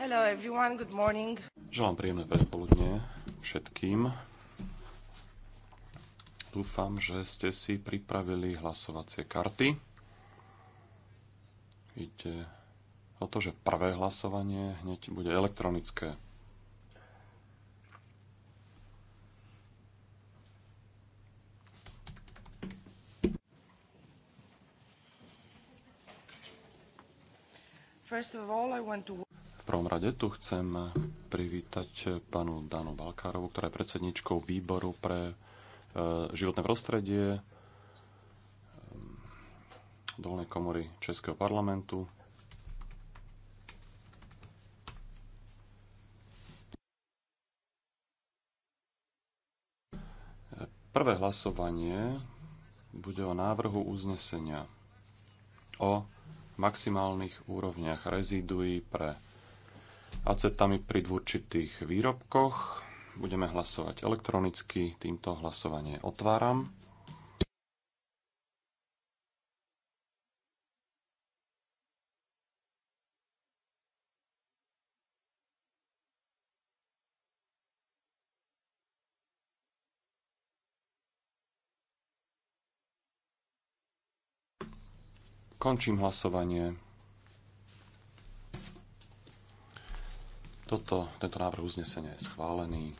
Hello everyone, good morning. Želám príjemné predpoludne všetkým. Dúfam, že ste si pripravili hlasovacie karty. Ide o to, že prvé hlasovanie hneď bude elektronické. First of all, I want to prvom rade tu chcem privítať panu Danu Balkárovu, ktorá je predsedničkou výboru pre e, životné prostredie e, dolnej komory Českého parlamentu. Prvé hlasovanie bude o návrhu uznesenia o maximálnych úrovniach reziduí pre acetami pri určitých výrobkoch. Budeme hlasovať elektronicky, týmto hlasovanie otváram. Končím hlasovanie. Toto, tento návrh uznesenia je schválený.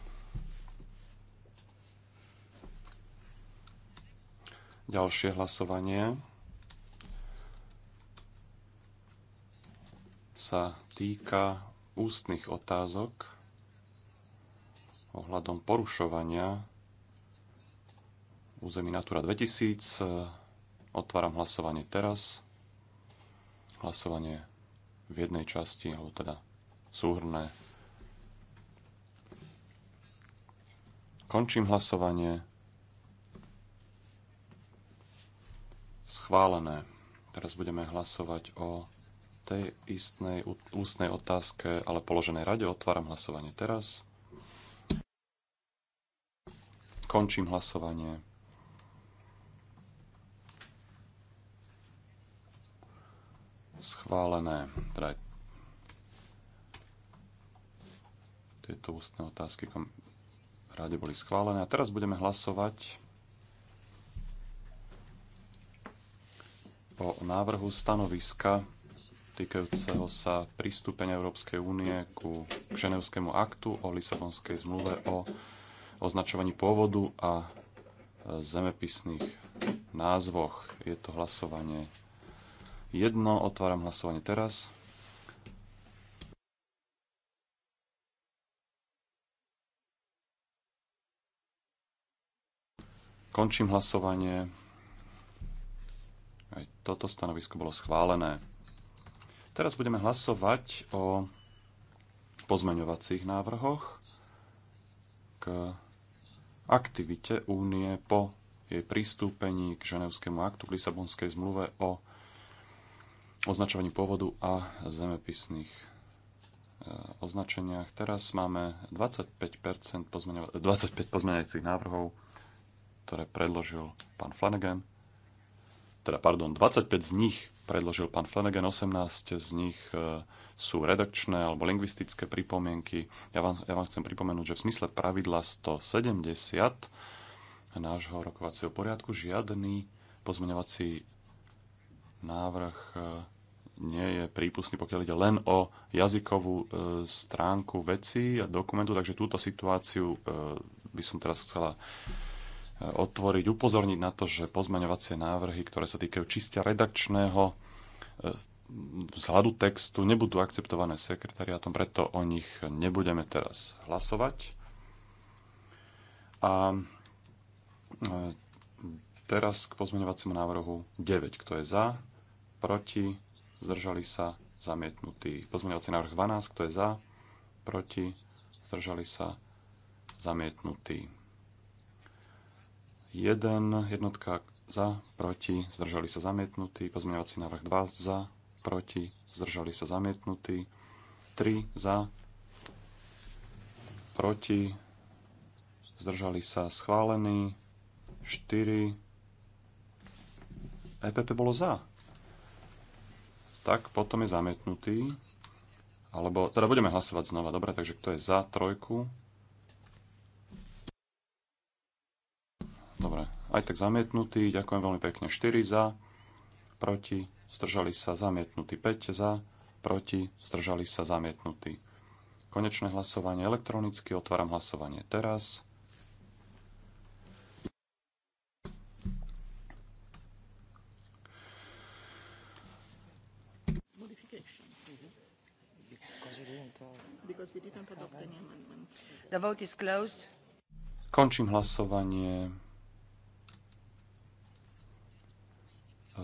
Ďalšie hlasovanie sa týka ústnych otázok ohľadom porušovania území Natura 2000. Otváram hlasovanie teraz. Hlasovanie v jednej časti, alebo teda súhrné. Končím hlasovanie. Schválené. Teraz budeme hlasovať o tej istnej ústnej otázke, ale položenej rade. Otváram hlasovanie teraz. Končím hlasovanie. Schválené. Teda Tieto ústne otázky kom- ráde boli schválené. A teraz budeme hlasovať o návrhu stanoviska týkajúceho sa pristúpenia Európskej únie ku Ženevskému aktu o Lisabonskej zmluve o označovaní pôvodu a e, zemepisných názvoch. Je to hlasovanie jedno, otváram hlasovanie teraz. Končím hlasovanie. Aj toto stanovisko bolo schválené. Teraz budeme hlasovať o pozmeňovacích návrhoch k aktivite únie po jej pristúpení k Ženevskému aktu k Lisabonskej zmluve o označovaní pôvodu a zemepisných eh, označeniach. Teraz máme 25, pozmeňova- 25 pozmeňujúcich návrhov ktoré predložil pán Flanagan. Teda, pardon, 25 z nich predložil pán Flanagan, 18 z nich e, sú redakčné alebo lingvistické pripomienky. Ja vám, ja vám chcem pripomenúť, že v smysle pravidla 170 nášho rokovacieho poriadku žiadny pozmeňovací návrh e, nie je prípustný, pokiaľ ide len o jazykovú e, stránku veci a dokumentu, takže túto situáciu by som teraz chcela otvoriť, upozorniť na to, že pozmeňovacie návrhy, ktoré sa týkajú čistia redakčného e, vzhľadu textu, nebudú akceptované sekretariátom, preto o nich nebudeme teraz hlasovať. A e, teraz k pozmeňovaciemu návrhu 9. Kto je za? Proti? Zdržali sa? Zamietnutý. Pozmeňovací návrh 12. Kto je za? Proti? Zdržali sa? Zamietnutý 1, jednotka za, proti, zdržali sa zamietnutí. Pozmeňovací návrh 2 za, proti, zdržali sa zamietnutí. 3 za, proti, zdržali sa schválení. 4, EPP bolo za. Tak potom je zamietnutý. Alebo, teda budeme hlasovať znova, dobre, takže kto je za trojku, aj tak zamietnutý. Ďakujem veľmi pekne. 4 za, proti, zdržali sa zamietnutí. 5 za, proti, zdržali sa zamietnutí. Konečné hlasovanie elektronicky, otváram hlasovanie teraz. Končím hlasovanie. E,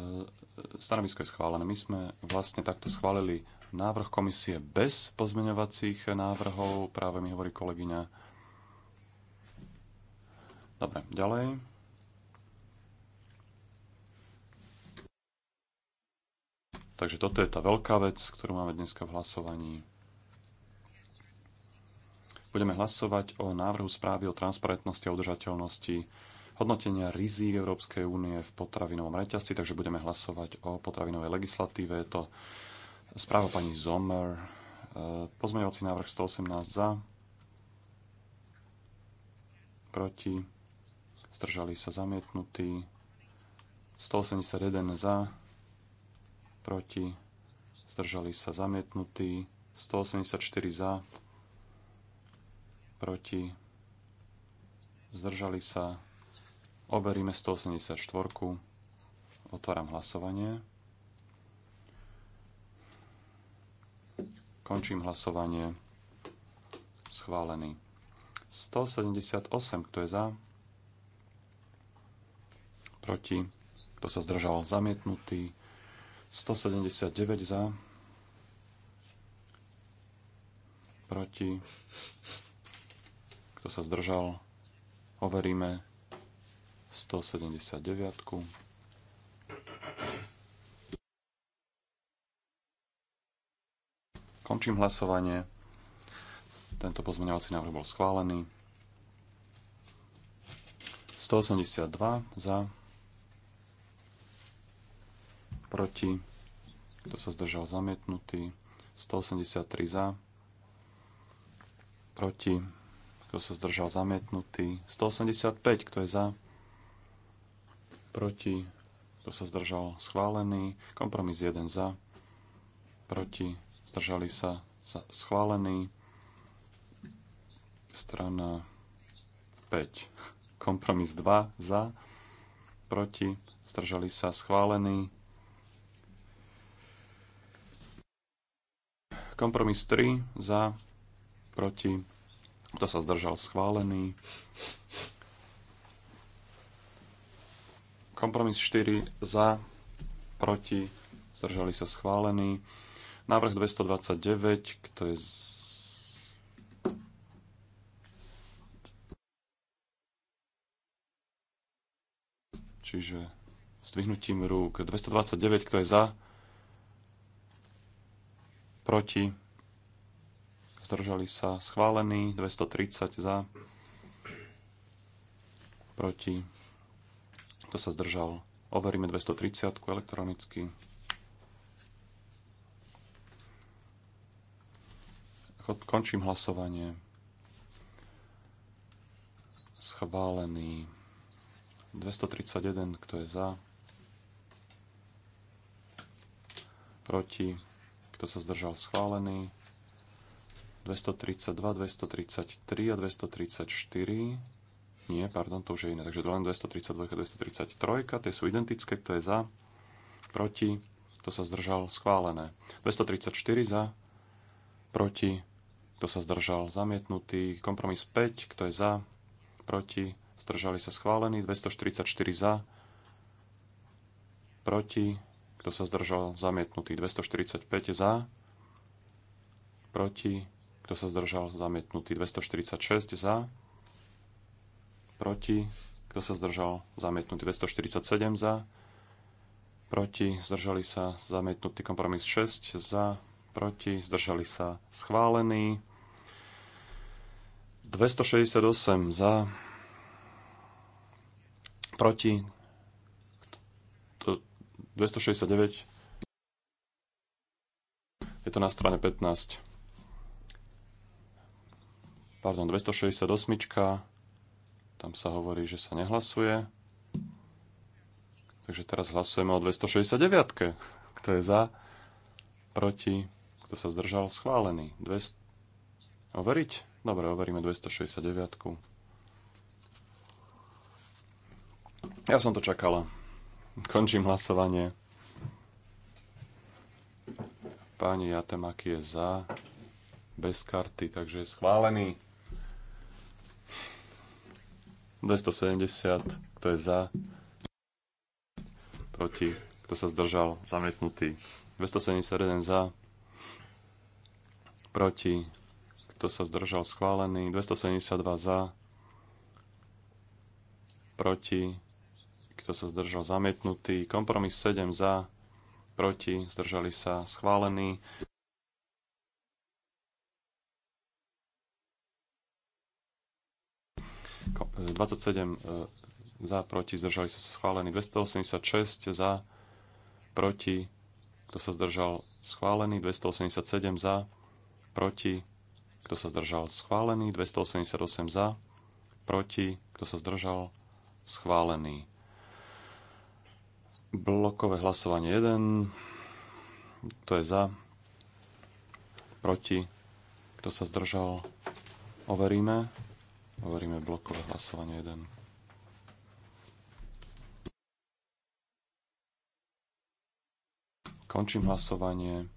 stanovisko je schválené. My sme vlastne takto schválili návrh komisie bez pozmeňovacích návrhov, práve mi hovorí kolegyňa. Dobre, ďalej. Takže toto je tá veľká vec, ktorú máme dneska v hlasovaní. Budeme hlasovať o návrhu správy o transparentnosti a udržateľnosti hodnotenia rizí Európskej únie v potravinovom reťazci, takže budeme hlasovať o potravinovej legislatíve. Je to správa pani Zomer, e, pozmeňovací návrh 118 za, proti, zdržali sa zamietnutí, 181 za, proti, zdržali sa zamietnutí, 184 za, proti, zdržali sa Overíme 184. Otváram hlasovanie. Končím hlasovanie. Schválený. 178. Kto je za? Proti. Kto sa zdržal? Zamietnutý. 179 za. Proti. Kto sa zdržal? Overíme 179. Končím hlasovanie. Tento pozmeňovací návrh bol schválený. 182 za, proti, kto sa zdržal zamietnutý, 183 za, proti, kto sa zdržal zamietnutý, 185, kto je za, proti, kto sa zdržal, schválený. Kompromis 1 za, proti, zdržali sa, za, schválený. Strana 5. Kompromis 2 za, proti, zdržali sa, schválený. Kompromis 3 za, proti, kto sa zdržal, schválený. Kompromis 4 za, proti, zdržali sa schválený. Návrh 229, kto je z... Čiže zdvihnutím rúk 229, kto je za, proti, zdržali sa schválený, 230 za, proti, kto sa zdržal? Overíme 230 elektronicky. Končím hlasovanie. Schválený. 231, kto je za? Proti? Kto sa zdržal? Schválený. 232, 233 a 234 nie, pardon, to už je iné. Takže to len 232 a 233, tie sú identické, kto je za, proti, kto sa zdržal, schválené. 234 za, proti, kto sa zdržal, zamietnutý. Kompromis 5, kto je za, proti, zdržali sa schválený. 244 za, proti, kto sa zdržal, zamietnutý. 245 za, proti, kto sa zdržal, zamietnutý. 246 za, proti, kto sa zdržal, zamietnutý 247 za, proti, zdržali sa, zamietnutý kompromis 6 za, proti, zdržali sa, schválený 268 za, proti 269 je to na strane 15 pardon 268 tam sa hovorí, že sa nehlasuje. Takže teraz hlasujeme o 269. Kto je za? Proti? Kto sa zdržal? Schválený. 200... Overiť? Dobre, overíme 269. Ja som to čakala. Končím hlasovanie. Páni Jatemaki je za, bez karty, takže je schválený. 270, kto je za, proti, kto sa zdržal, zamietnutý. 271 za, proti, kto sa zdržal, schválený. 272 za, proti, kto sa zdržal, zamietnutý. Kompromis 7 za, proti, zdržali sa, schválený. 27 e, e, za, proti, zdržali sa schválení. 286 za, proti, kto sa zdržal schválený. 287 za, proti, kto sa zdržal schválený. 288 za, proti, kto sa zdržal schválený. Blokové hlasovanie 1, to je za, proti, kto sa zdržal, overíme. Hovoríme blokové hlasovanie 1. Končím hlasovanie.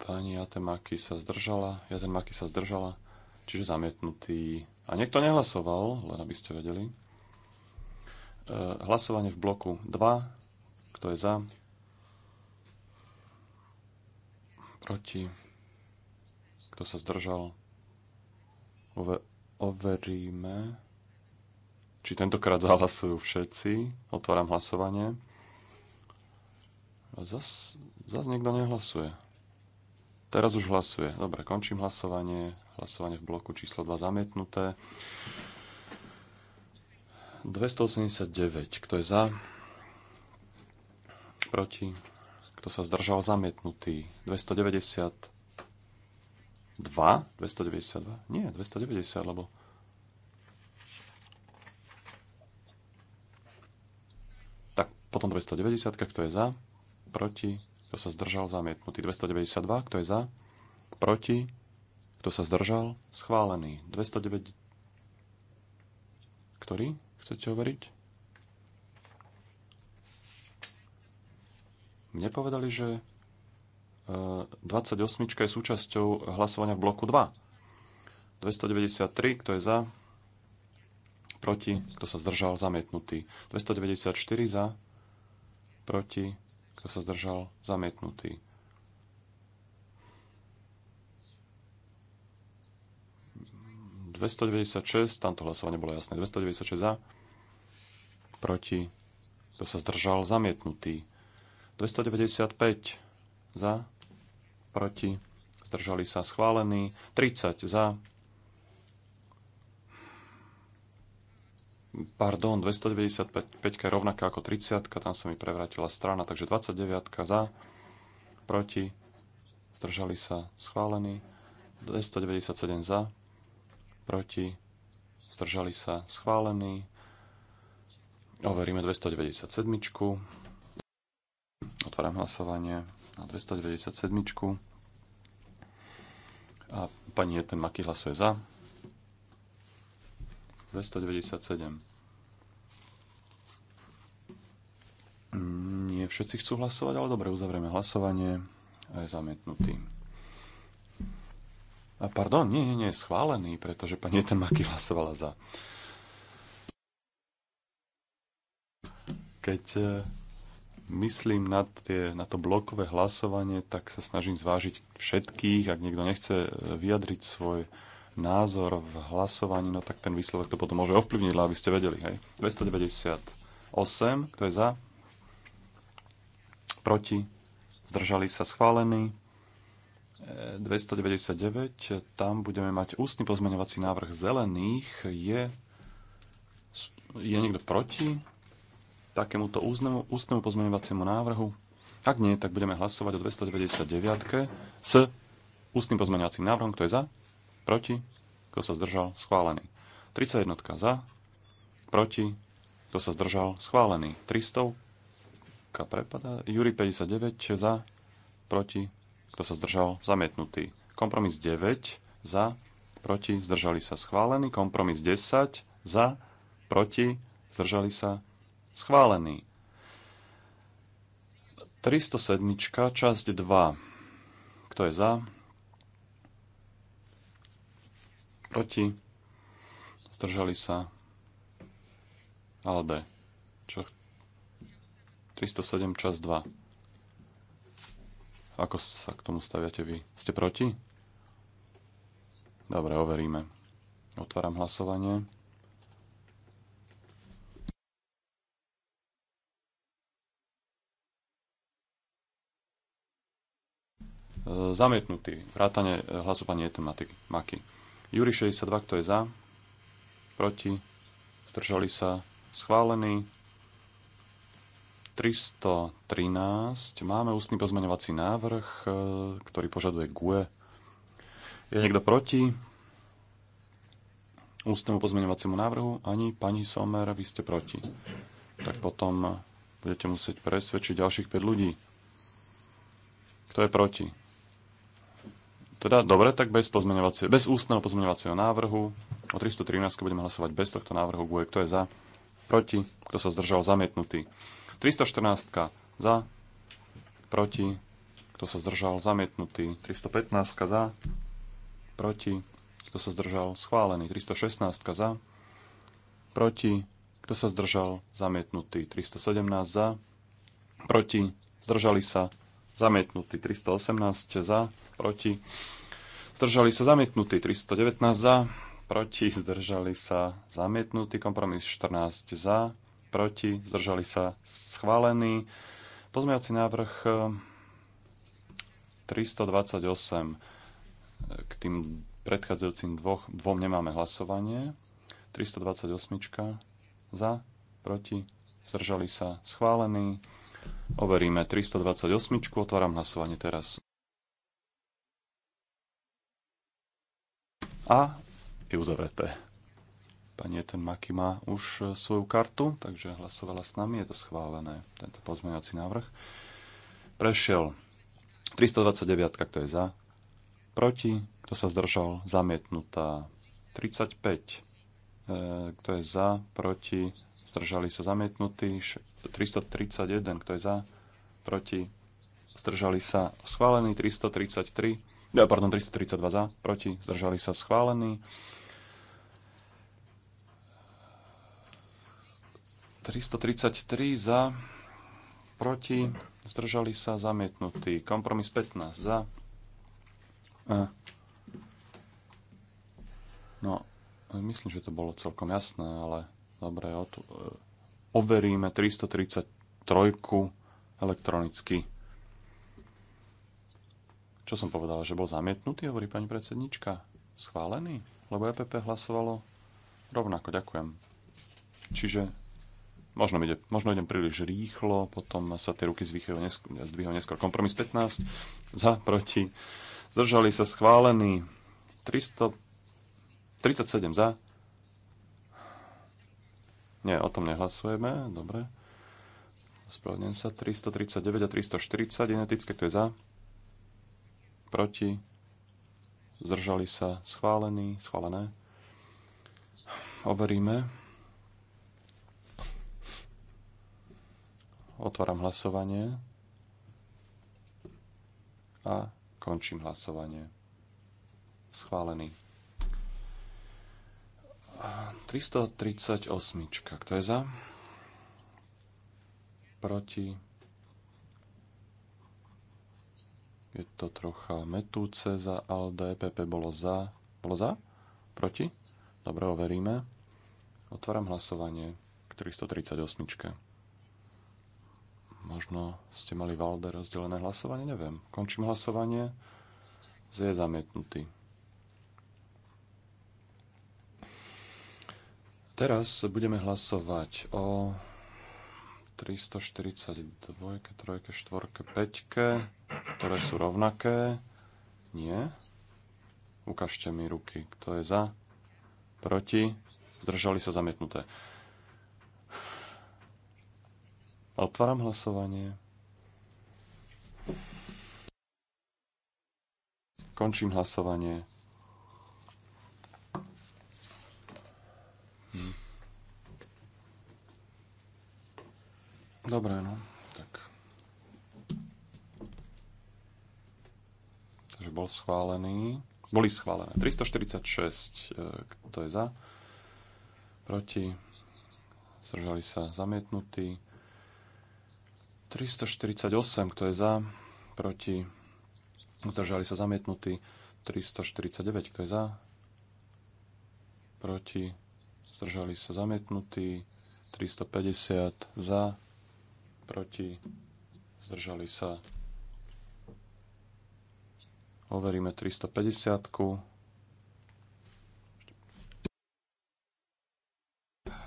Pani Atemaki sa zdržala. Atemaki sa zdržala. Čiže zamietnutý. A niekto nehlasoval, len aby ste vedeli. E, hlasovanie v bloku 2. Kto je za? Proti? Kto sa zdržal? overíme, či tentokrát zahlasujú všetci. Otváram hlasovanie. Zas, zas niekto nehlasuje. Teraz už hlasuje. Dobre, končím hlasovanie. Hlasovanie v bloku číslo 2 zamietnuté. 289. Kto je za? Proti? Kto sa zdržal? Zamietnutý. 290 292? Nie, 290, lebo... Tak, potom 290, kto je za? Proti? Kto sa zdržal? Zamietnutý. 292, kto je za? Proti? Kto sa zdržal? Schválený. 209... Ktorý? Chcete overiť? Mne povedali, že 28 je súčasťou hlasovania v bloku 2. 293, kto je za, proti, kto sa zdržal, zamietnutý. 294 za, proti, kto sa zdržal, zamietnutý. tamto hlasovanie bolo jasné. 296 za, proti, kto sa zdržal, zamietnutý. 295 za, proti, zdržali sa schválení, 30 za, pardon, 295 je rovnaká ako 30, tam sa mi prevrátila strana, takže 29 za, proti, zdržali sa schválení, 297 za, proti, zdržali sa schválení, overíme 297. Otváram hlasovanie na 297. A pani Jeten Maky hlasuje za. 297. Mm, nie všetci chcú hlasovať, ale dobre, uzavrieme hlasovanie a je zamietnutý. A pardon, nie, nie, nie, schválený, pretože pani Maky hlasovala za. Keď eh, myslím na, tie, na to blokové hlasovanie, tak sa snažím zvážiť všetkých. Ak niekto nechce e, vyjadriť svoj názor v hlasovaní, no tak ten výsledok to potom môže ovplyvniť, aby ste vedeli. Hej. 298, kto je za? Proti? Zdržali sa schválení? 299, e, tam budeme mať ústny pozmeňovací návrh zelených. Je, je niekto proti? takémuto ústnemu, pozmeňovaciemu návrhu? Ak nie, tak budeme hlasovať o 299 s ústnym pozmeňovacím návrhom. Kto je za? Proti? Kto sa zdržal? Schválený. 31 za? Proti? Kto sa zdržal? Schválený. 300 prepada. Juri 59 za? Proti? Kto sa zdržal? Zamietnutý. Kompromis 9 za? Proti? Zdržali sa? Schválený. Kompromis 10 za? Proti? Zdržali sa? Schválený. 307. časť 2. Kto je za? Proti? Zdržali sa? Alde. Čo? 307 časť 2. Ako sa k tomu staviate vy? Ste proti? Dobre, overíme. Otváram hlasovanie. E, zamietnutý. Vrátane e, hlasovania tematiky Maky. Júri 62, kto je za? Proti? Zdržali sa? Schválený. 313. Máme ústny pozmeňovací návrh, e, ktorý požaduje GUE. Je niekto proti? Ústnemu pozmeňovaciemu návrhu? Ani pani Somer, vy ste proti. Tak potom budete musieť presvedčiť ďalších 5 ľudí. Kto je proti? Teda dobre, tak bez, bez ústneho pozmeňovacieho návrhu o 313 budeme hlasovať bez tohto návrhu bude Kto je za? Proti? Kto sa zdržal? Zamietnutý. 314 za? Proti? Kto sa zdržal? Zamietnutý. 315 za? Proti? Kto sa zdržal? Schválený. 316 za? Proti? Kto sa zdržal? Zamietnutý. 317 za? Proti? Zdržali sa? Zamietnutý. 318 za? proti, zdržali sa zamietnutí 319 za, proti, zdržali sa zamietnutí, kompromis 14 za, proti, zdržali sa schválený pozmejací návrh 328 eh, eh, k tým predchádzajúcim dvoch, dvom nemáme hlasovanie. 328 za, proti, zdržali sa, schválený. Overíme 328, otváram hlasovanie teraz. a je uzavreté. Pani Eten Maki má už e, svoju kartu, takže hlasovala s nami, je to schválené, tento pozmeňovací návrh. Prešiel 329, kto je za, proti, kto sa zdržal, zamietnutá 35, e, kto je za, proti, zdržali sa zamietnutí, 331, kto je za, proti, zdržali sa schválený 333, No, pardon, 332 za, proti, zdržali sa schválení. 333 za, proti, zdržali sa zamietnutí. Kompromis 15 za. E. No, myslím, že to bolo celkom jasné, ale dobre, e, overíme 333 elektronicky. Čo som povedala, že bol zamietnutý, hovorí pani predsednička. Schválený? Lebo EPP hlasovalo rovnako, ďakujem. Čiže možno, ide, možno idem príliš rýchlo, potom sa tie ruky zdvihujú neskôr, neskôr. Kompromis 15, za, proti, zdržali sa schválený 300, 37 za. Nie, o tom nehlasujeme, dobre. Spravedlňujem sa, 339 a 340 Genetické, to je za proti, zdržali sa schválení, schválené. Overíme. Otváram hlasovanie a končím hlasovanie. Schválený. 338. Kto je za? Proti? Je to trocha metúce za ALDE. PP bolo za. Bolo za? Proti? Dobre, overíme. Otváram hlasovanie k 338. Možno ste mali v ALDE rozdelené hlasovanie, neviem. Končím hlasovanie. Z je zamietnutý. Teraz budeme hlasovať o 342, 3, 4, 5, ktoré sú rovnaké. Nie. Ukážte mi ruky, kto je za, proti, zdržali sa zamietnuté. Otváram hlasovanie. Končím hlasovanie. Dobre, no, tak. Takže bol schválený. Boli schválené. 346, e, kto je za? Proti? Zdržali sa zamietnutí. 348, kto je za? Proti? Zdržali sa zamietnutí. 349, kto je za? Proti? Zdržali sa zamietnutí. 350 za, proti, zdržali sa. Overíme 350.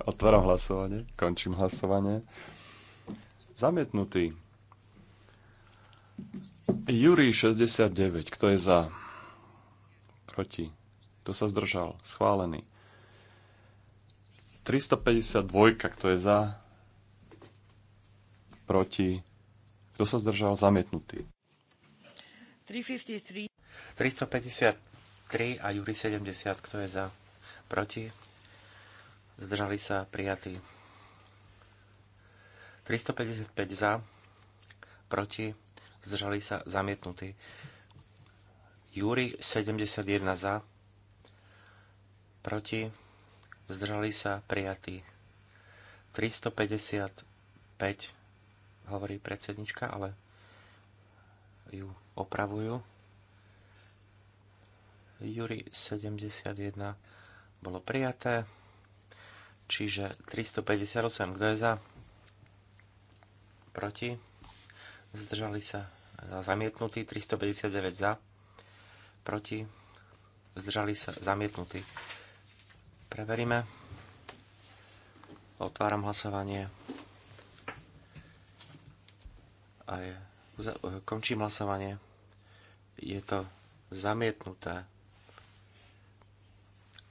Otváram hlasovanie, končím hlasovanie. Zamietnutý. Júri 69, kto je za? Proti. Kto sa zdržal? Schválený. 352, kto je za? proti, kto sa zdržal, zamietnutý. 353 a Juri 70, kto je za, proti, zdržali sa, prijatí. 355 za, proti, zdržali sa, zamietnutí. Júri 71 za, proti, zdržali sa prijatí. 355 hovorí predsednička, ale ju opravujú. Juri 71 bolo prijaté, čiže 358, kto je za? Proti? Zdržali sa za zamietnutý, 359 za, proti? Zdržali sa zamietnutý. Preveríme. Otváram hlasovanie. A je, končím hlasovanie. Je to zamietnuté.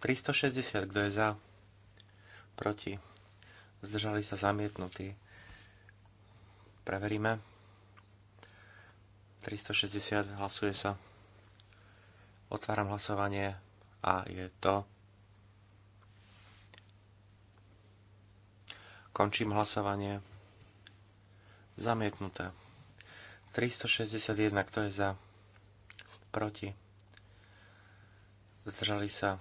360, kto je za? Proti. Zdržali sa zamietnutí. Preveríme. 360, hlasuje sa. Otváram hlasovanie a je to. Končím hlasovanie. Zamietnuté. 361, kto je za? Proti. Zdržali sa.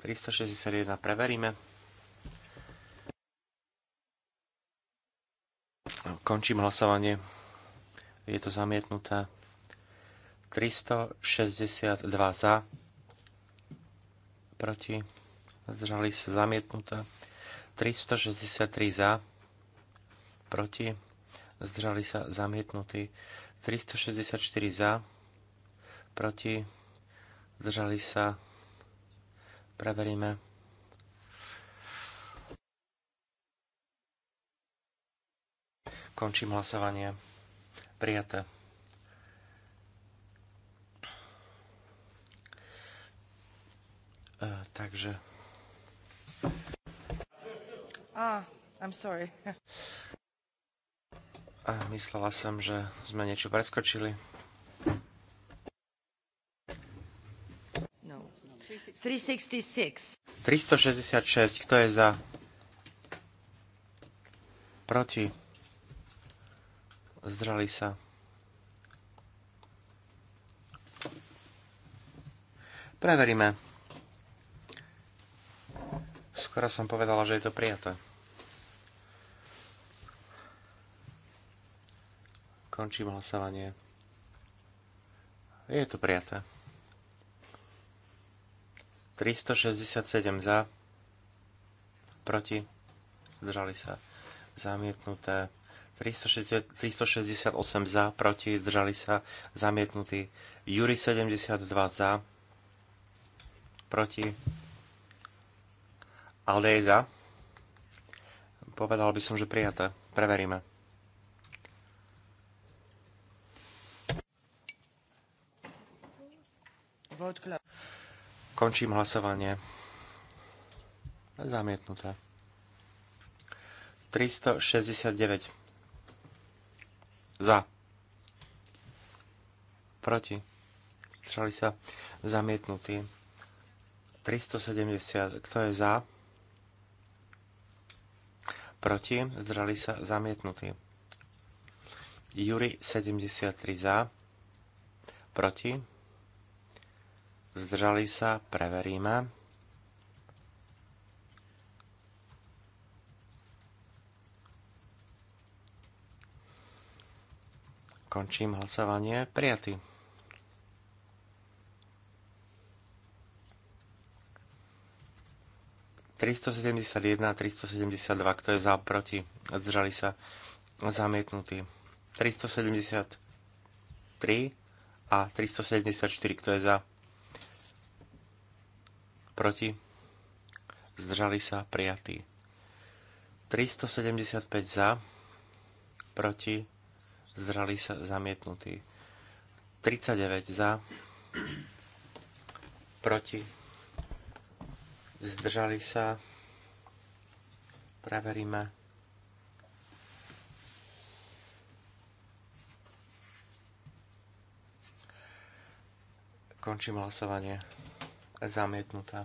361 preveríme. Končím hlasovanie. Je to zamietnuté. 362 za. Proti. Zdržali sa zamietnuté. 363 za proti, zdržali sa zamietnutí 364 za, proti, zdržali sa, preveríme. Končím hlasovanie. Prijaté. E, takže... Ah, I'm sorry. Myslela som, že sme niečo preskočili. 366. No. 366. Kto je za? Proti. Zdrali sa. Preveríme. Skoro som povedala, že je to prijaté. Končím hlasovanie. Je to prijaté. 367 za, proti, zdržali sa zamietnuté. 368 za, proti, zdržali sa zamietnutí. Juri 72 za, proti. Aldej za. Povedal by som, že prijaté. Preveríme. Končím hlasovanie. Zamietnuté. 369. Za. Proti. Zdržali sa. Zamietnutí. 370. Kto je za? Proti. Zdrali sa. Zamietnutí. Juri 73 za. Proti zdržali sa, preveríme. Končím hlasovanie. Prijatý. ...371, 372, kto je za, proti, zdržali sa, zamietnutí. 373 a 374, kto je za, proti, zdržali sa, prijatí. 375 za, proti, zdržali sa, zamietnutí. 39 za, proti, zdržali sa, preveríme. Končím hlasovanie zamietnutá.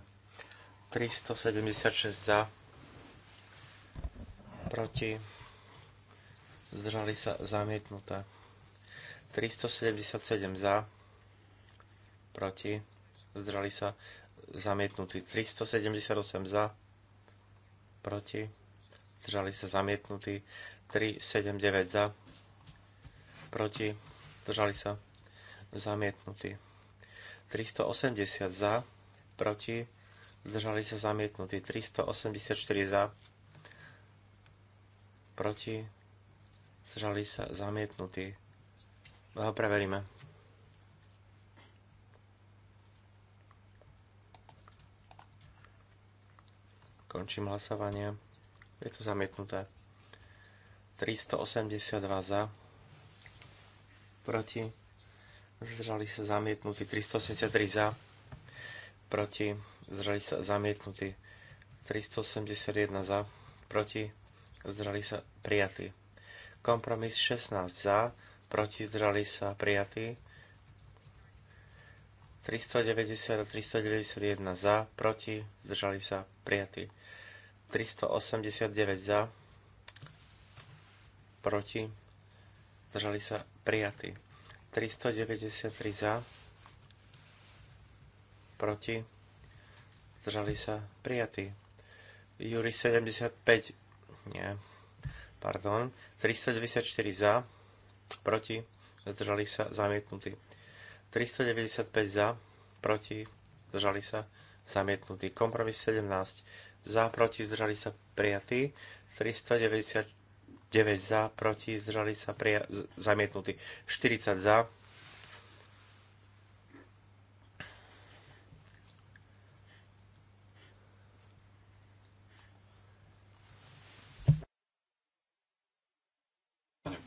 376 za, proti, zdržali sa zamietnuté. 377 za, proti, zdržali sa zamietnutí. 378 za, proti, zdržali sa zamietnutí. 379 za, proti, zdržali sa zamietnutí. 380 za, proti, zdržali sa zamietnutí 384 za, proti, zdržali sa zamietnutí. Ho preveríme. Končím hlasovanie. Je to zamietnuté. 382 za. Proti. Zdržali sa zamietnutí. 383 za proti, zdržali sa zamietnutí. 381 za, proti, zdržali sa prijatí. Kompromis 16 za, proti, zdržali sa prijatí. 390 a 391 za, proti, zdržali sa prijatí. 389 za, proti, zdržali sa prijatí. 393 za, proti, zdržali sa, prijatý. Juri 75, nie, pardon, 394 za, proti, zdržali sa, zamietnutý. 395 za, proti, zdržali sa, zamietnutý. Kompromis 17, za, proti, zdržali sa, prijatý. 399 9 za, proti, zdržali sa, prija- zamietnutí. 40 za,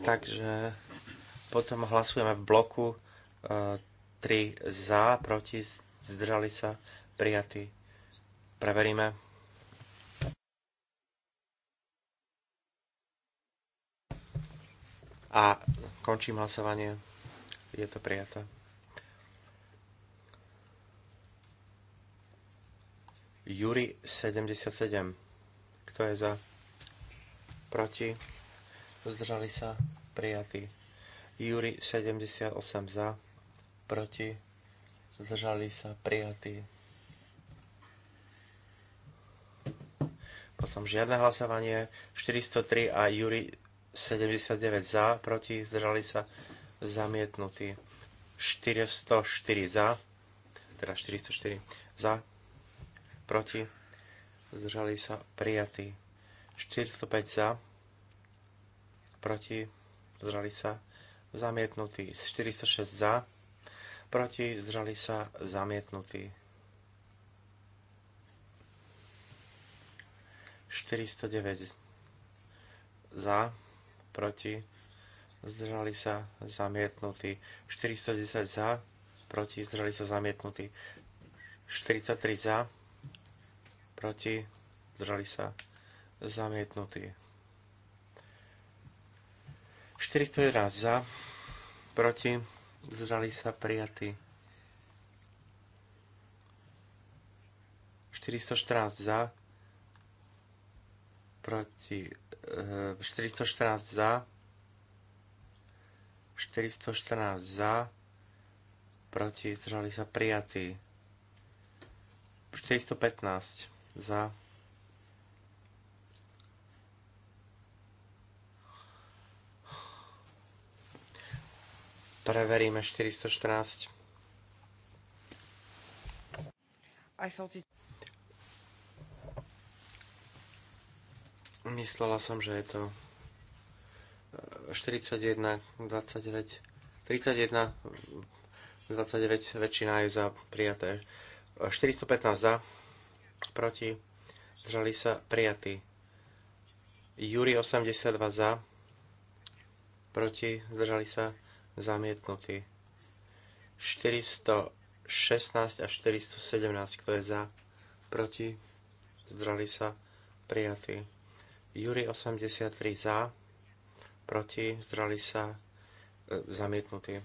Takže potom hlasujeme v bloku 3 e, za, proti, zdržali sa, prijatí. Preveríme. A končím hlasovanie. Je to prijaté. Juri 77. Kto je za? Proti? zdržali sa, prijatý. Júri 78 za, proti, zdržali sa, prijatý. Potom žiadne hlasovanie, 403 a Júri 79 za, proti, zdržali sa, zamietnutý. 404 za, teda 404 za, proti, zdržali sa, prijatý. 405 za, proti, zdržali sa, zamietnutý. 406 za, proti, zdržali sa, zamietnutý. 409 za, proti, zdržali sa, zamietnutý. 410 za, proti, zdržali sa, zamietnutý. 43 za, proti, zdržali sa, zamietnutý. 411 za, proti, zdržali sa prijatí. 414 za, proti, 414 e, za, 414 za, proti, zdržali sa prijatí. 415 za, Preveríme 414. Myslela som, že je to 41, 29, 31, 29, väčšina je za prijaté. 415 e, za, proti, zdržali sa prijatí. Júri 82 za, proti, zdržali sa prijatí zamietnutý. 416 a 417, kto je za, proti, zdrali sa, prijatý. Júri 83 za, proti, zdrali sa, e, zamietnutý.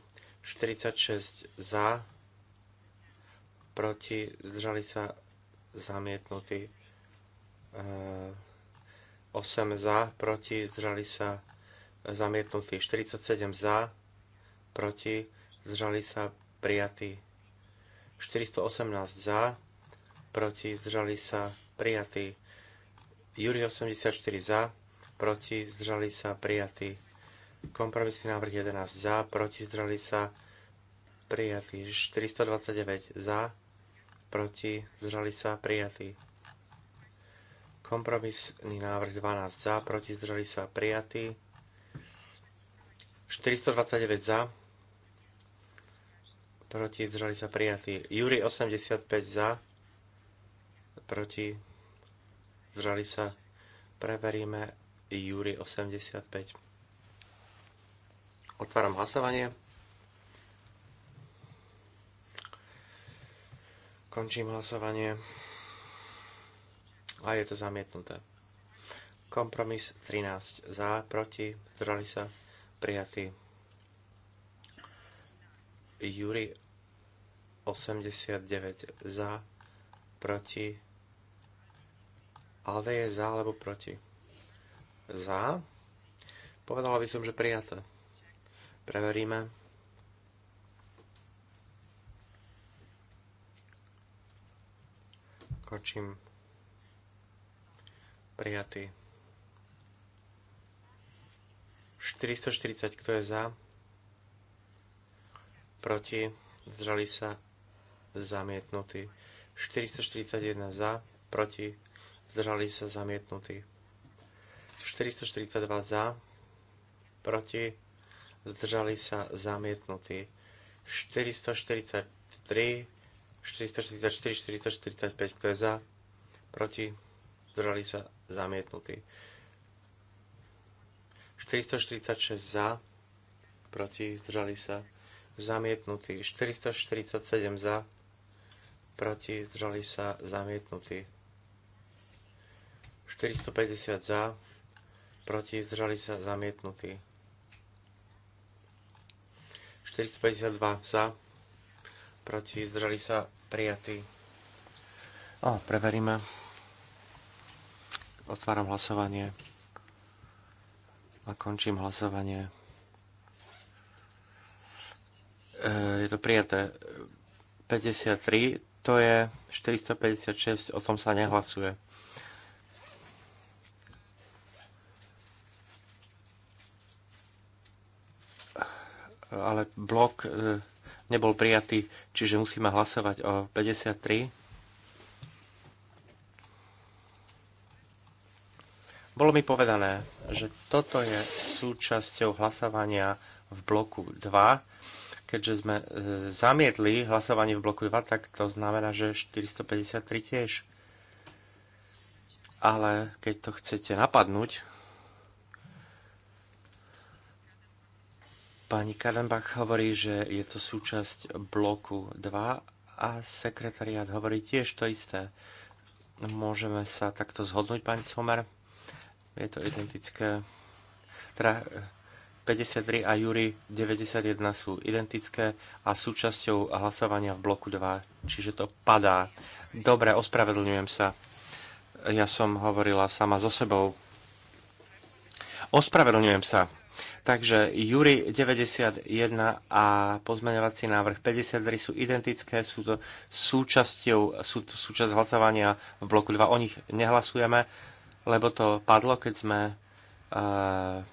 46 za, proti, zdrali sa, zamietnutý. E, 8 za, proti, zdrali sa, e, zamietnutý, 47 za, proti, zdržali sa prijatí. 418 za, proti, zdržali sa prijatí. Júri 84 za, proti, zdržali sa prijatí. Kompromisný návrh 11 za, proti, zdržali sa prijatí. 429 za, proti, zdržali sa prijatí. Kompromisný návrh 12 za, proti, zdržali sa prijatí. 429 za, proti, zdržali sa prijatí. Júri 85 za, proti, zdržali sa. Preveríme Júri 85. Otváram hlasovanie. Končím hlasovanie. A je to zamietnuté. Kompromis 13 za, proti, zdržali sa, prijatí. Juri 89 za, proti. Alde je za alebo proti? Za. Povedala by som, že prijaté. Preveríme. Končím. Prijatý. 440, kto je za? proti, zdržali sa, zamietnutí. 441 za, proti, zdržali sa, zamietnutí. 442 za, proti, zdržali sa, zamietnutí. 443, 444, 445, kto je za, proti, zdržali sa, zamietnutí. 446 za, proti, zdržali sa, zamietnutí zamietnutý. 447 za, proti, zdržali sa, zamietnutý. 450 za, proti, zdržali sa, zamietnutý. 452 za, proti, zdržali sa, prijatý. O, preveríme. Otváram hlasovanie a končím hlasovanie. Eh, je to prijaté 53, to je 456, o tom sa nehlasuje. Ale blok eh, nebol prijatý, čiže musíme hlasovať o 53. Bolo mi povedané, že toto je súčasťou hlasovania v bloku 2 keďže sme e, zamietli hlasovanie v bloku 2, tak to znamená, že 453 tiež. Ale keď to chcete napadnúť, pani Kadenbach hovorí, že je to súčasť bloku 2 a sekretariat hovorí tiež to isté. Môžeme sa takto zhodnúť, pani Somer? Je to identické. Teda e, 53 a Júri 91 sú identické a súčasťou hlasovania v bloku 2, čiže to padá. Dobre, ospravedlňujem sa. Ja som hovorila sama so sebou. Ospravedlňujem sa. Takže Júri 91 a pozmeňovací návrh 53 sú identické, sú to súčasťou, sú to súčasť hlasovania v bloku 2. O nich nehlasujeme, lebo to padlo, keď sme uh,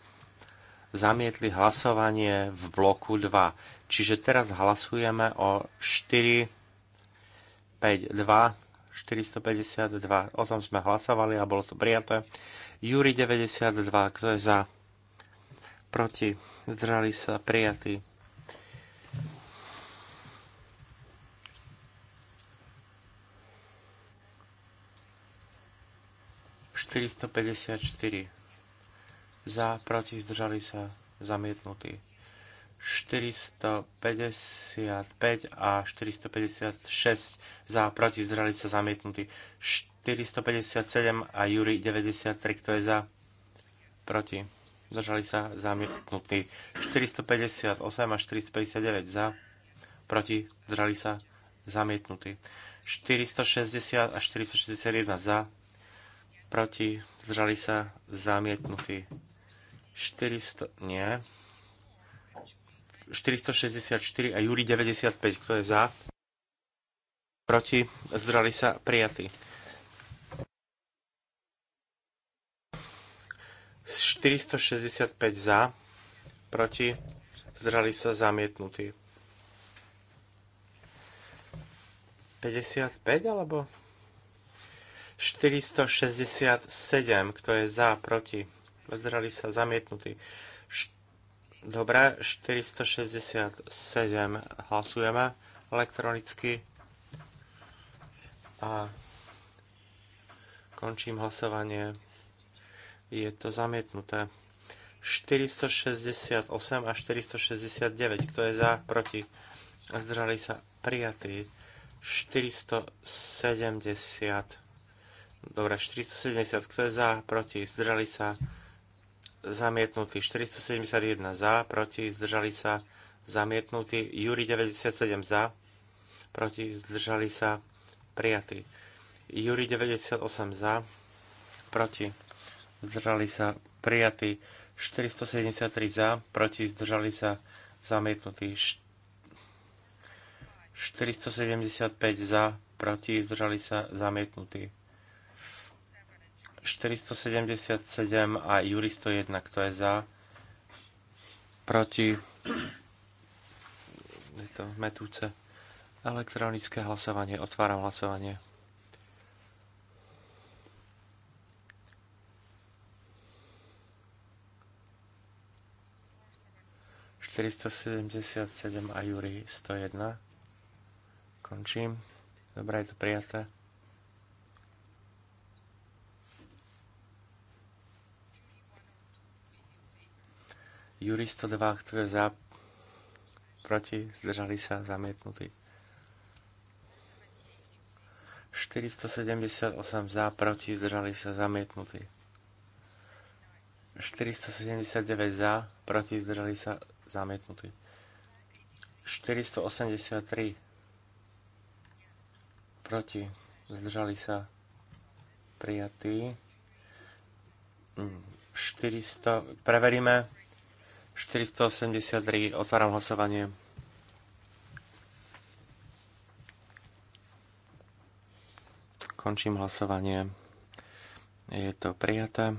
zamietli hlasovanie v bloku 2. Čiže teraz hlasujeme o 4, 5, 2, 452. O tom sme hlasovali a bolo to prijaté. Júri 92, kto je za? Proti? Zdrali sa? Prijatý? Štyristo päťdesiat štyri za, proti, zdržali sa, zamietnutí. 455 a 456 za, proti, zdržali sa, zamietnutí. 457 a Júri 93, kto je za, proti, zdržali sa, zamietnutí. 458 a 459 za, proti, zdržali sa, zamietnutí. 460 a 461 za, proti, zdržali sa, zamietnutí. 400, nie. 464 a Júri 95, kto je za? Proti, zdrali sa, prijatí. 465 za, proti, zdrali sa, zamietnutí. 55 alebo 467, kto je za, proti, zdržali sa zamietnutí. Dobre, 467 hlasujeme elektronicky a končím hlasovanie. Je to zamietnuté. 468 a 469. Kto je za, proti? Zdržali sa prijatí. 470. Dobre, 470. Kto je za, proti? Zdržali sa prijatí zamietnutý 471 za, proti zdržali sa zamietnutý Júri 97 za, proti zdržali sa prijatý Júri 98 za, proti zdržali sa prijatý 473 za, proti zdržali sa zamietnutý 475 za, proti zdržali sa zamietnutý 477 a Juri 101, kto je za, proti, je to metúce, elektronické hlasovanie, otváram hlasovanie. ...477 a Júri 101. Končím. Dobre, je to prijaté. Juri 102, ktoré je za, proti, zdržali sa, zamietnutí. 478 za, proti, zdržali sa, zamietnutí. 479 za, proti, zdržali sa, zamietnutí. 483 proti, zdržali sa, prijatý. 400, mm, preveríme. 483. Otváram hlasovanie. Končím hlasovanie. Je to prijaté.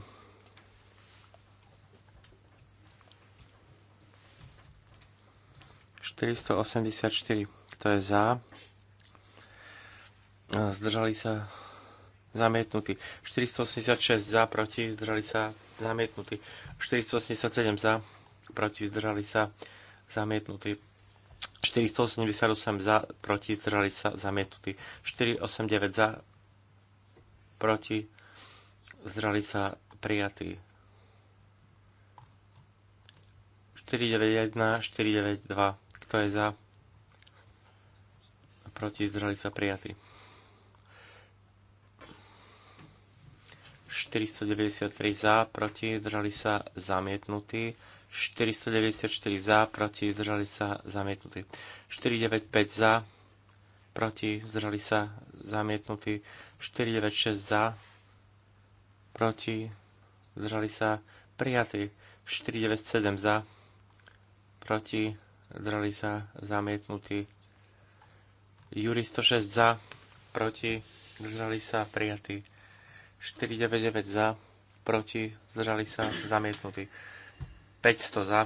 Kto je za? Zdržali sa zamietnutí. 486 za, proti, zdržali sa zamietnutí. 487 za, proti zdržali sa zamietnutí. 488 za, proti zdržali sa zamietnutí. 489 za, proti zdržali sa prijatí. 491, 492, kto je za? Proti zdržali sa prijatí. 493 za, proti zdržali sa zamietnutí. 494 za, proti, zdržali sa, zamietnutí. 495 za, proti, zdržali sa, zamietnutí. 496 za, proti, zdržali sa, prijatí. 497 za, proti, zdržali sa, zamietnutí. Juri 106 za, proti, zdržali sa, prijatí. 499 za, proti, zdržali sa, zamietnutí. 500 za,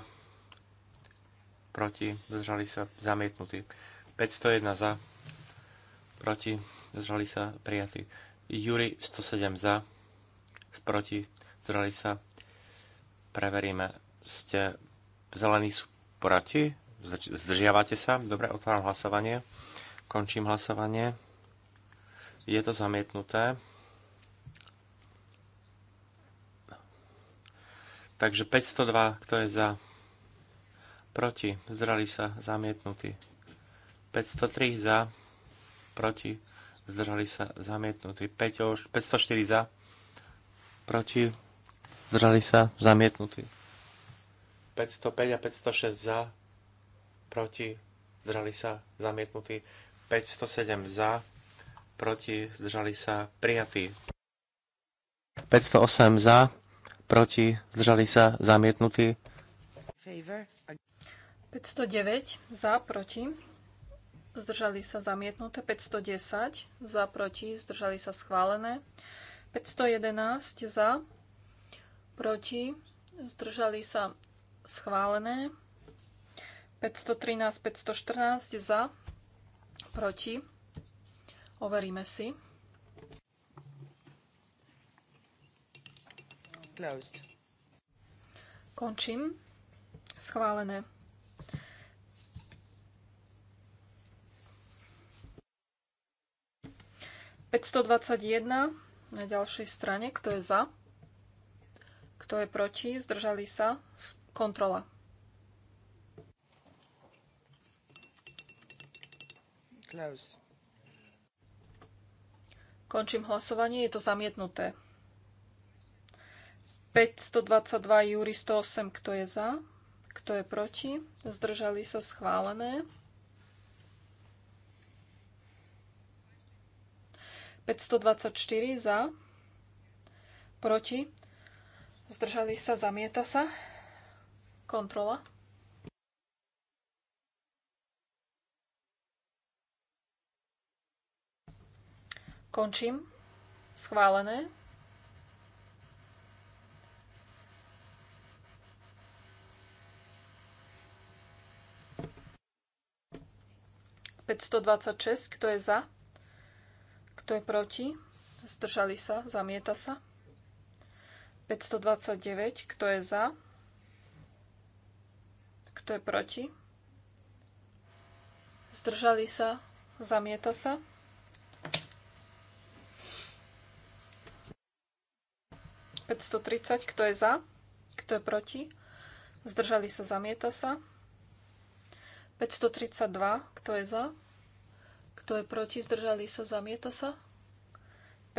proti, zdržali sa, zamietnutí. 501 za, proti, zdržali sa, prijatí. Juri 107 za, proti, zdržali sa, preveríme. Ste zelení sú proti, zdržiavate sa, dobre, otváram hlasovanie, končím hlasovanie. Je to zamietnuté. Takže 502, kto je za? Proti. Zdrali sa. zamietnutí, 503 za. Proti. Zdržali sa. zamietnutí, 504 za. Proti. Zdrali sa. zamietnutí, 505 a 506 za. Proti. Zdržali sa. zamietnutí, 507 za. Proti. Zdržali sa. prijatí. 508 za proti, zdržali sa, zamietnutí. 509 za, proti, zdržali sa, zamietnuté. 510 za, proti, zdržali sa, schválené. 511 za, proti, zdržali sa, schválené. 513, 514 za, proti. Overíme si. Closed. Končím. Schválené. Päťstodvadsaťjedna na ďalšej strane. Kto je za? Kto je proti? Zdržali sa? Kontrola. Close. Končím hlasovanie, je to zamietnuté. 522 Júri 108, kto je za, kto je proti, zdržali sa schválené. 524 za, proti, zdržali sa, zamieta sa, kontrola. Končím. Schválené. 526, kto je za, kto je proti, zdržali sa, zamieta sa. 529, kto je za, kto je proti, zdržali sa, zamieta sa. 530, kto je za, kto je proti, zdržali sa, zamieta sa. 532, kto je za? Kto je proti? Zdržali sa, zamieta sa.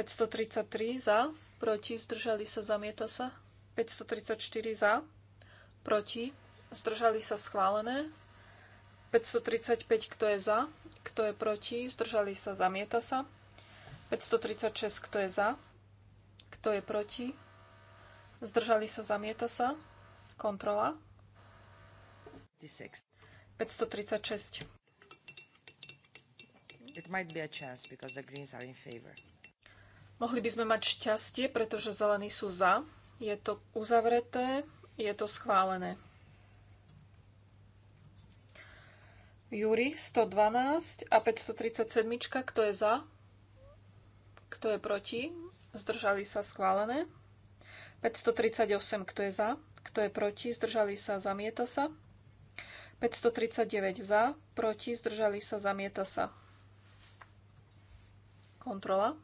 533 za, proti, zdržali sa, zamieta sa. 534 za, proti, zdržali sa, schválené. 535, kto je za, kto je proti, zdržali sa, zamieta sa. 536, kto je za, kto je proti, zdržali sa, zamieta sa. Kontrola. 56. 536. It might be a chance because the greens are in favor. Mohli by sme mať šťastie, pretože zelení sú za. Je to uzavreté, je to schválené. Júri 112 a 537, kto je za? Kto je proti? Zdržali sa schválené. 538, kto je za? Kto je proti? Zdržali sa, zamieta sa. 539 za, proti, zdržali sa, zamieta sa. Kontrola.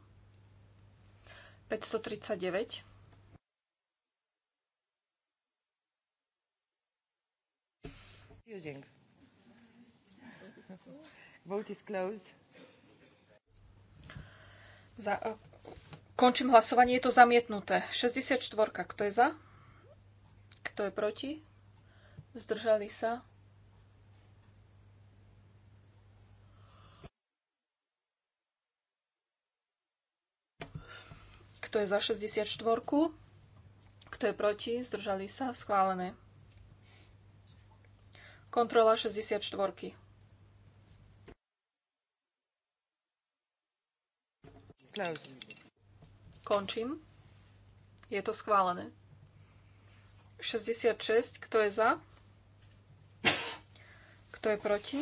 539. Using. Vote is closed. Za, e, končím hlasovanie, je to zamietnuté. 64. Kto je za? Kto je proti? Zdržali sa? Kto je za 64? Kto je proti? Zdržali sa? Schválené. Kontrola 64. Končím. Je to schválené. 66. Kto je za? Kto je proti?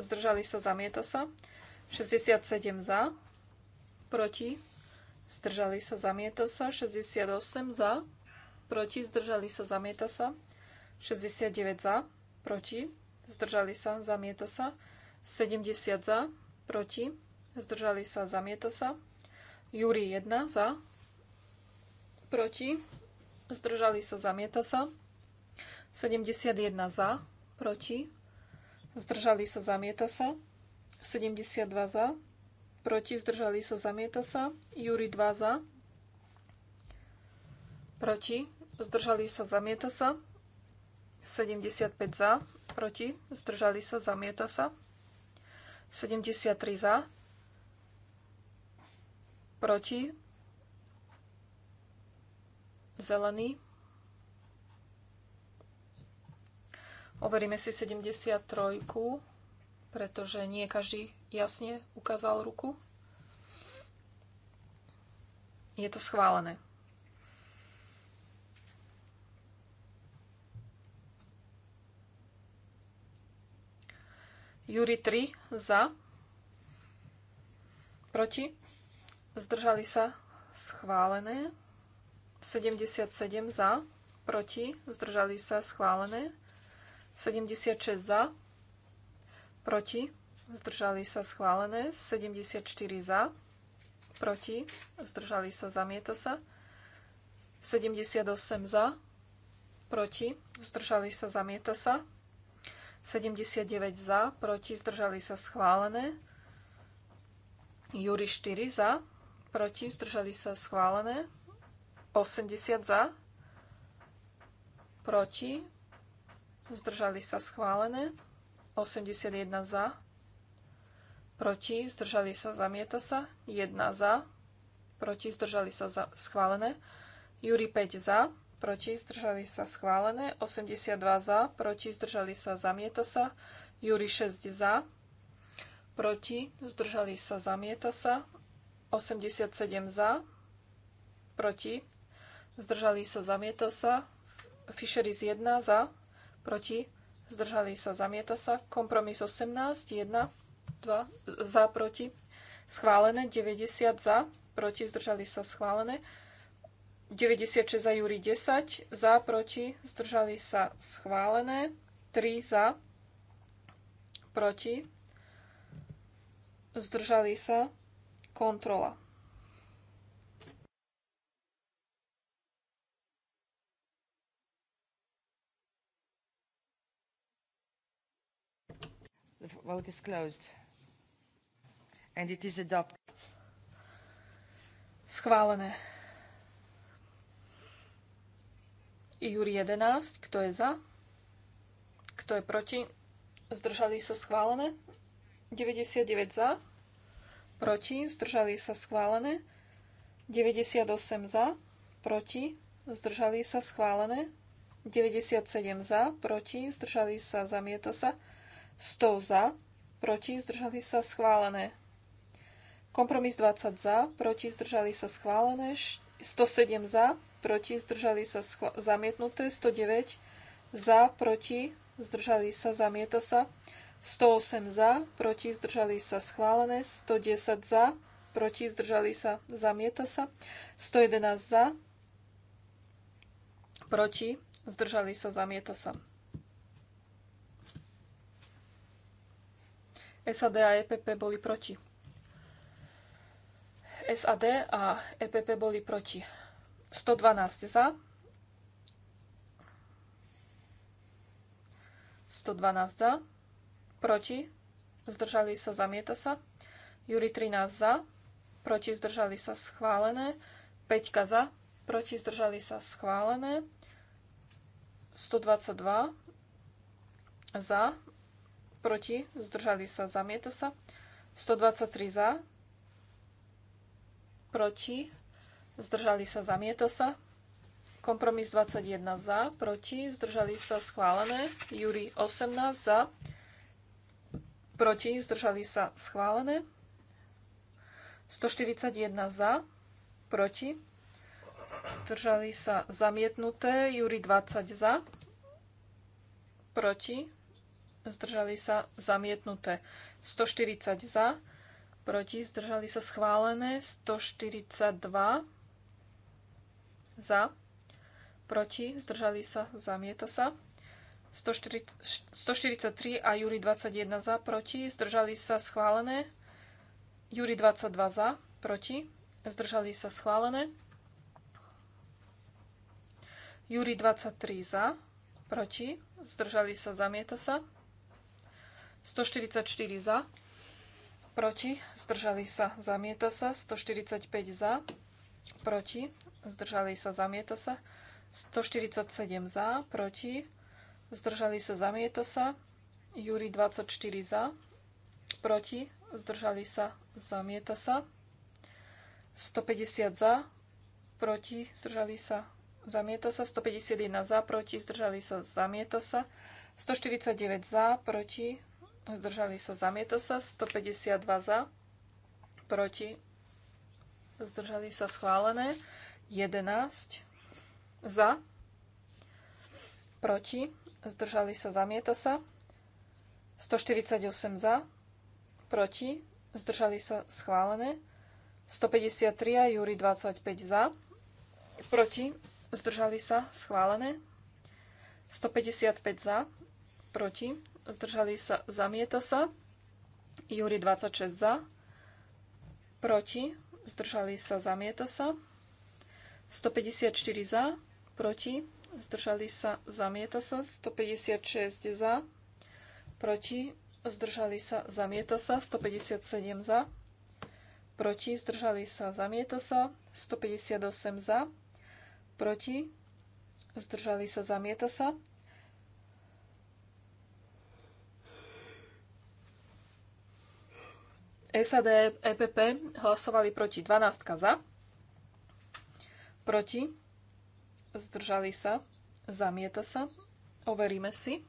Zdržali sa, zamieta sa. 67 za, proti, zdržali sa, zamieta sa. 68 za, proti, zdržali sa, zamieta sa. 69 za, proti, zdržali sa, zamieta sa. 70 za, proti, zdržali sa, zamieta sa. Júri 1 za, proti, zdržali sa, zamieta sa. 71 za, proti, zdržali sa, zamieta sa. 72 za, proti, zdržali sa, zamieta sa. Júri 2 za, proti, zdržali sa, zamieta sa. 75 za, proti, zdržali sa, zamieta sa. 73 za, proti, zelený. Overíme si 73, pretože nie každý jasne ukázal ruku. Je to schválené. Júri 3 za. Proti. Zdržali sa schválené. 77 za. Proti. Zdržali sa schválené. 76 za. Proti zdržali sa schválené, 74 za, proti, zdržali sa, zamieta sa, 78 za, proti, zdržali sa, zamieta sa, 79 za, proti, zdržali sa, schválené, Júri 4 za, proti, zdržali sa, schválené, 80 za, proti, zdržali sa, schválené, 81 za, proti, zdržali sa, zamieta sa. 1 za, proti, zdržali sa, za, schválené. Júri 5 za, proti, zdržali sa, schválené. 82 za, proti, zdržali sa, zamieta sa. Júri 6 za, proti, zdržali sa, zamieta sa. 87 za, proti, zdržali sa, zamieta sa. Fisheries 1 za, proti, zdržali sa, zamieta sa. Kompromis 18, 1 2 za, proti, schválené. 90 za, proti, zdržali sa schválené. 96 za Júri 10, za, proti, zdržali sa schválené. 3 za, proti, zdržali sa kontrola. The vote is closed and it is adopted. Schválené. Júr 11, kto je za? Kto je proti? Zdržali sa schválené. 99 za. Proti. Zdržali sa schválené. 98 za. Proti. Zdržali sa schválené. 97 za. Proti. Zdržali sa. Zamieta sa. 100 za. Proti. Zdržali sa schválené. Kompromis 20 za, proti zdržali sa schválené, 107 za, proti zdržali sa zamietnuté, 109 za, proti zdržali sa, zamieta sa, 108 za, proti zdržali sa schválené, 110 za, proti zdržali sa, zamieta sa, 111 za, proti zdržali sa, zamieta sa. SAD a EPP boli proti. SAD a EPP boli proti. 112 za. 112 za. Proti. Zdržali sa, zamieta sa. Juri 13 za. Proti zdržali sa schválené. 5 za. Proti zdržali sa schválené. 122 za. Proti zdržali sa, zamieta sa. 123 za proti, zdržali sa, zamieta sa. Kompromis 21 za, proti, zdržali sa, schválené. Júri 18 za, proti, zdržali sa, schválené. 141 za, proti, zdržali sa, zamietnuté. Júri 20 za, proti, zdržali sa, zamietnuté. 140 za, proti, zdržali sa schválené 142 za, proti, zdržali sa, zamieta sa 143 a Júri 21 za, proti, zdržali sa schválené Júri 22 za, proti, zdržali sa schválené Júri 23 za, proti, zdržali sa, zamieta sa 144 za, proti, zdržali sa, zamieta sa, 145 za, proti, zdržali sa, zamieta sa, 147 za, proti, zdržali sa, zamieta sa, Júri 24 za, proti, zdržali sa, zamieta sa, 150 za, proti, zdržali sa, zamieta sa, 151 za, proti, zdržali sa, zamieta sa, 149 za, proti, zdržali sa, zamieta sa, 152 za, proti, zdržali sa, schválené, 11 za, proti, zdržali sa, zamieta sa, 148 za, proti, zdržali sa, schválené, 153 a Júri 25 za, proti, zdržali sa, schválené, 155 za, proti, zdržali sa, zamieta sa. Júri 26 za, proti, zdržali sa, zamieta sa. 154 za, proti, zdržali sa, zamieta sa. 156 za, proti, zdržali sa, zamieta sa. 157 za, proti, zdržali sa, zamieta sa, 158 za, proti, zdržali sa, zamieta sa, SAD, EPP hlasovali proti 12 za, proti, zdržali sa, zamieta sa, overíme si.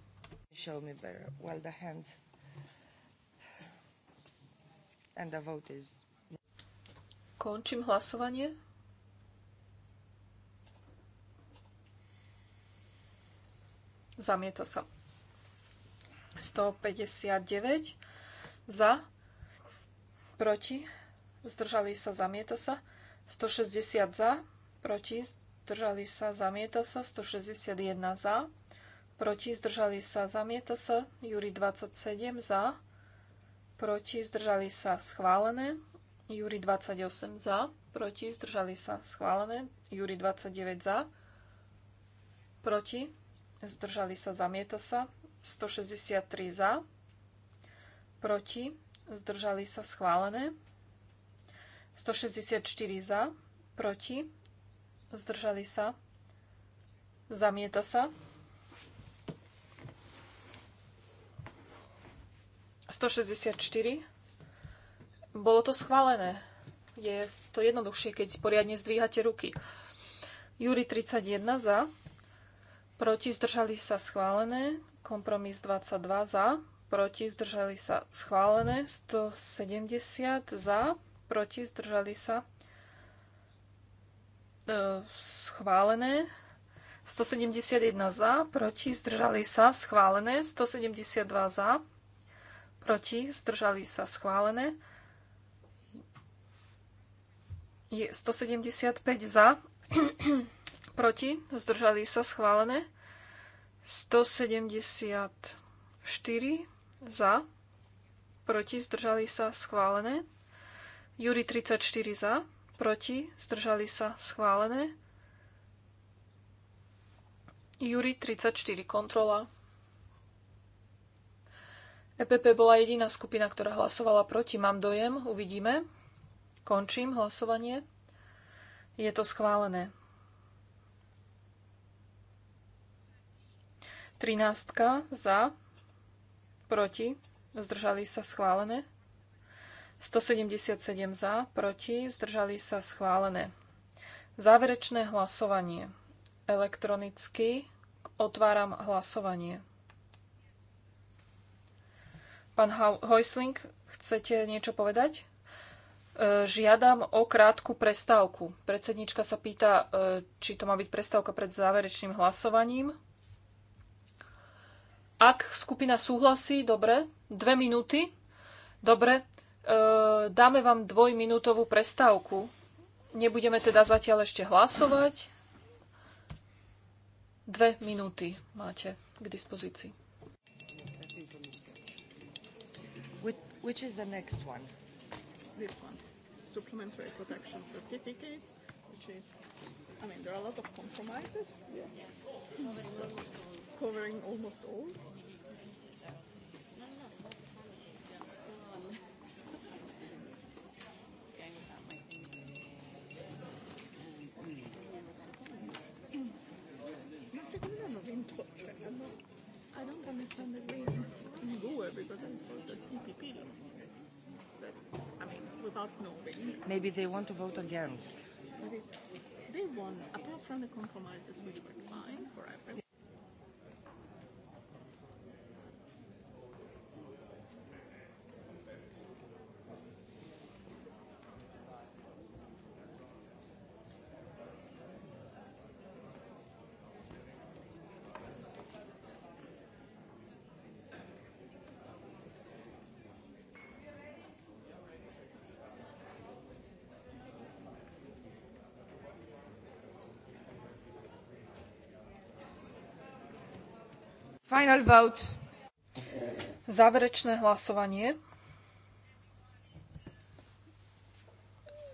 Show me better. Well, the hands and the vote is... Končím hlasovanie. Zamieta sa. 159 za, proti, zdržali sa, zamieta sa. 160 za, proti, zdržali sa, zamieta sa. 161 za, proti, zdržali sa, zamieta sa. Júri 27 za, proti, zdržali sa, schválené. Júri 28 za, proti, zdržali sa, schválené. Júri 29 za, proti, zdržali sa, zamieta sa. 163 za, proti, zdržali sa schválené. 164 za, proti, zdržali sa, zamieta sa. 164. Bolo to schválené. Je to jednoduchšie, keď poriadne zdvíhate ruky. Júri 31 za, proti zdržali sa schválené, kompromis 22 za, proti, zdržali sa schválené, 170 za, proti, zdržali sa e, schválené, 171 za, proti, zdržali sa schválené, 172 za, proti, zdržali sa schválené, je 175 za, proti, zdržali sa schválené, 174 za, proti, zdržali sa, schválené. Júri 34 za, proti, zdržali sa, schválené. Júri 34, kontrola. EPP bola jediná skupina, ktorá hlasovala proti. Mám dojem, uvidíme. Končím hlasovanie. Je to schválené. 13 za, proti, zdržali sa schválené. 177 za, proti, zdržali sa schválené. Záverečné hlasovanie. Elektronicky otváram hlasovanie. Pán Hojsling, chcete niečo povedať? E, žiadam o krátku prestávku. Predsednička sa pýta, e, či to má byť prestávka pred záverečným hlasovaním. Ak skupina súhlasí, dobre, dve minúty, dobre, e, dáme vám dvojminútovú prestávku. Nebudeme teda zatiaľ ešte hlasovať. Dve minúty máte k dispozícii. Which is the next one? This one. Supplementary protection certificate, which is, I mean, there are a lot of compromises. Yes. Mm -hmm. so, covering almost all? That's a good Men fördelarna I'm not I don't understand the reasons in Goa because I'm the that EPP But, I mean, without knowing. Maybe they want to vote against. But it, they won, apart from the compromises which were fine for everyone. Final vote. Záverečné hlasovanie.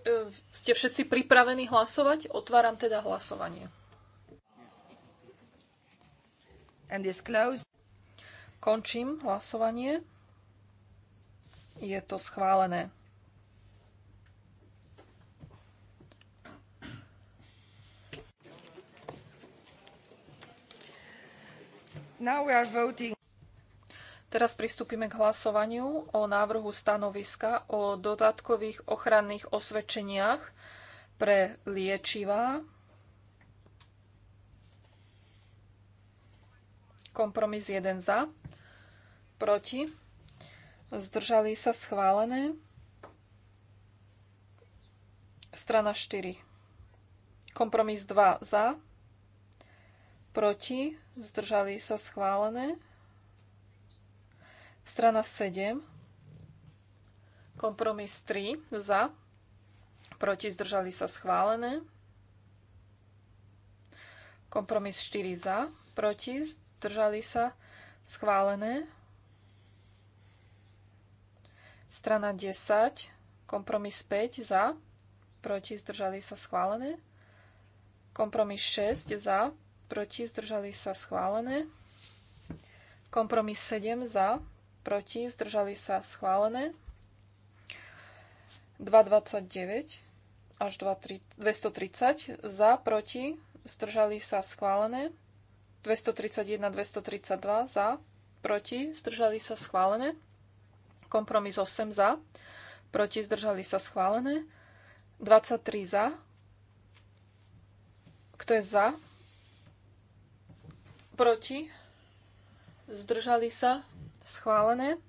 Ehm, ste všetci pripravení hlasovať? Otváram teda hlasovanie. And is closed. Končím hlasovanie. Je to schválené. Teraz pristúpime k hlasovaniu o návrhu stanoviska o dodatkových ochranných osvedčeniach pre liečivá. Kompromis 1 za, proti, zdržali sa schválené. Strana 4. Kompromis 2 za, proti, zdržali sa schválené. Strana 7, kompromis 3, za, proti, zdržali sa schválené. Kompromis 4 za, proti, zdržali sa schválené. Strana 10, kompromis 5 za, proti, zdržali sa schválené. Kompromis 6 za, proti, zdržali sa schválené. Kompromis 7 za, proti, zdržali sa schválené. 2,29 až 230 za, proti, zdržali sa schválené. 231, 232 za, proti, zdržali sa schválené. Kompromis 8 za, proti, zdržali sa schválené. 23 za. Kto je za? proti, zdržali sa, schválené.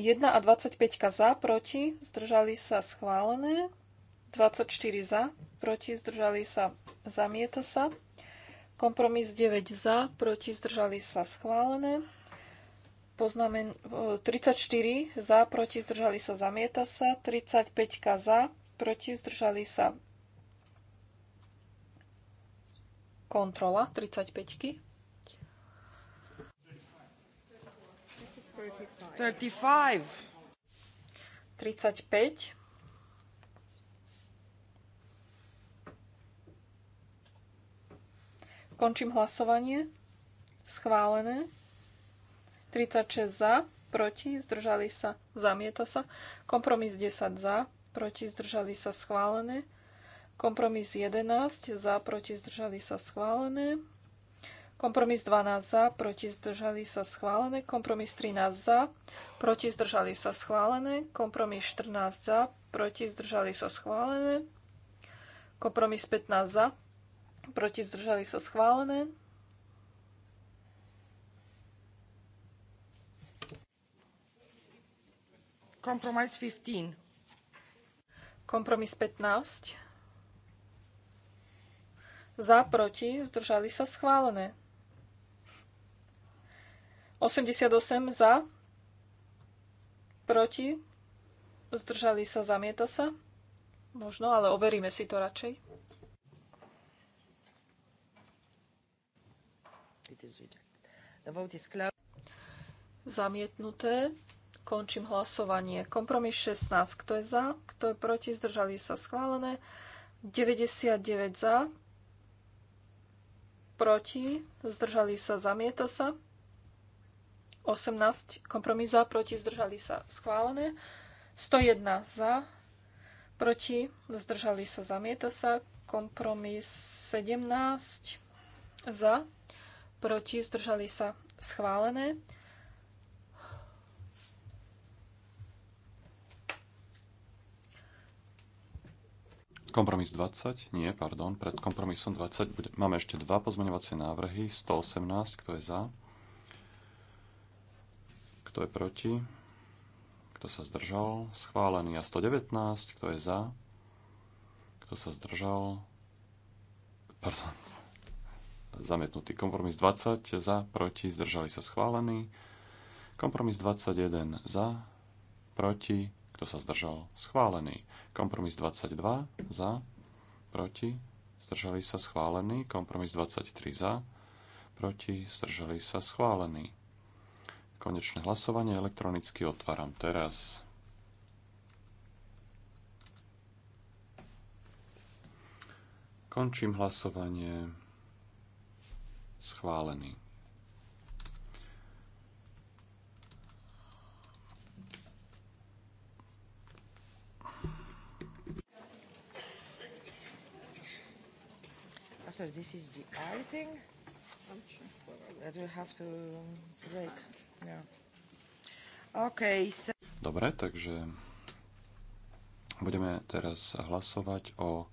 1 a 25 za, proti, zdržali sa schválené. 24 za, proti, zdržali sa, zamieta sa. Kompromis 9 za, proti, zdržali sa schválené. Poznamen, 34 e, za, proti, zdržali sa, zamieta sa. 35 za, proti, zdržali sa, kontrola 35. -ky. 35. 35. Končím hlasovanie. Schválené. 36 za, proti, zdržali sa, zamieta sa. Kompromis 10 za, proti, zdržali sa, schválené. Kompromis 11 za, proti zdržali sa schválené. Kompromis 12 za, proti zdržali sa schválené. Kompromis 13 za, proti zdržali sa schválené. Kompromis 14 za, proti zdržali sa schválené. Kompromis 15 za, proti zdržali sa schválené. Kompromis 15. Kompromis 15 za, proti, zdržali sa schválené. 88 za, proti, zdržali sa, zamieta sa. Možno, ale overíme si to radšej. Zamietnuté. Končím hlasovanie. Kompromis 16. Kto je za? Kto je proti? Zdržali sa schválené. 99 za, proti, zdržali sa, zamieta sa. 18 kompromis za, proti, zdržali sa, schválené. 101 za, proti, zdržali sa, zamieta sa. Kompromis 17 za, proti, zdržali sa, schválené. Kompromis 20, nie, pardon, pred kompromisom 20 bude, máme ešte dva pozmeňovacie návrhy, 118, kto je za, kto je proti, kto sa zdržal, schválený a 119, kto je za, kto sa zdržal, pardon, zamietnutý kompromis 20, za, proti, zdržali sa schválený, kompromis 21, za, proti, kto sa zdržal? Schválený. Kompromis 22 za, proti, zdržali sa schválený. Kompromis 23 za, proti, zdržali sa schválený. Konečné hlasovanie elektronicky otváram teraz. Končím hlasovanie. Schválený. after this is the eye thing that we have to break. Yeah. Okay, so... Dobre, takže budeme teraz hlasovať o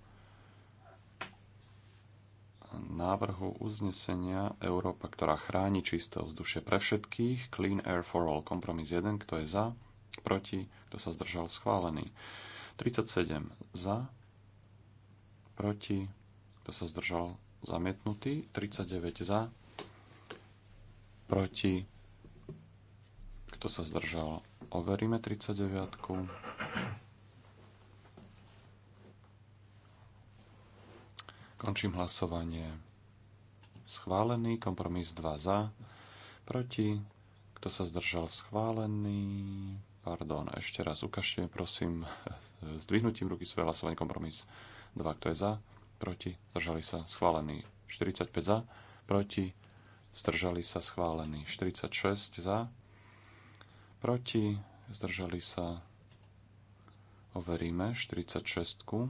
návrhu uznesenia Európa, ktorá chráni čisté ovzdušie pre všetkých, Clean Air for All, kompromis 1, kto je za, proti, kto sa zdržal, schválený. 37 za, proti, kto sa zdržal, zamietnutý. 39 za, proti, kto sa zdržal, overíme 39. Končím hlasovanie. Schválený, kompromis 2 za, proti, kto sa zdržal, schválený. Pardon, ešte raz ukážte mi prosím zdvihnutím ruky svoje hlasovanie kompromis 2, kto je za, proti, zdržali sa schválený 45 za, proti, zdržali sa schválený 46 za, proti, zdržali sa, overíme 46. -ku.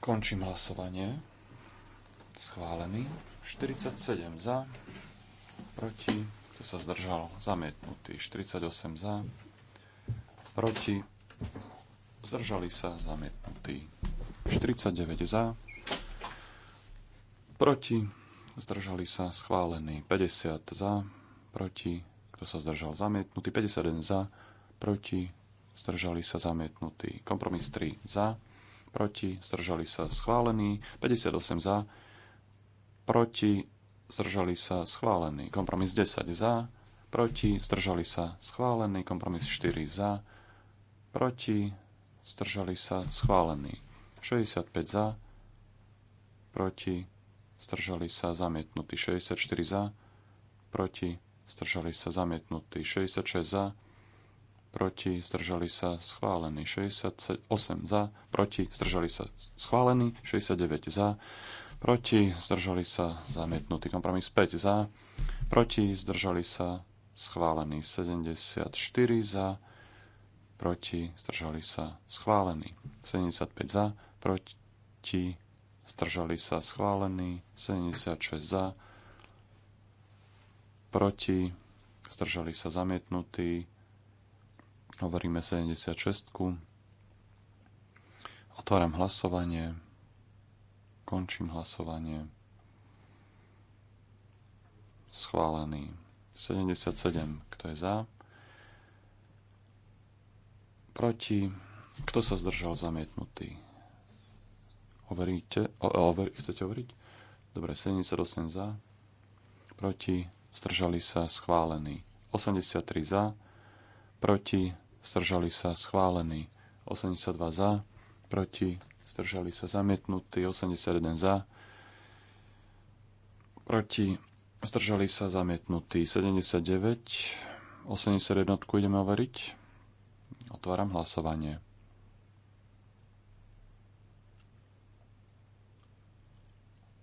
Končím hlasovanie. Schválený. 47 za, proti, tu sa zdržal, zamietnutý 48 za, proti, zdržali sa zamietnutí. 49 za, proti, zdržali sa schválení. 50 za, proti, kto sa zdržal zamietnutý. 51 za, proti, zdržali sa zamietnutí. Kompromis 3 za, proti, zdržali sa schválení. 58 za, proti, zdržali sa schválení. Kompromis 10 za, proti, zdržali sa schválení. Kompromis 4 za, proti, zdržali sa, schválený. 65 za, proti, zdržali sa, zamietnutý. 64 za, proti, zdržali sa, zamietnutý. 66 za, proti, zdržali sa, schválený. 68 za, proti, zdržali sa, schválený. 69 za, proti, zdržali sa, zamietnutý. Kompromis 5 za, proti, zdržali sa, schválený. 74 za, proti, zdržali sa, schválený. 75 za, proti, zdržali sa, schválený. 76 za, proti, zdržali sa, zamietnutý. Hovoríme 76. -ku. Otváram hlasovanie. Končím hlasovanie. Schválený. 77. Kto je za? proti, kto sa zdržal zamietnutý. Overíte, o, over, chcete overiť? Dobre, 78 za, proti, zdržali sa, schválený. 83 za, proti, zdržali sa, schválení, 82 za, proti, zdržali sa, zamietnutý. 81 za, proti, zdržali sa, zamietnutý. 79, 81 ideme overiť. Otváram hlasovanie.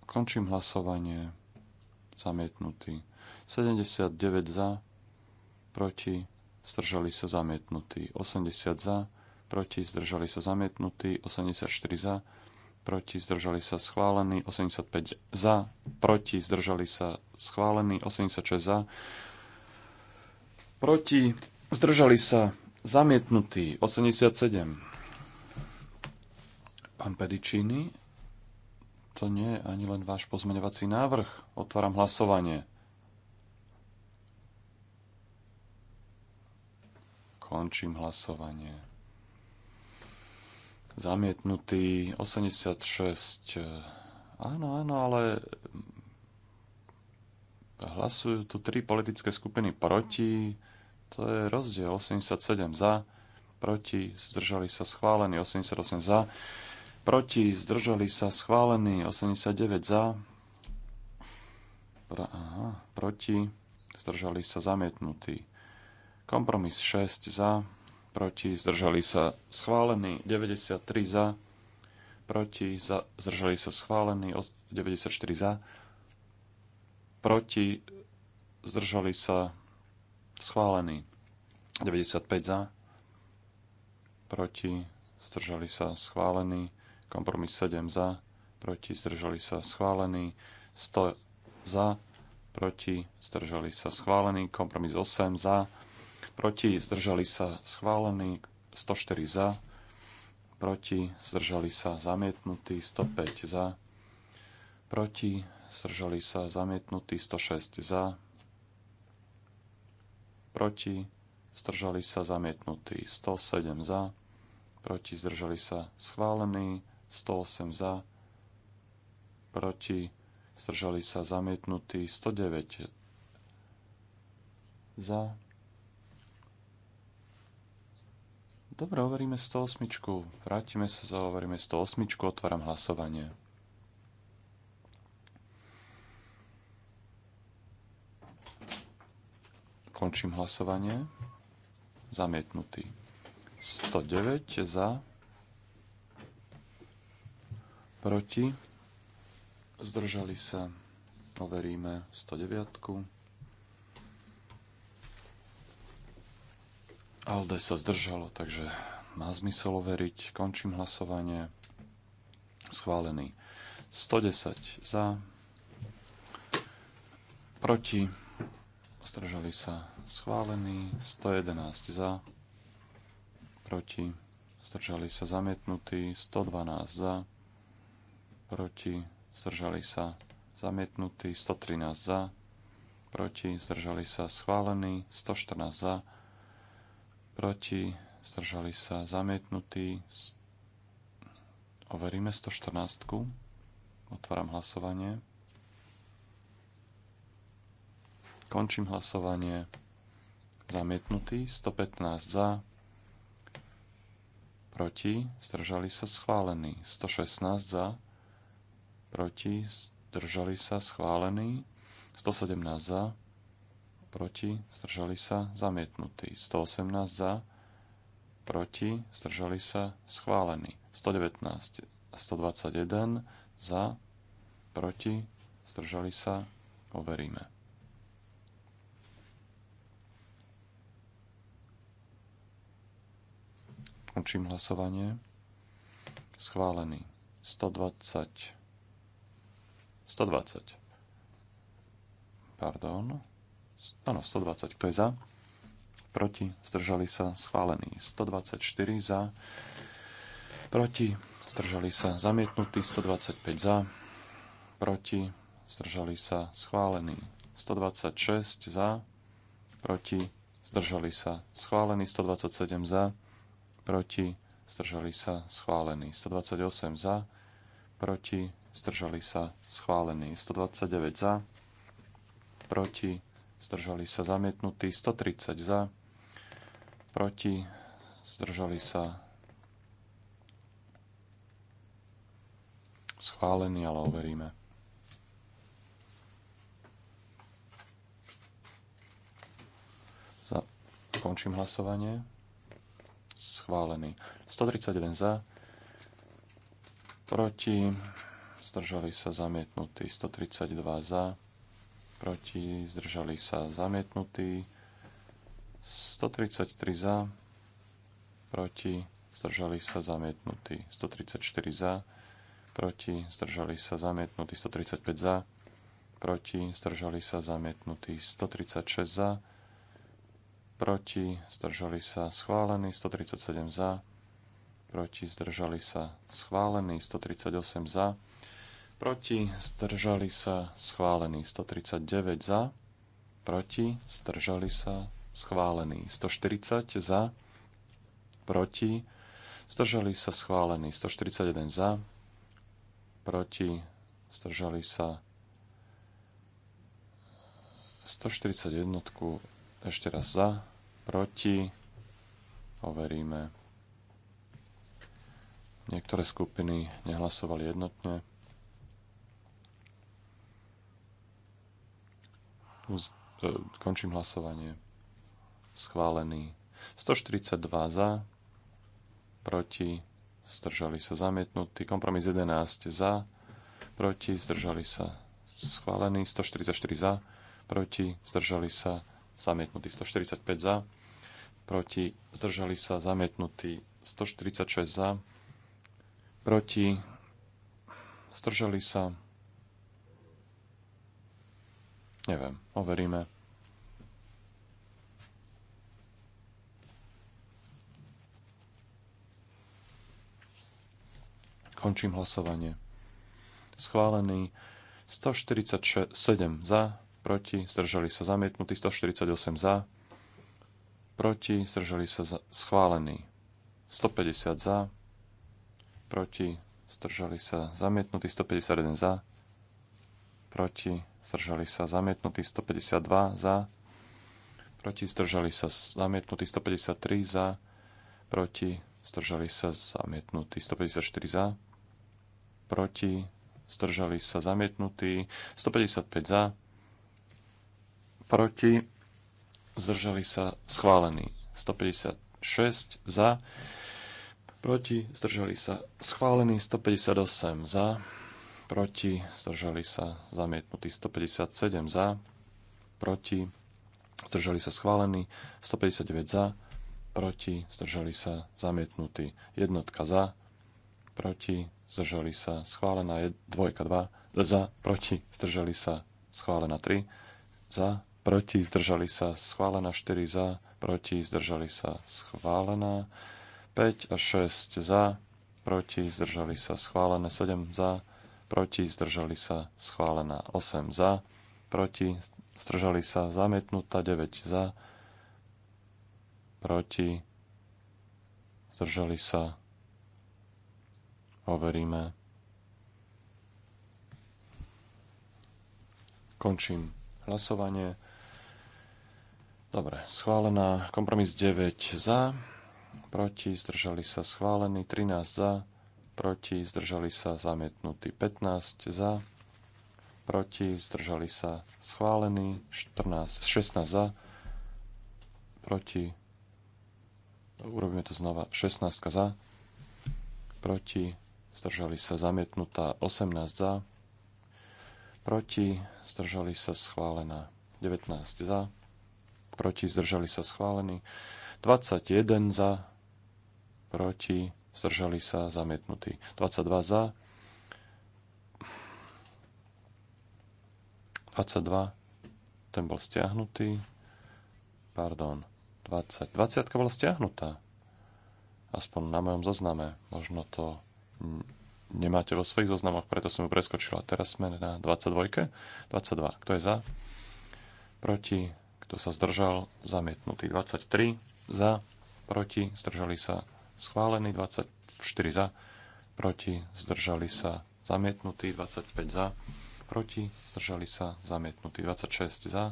Končím hlasovanie. Zamietnutý. 79 za, proti, zdržali sa zamietnutí. 80 za, proti, zdržali sa zamietnutí. 84 za, proti, zdržali sa schválení. 85 za, proti, zdržali sa schválení. 86 za, proti, zdržali sa Zamietnutý 87. Pán Pedičíny, to nie je ani len váš pozmeňovací návrh. Otváram hlasovanie. Končím hlasovanie. Zamietnutý 86. Áno, áno, ale hlasujú tu tri politické skupiny proti to je rozdiel. 87 za, proti, zdržali sa schválení. 88 za, proti, zdržali sa schválení. 89 za, pra, aha, proti, zdržali sa zamietnutí. Kompromis 6 za, proti, zdržali sa schválení. 93 za, proti, za, zdržali sa schválení. 94 za, proti, zdržali sa schválený. 95 za, proti, zdržali sa, schválený. Kompromis 7 za, proti, zdržali sa, schválený. 100 za, proti, zdržali sa, schválený. Kompromis 8 za, proti, zdržali sa, schválený. 104 za, proti, zdržali sa, zamietnutý. 105 za, proti, zdržali sa, zamietnutý. 106 za, proti, zdržali sa zamietnutí 107 za, proti zdržali sa schválení 108 za, proti zdržali sa zamietnutí 109 za. Dobre, overíme 108. Vrátime sa, za overíme 108. Otváram hlasovanie. Končím hlasovanie. Zamietnutý. 109 za. Proti. Zdržali sa. Overíme 109. Alde sa zdržalo, takže má zmysel overiť. Končím hlasovanie. Schválený. 110 za. Proti Zdržali sa schválení. 111 za. Proti. Zdržali sa zamietnutí. 112 za. Proti. Zdržali sa zamietnutí. 113 za. Proti. Zdržali sa schválení. 114 za. Proti. Zdržali sa zamietnutí. Overíme 114. Otváram hlasovanie. Končím hlasovanie. Zamietnutý. 115 za. Proti. Zdržali sa schválený. 116 za. Proti. Zdržali sa schválený. 117 za. Proti. Zdržali sa zamietnutý. 118 za. Proti. Zdržali sa schválený. 119 a 121 za. Proti. Zdržali sa. Overíme. Končím hlasovanie. Schválený. 120. 120. Pardon. Áno, 120. Kto je za? Proti. Zdržali sa. Schválený. 124 za. Proti. Zdržali sa. Zamietnutý. 125 za. Proti. Zdržali sa. Schválený. 126 za. Proti. Zdržali sa. Schválený. 127 za proti, zdržali sa, schválený. 128 za, proti, zdržali sa, schválený. 129 za, proti, zdržali sa, zamietnutý. 130 za, proti, zdržali sa, schválený, ale overíme. Končím hlasovanie schválený. 131 za, proti, zdržali sa zamietnutí. 132 za, proti, zdržali sa zamietnutí. 133 za, proti, zdržali sa zamietnutí. 134 za, proti, zdržali sa zamietnutí. 135 za, proti, zdržali sa zamietnutí. 136 za, proti, zdržali sa schválený, 137 za, proti, zdržali sa schválený, 138 za, proti, zdržali sa schválený, 139 za, proti, zdržali sa schválený, 140 za, proti, zdržali sa schválený, 141 za, proti, zdržali sa 141 ešte raz za, proti, overíme. Niektoré skupiny nehlasovali jednotne. Uz, e, končím hlasovanie. Schválený. 142 za, proti, zdržali sa zamietnutí. Kompromis 11 za, proti, zdržali sa schválený. 144 za, proti, zdržali sa zamietnutý 145 za, proti zdržali sa zamietnutí 146 za, proti zdržali sa, neviem, overíme. Končím hlasovanie. Schválený 147 za, proti, zdržali sa zamietnutí, 148 za, proti, zdržali sa za, schválení, 150 za, proti, zdržali sa zamietnutí, 151 za, proti, zdržali sa zamietnutí, 152 za, proti, zdržali sa zamietnutí, 153 za, proti, zdržali sa zamietnutí, 154 za, proti, zdržali sa zamietnutí, 155 za, proti, zdržali sa schválení. 156 za, proti, zdržali sa schválení. 158 za, proti, zdržali sa zamietnutí. 157 za, proti, zdržali sa schválení. 159 za, proti, zdržali sa zamietnutí. Jednotka za, proti, zdržali sa schválená. Dvojka 2 za, proti, zdržali sa schválená 3 za, proti, zdržali sa schválená, 4 za, proti, zdržali sa schválená, 5 a 6 za, proti, zdržali sa schválené, 7 za, proti, zdržali sa schválená, 8 za, proti, zdržali sa zamietnutá, 9 za, proti, zdržali sa, overíme. Končím hlasovanie. Dobre, schválená. Kompromis 9 za, proti, zdržali sa schválený. 13 za, proti, zdržali sa zamietnutý. 15 za, proti, zdržali sa schválený. 14, 16 za, proti, urobíme to znova, 16 za, proti, zdržali sa zamietnutá. 18 za, proti, zdržali sa schválená. 19 za, proti, zdržali sa schválení. 21 za, proti, zdržali sa zamietnutí. 22 za, 22, ten bol stiahnutý, pardon, 20, 20 bola stiahnutá, aspoň na mojom zozname, možno to nemáte vo svojich zoznamoch, preto som ju preskočila. Teraz sme na 22, 22, kto je za? Proti, kto sa zdržal, zamietnutý 23 za, proti, zdržali sa, schválený 24 za, proti, zdržali sa, zamietnutý 25 za, proti, zdržali sa, zamietnutý 26 za,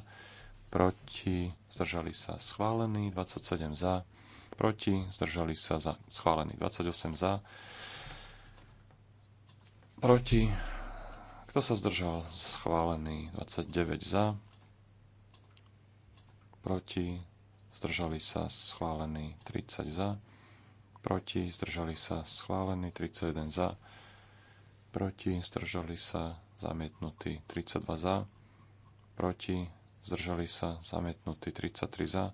proti, zdržali sa, schválený 27 za, proti, zdržali sa, za, schválený 28 za, proti, kto sa zdržal, schválený 29 za, proti, zdržali sa schválení 30 za, proti, zdržali sa schválení 31 za, proti, zdržali sa zamietnutí 32 za, proti, zdržali sa zamietnutí 33 za,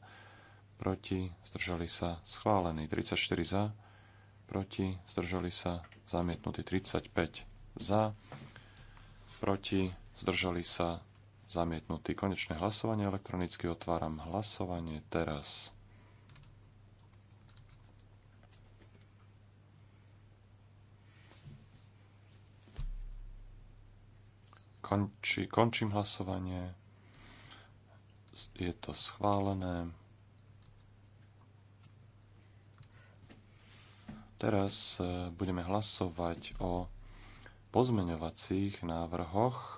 proti, zdržali sa schválení 34 za, proti, zdržali sa zamietnutí 35 za, proti, zdržali sa zamietnutý. Konečné hlasovanie elektronicky otváram hlasovanie teraz. Konči, končím hlasovanie. Je to schválené. Teraz eh, budeme hlasovať o pozmeňovacích návrhoch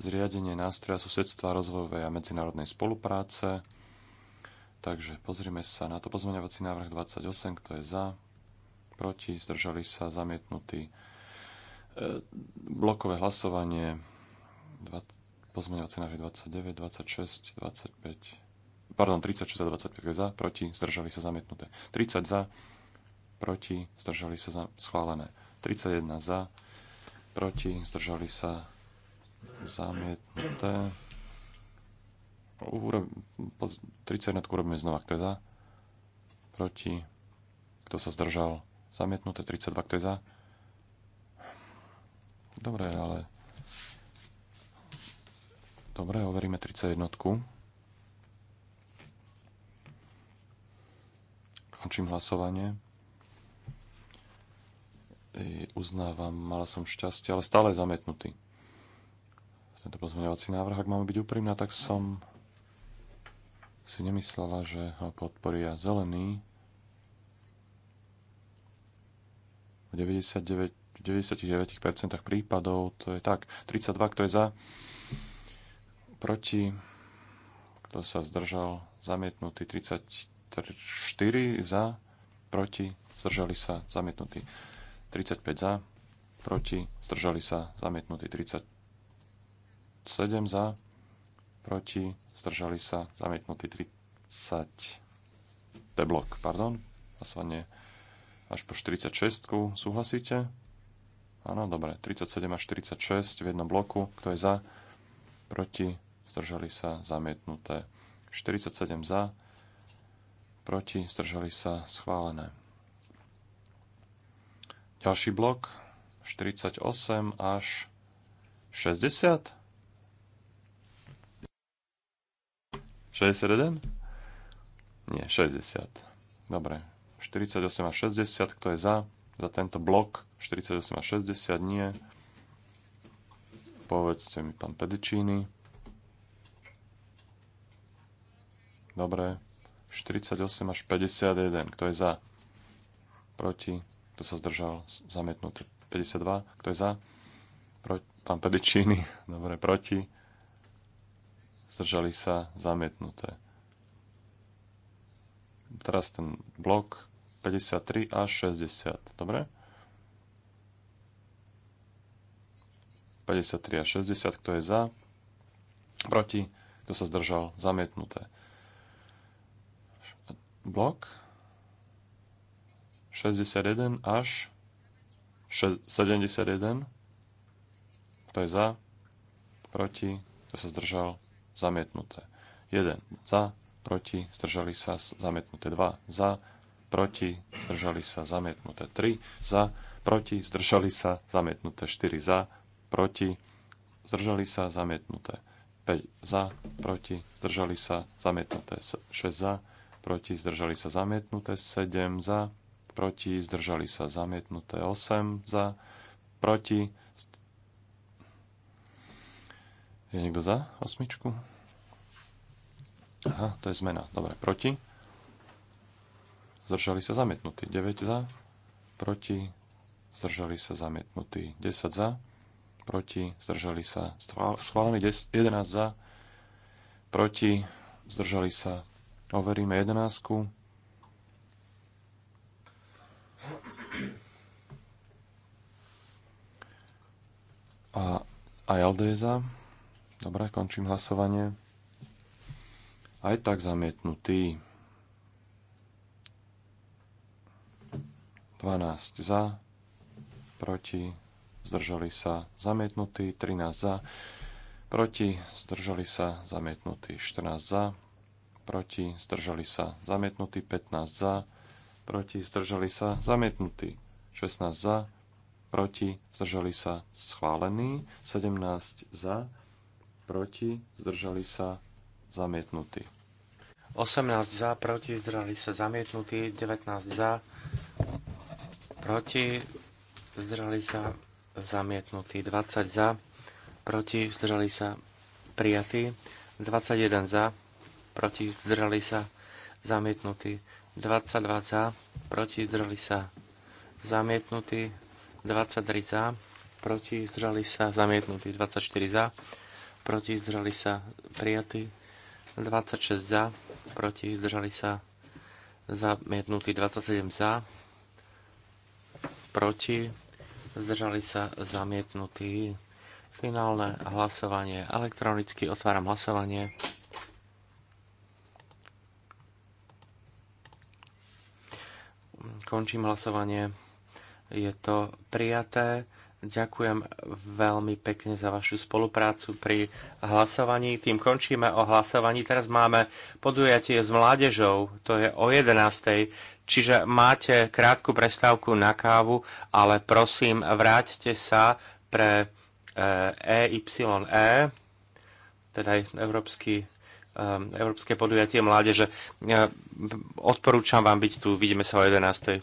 zriadenie nástroja susedstva rozvojovej a medzinárodnej spolupráce. Takže pozrime sa na to pozmeňovací návrh 28, kto je za, proti, zdržali sa, zamietnutý. E, blokové hlasovanie, pozmeňovací návrh 29, 26, 25, pardon, 36 a 25 za, proti, zdržali sa zamietnuté. 30 za, proti, zdržali sa schválené. 31 za, proti, zdržali sa zamietnuté. Urob, 31 urobíme znova, kto je za, proti, kto sa zdržal, zamietnuté, 32, kto je za. Dobre, ale... Dobre, overíme 31. Končím hlasovanie. I uznávam, mala som šťastie, ale stále zamietnutý tento pozmeňovací návrh. Ak mám byť úprimná, tak som si nemyslela, že ho podporia zelený. V 99, v 99% prípadov to je tak. 32, kto je za, proti, kto sa zdržal, zamietnutý. 34 za, proti, zdržali sa, zamietnutý. 35 za, proti, zdržali sa, zamietnutý. 30. 7 za, proti, zdržali sa, zamietnutý 30, T blok, pardon, hlasovanie až po 46, súhlasíte? Áno, dobre, 37 až 46 v jednom bloku, kto je za, proti, zdržali sa, zamietnuté 47 za, proti, zdržali sa, schválené. Ďalší blok, 48 až 60? 61? Nie, 60. Dobre. 48 a 60, kto je za? Za tento blok 48 a 60 nie. Povedzte mi, pán Pedicini. Dobre. 48 až 51, kto je za? Proti? Kto sa zdržal? Zamietnuté. 52, kto je za? Proti, pán Pedicini. Dobre, proti? zdržali sa, zamietnuté. Teraz ten blok 53 až 60, dobre? 53 a 60, kto je za, proti, kto sa zdržal, zamietnuté. Blok 61 až 71, kto je za, proti, kto sa zdržal, zamietnuté. 1 za, proti, zdržali sa, zamietnuté 2 za, proti, zdržali sa, zamietnuté 3 za, proti, zdržali sa, zamietnuté 4 za, proti, zdržali sa, zamietnuté 5 za, proti, zdržali sa, zamietnuté 6 za, proti, zdržali sa, zamietnuté 7 za, proti, zdržali sa, zamietnuté 8 za, proti, Je niekto za osmičku? Aha, to je zmena. Dobre, proti. Zdržali sa zamietnutí. 9 za, proti. Zdržali sa zamietnutí. 10 za, proti. Zdržali sa schválený 11 za, proti. Zdržali sa. Overíme 11. A aj je za. Dobre, končím hlasovanie. Aj tak zamietnutý. 12 za, proti, zdržali sa, zamietnutí, 13 za, proti, zdržali sa, zamietnutí, 14 za, proti, zdržali sa, zamietnutí, 15 za, proti, zdržali sa, zamietnutí, 16 za, proti, zdržali sa, schválený, 17 za, proti, zdržali sa, zamietnutý. 18 za, proti, zdržali sa, zamietnutý. 19 za, proti, zdržali sa, zamietnutý. 20 za, proti, zdržali sa, prijatý. 21 za, proti, zdržali sa, zamietnutý. 22 za, proti, zdržali sa, zamietnutý. 23 za, proti, zdržali sa, zamietnutý. 24 za, proti zdržali sa prijatí, 26 za, proti zdržali sa zamietnutí, 27 za, proti zdržali sa zamietnutí. Finálne hlasovanie elektronicky, otváram hlasovanie. Končím hlasovanie. Je to prijaté. Ďakujem veľmi pekne za vašu spoluprácu pri hlasovaní. Tým končíme o hlasovaní. Teraz máme podujatie s mládežou, to je o 11. Čiže máte krátku prestávku na kávu, ale prosím, vráťte sa pre EYE, eh, e, teda Európsky eh, Európske podujatie mládeže. Eh, odporúčam vám byť tu. Vidíme sa o 11.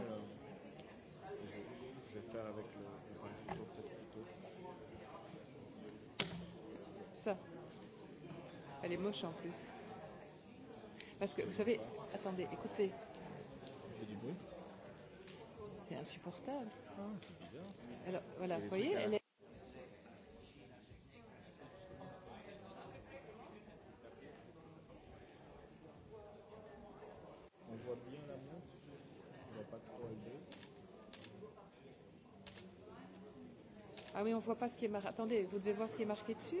ça. Je, je vais faire avec le, le photo peut-être plutôt. Ça. Elle est moche en plus. Parce que vous savez, attendez, écoutez. Ça fait du bruit. C'est insupportable. Ah, c'est bizarre. Alors voilà, vous voyez, elle est. voit pas ce qui est marqué. Attendez, vous devez voir ce qui est marqué dessus.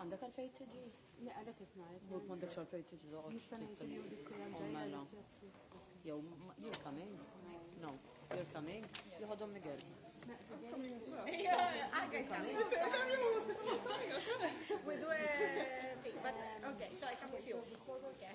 Għandek għalfej tiġi? Ne, għalek it-najt. Mut mandek xalfej tiġi doqgħod. Nistan jiġi Jew, you're coming? No, you're coming? Jħodhom Miguel. Yeah, I guess coming. We do a thing, but okay, so I come with you. Okay, I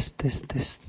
test test test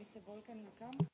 Mr. Volkan will come.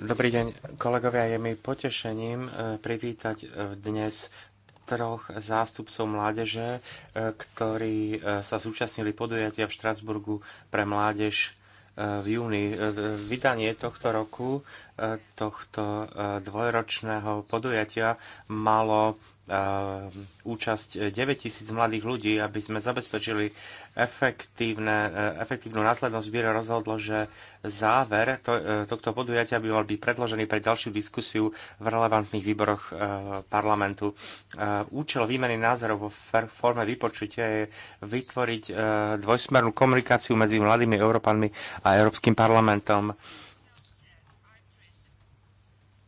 Dobrý deň, kolegovia. Je mi potešením e, privítať e, dnes troch zástupcov mládeže, e, ktorí sa zúčastnili podujatia v Štrasburgu pre mládež v júni. Vydanie tohto roku, tohto dvojročného podujatia malo Ehm, účasť 9000 eh, mladých ľudí, aby sme zabezpečili eh, efektívnu následnosť. Biero rozhodlo, že záver to, eh, tohto podujatia by mal byť predložený pre ďalšiu diskusiu v relevantných výboroch parlamentu. Účel výmeny názorov vo forme vypočutia je vytvoriť dvojsmernú komunikáciu medzi mladými Európanmi a Európskym parlamentom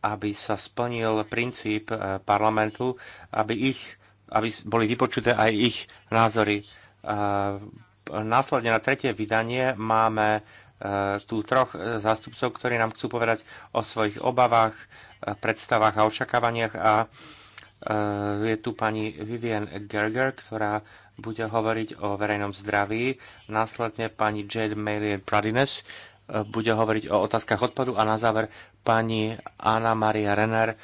aby sa splnil princíp eh, parlamentu, aby, ich, aby boli vypočuté aj ich názory. Eh, následne na tretie vydanie máme eh, tu troch zástupcov, ktorí nám chcú povedať o svojich obavách, predstavách a očakávaniach a je tu pani Vivian Gerger, ktorá bude hovoriť o verejnom zdraví. Následne pani Jade Malian Pradines bude hovoriť o otázkach odpadu a na záver pani Anna Maria Renner,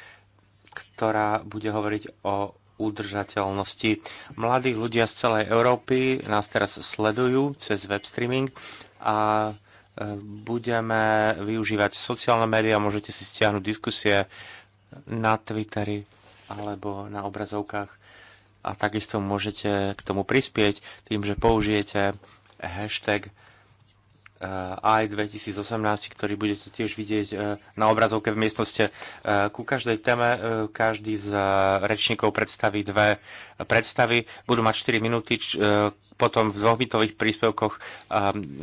ktorá bude hovoriť o udržateľnosti. Mladí ľudia z celej Európy nás teraz sledujú cez web streaming a e, budeme využívať sociálne médiá, môžete si stiahnuť diskusie na Twitteri alebo na obrazovkách a takisto môžete k tomu prispieť tým, že použijete hashtag Eh, aj 2018, ktorý budete tiež vidieť eh, na obrazovke v miestnosti. Eh, ku každej téme každý z rečníkov predstaví dve predstavy. Budú mať 4 minúty, potom v dvochbytových príspevkoch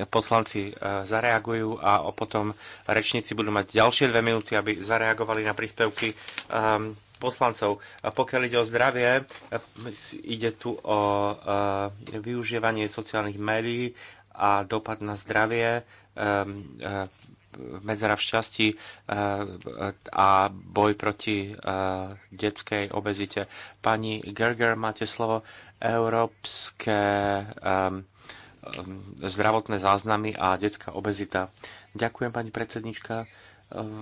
poslanci zareagujú a potom rečníci budú mať ďalšie 2 minúty, aby zareagovali na príspevky poslancov. Pokiaľ ide o zdravie, ide tu o využívanie sociálnych médií a dopad na zdravie, um, um, medzera v šťastí um, a boj proti uh, detskej obezite. Pani Gerger, máte slovo. Európske zdravotné záznamy a detská obezita. Ďakujem, pani predsednička.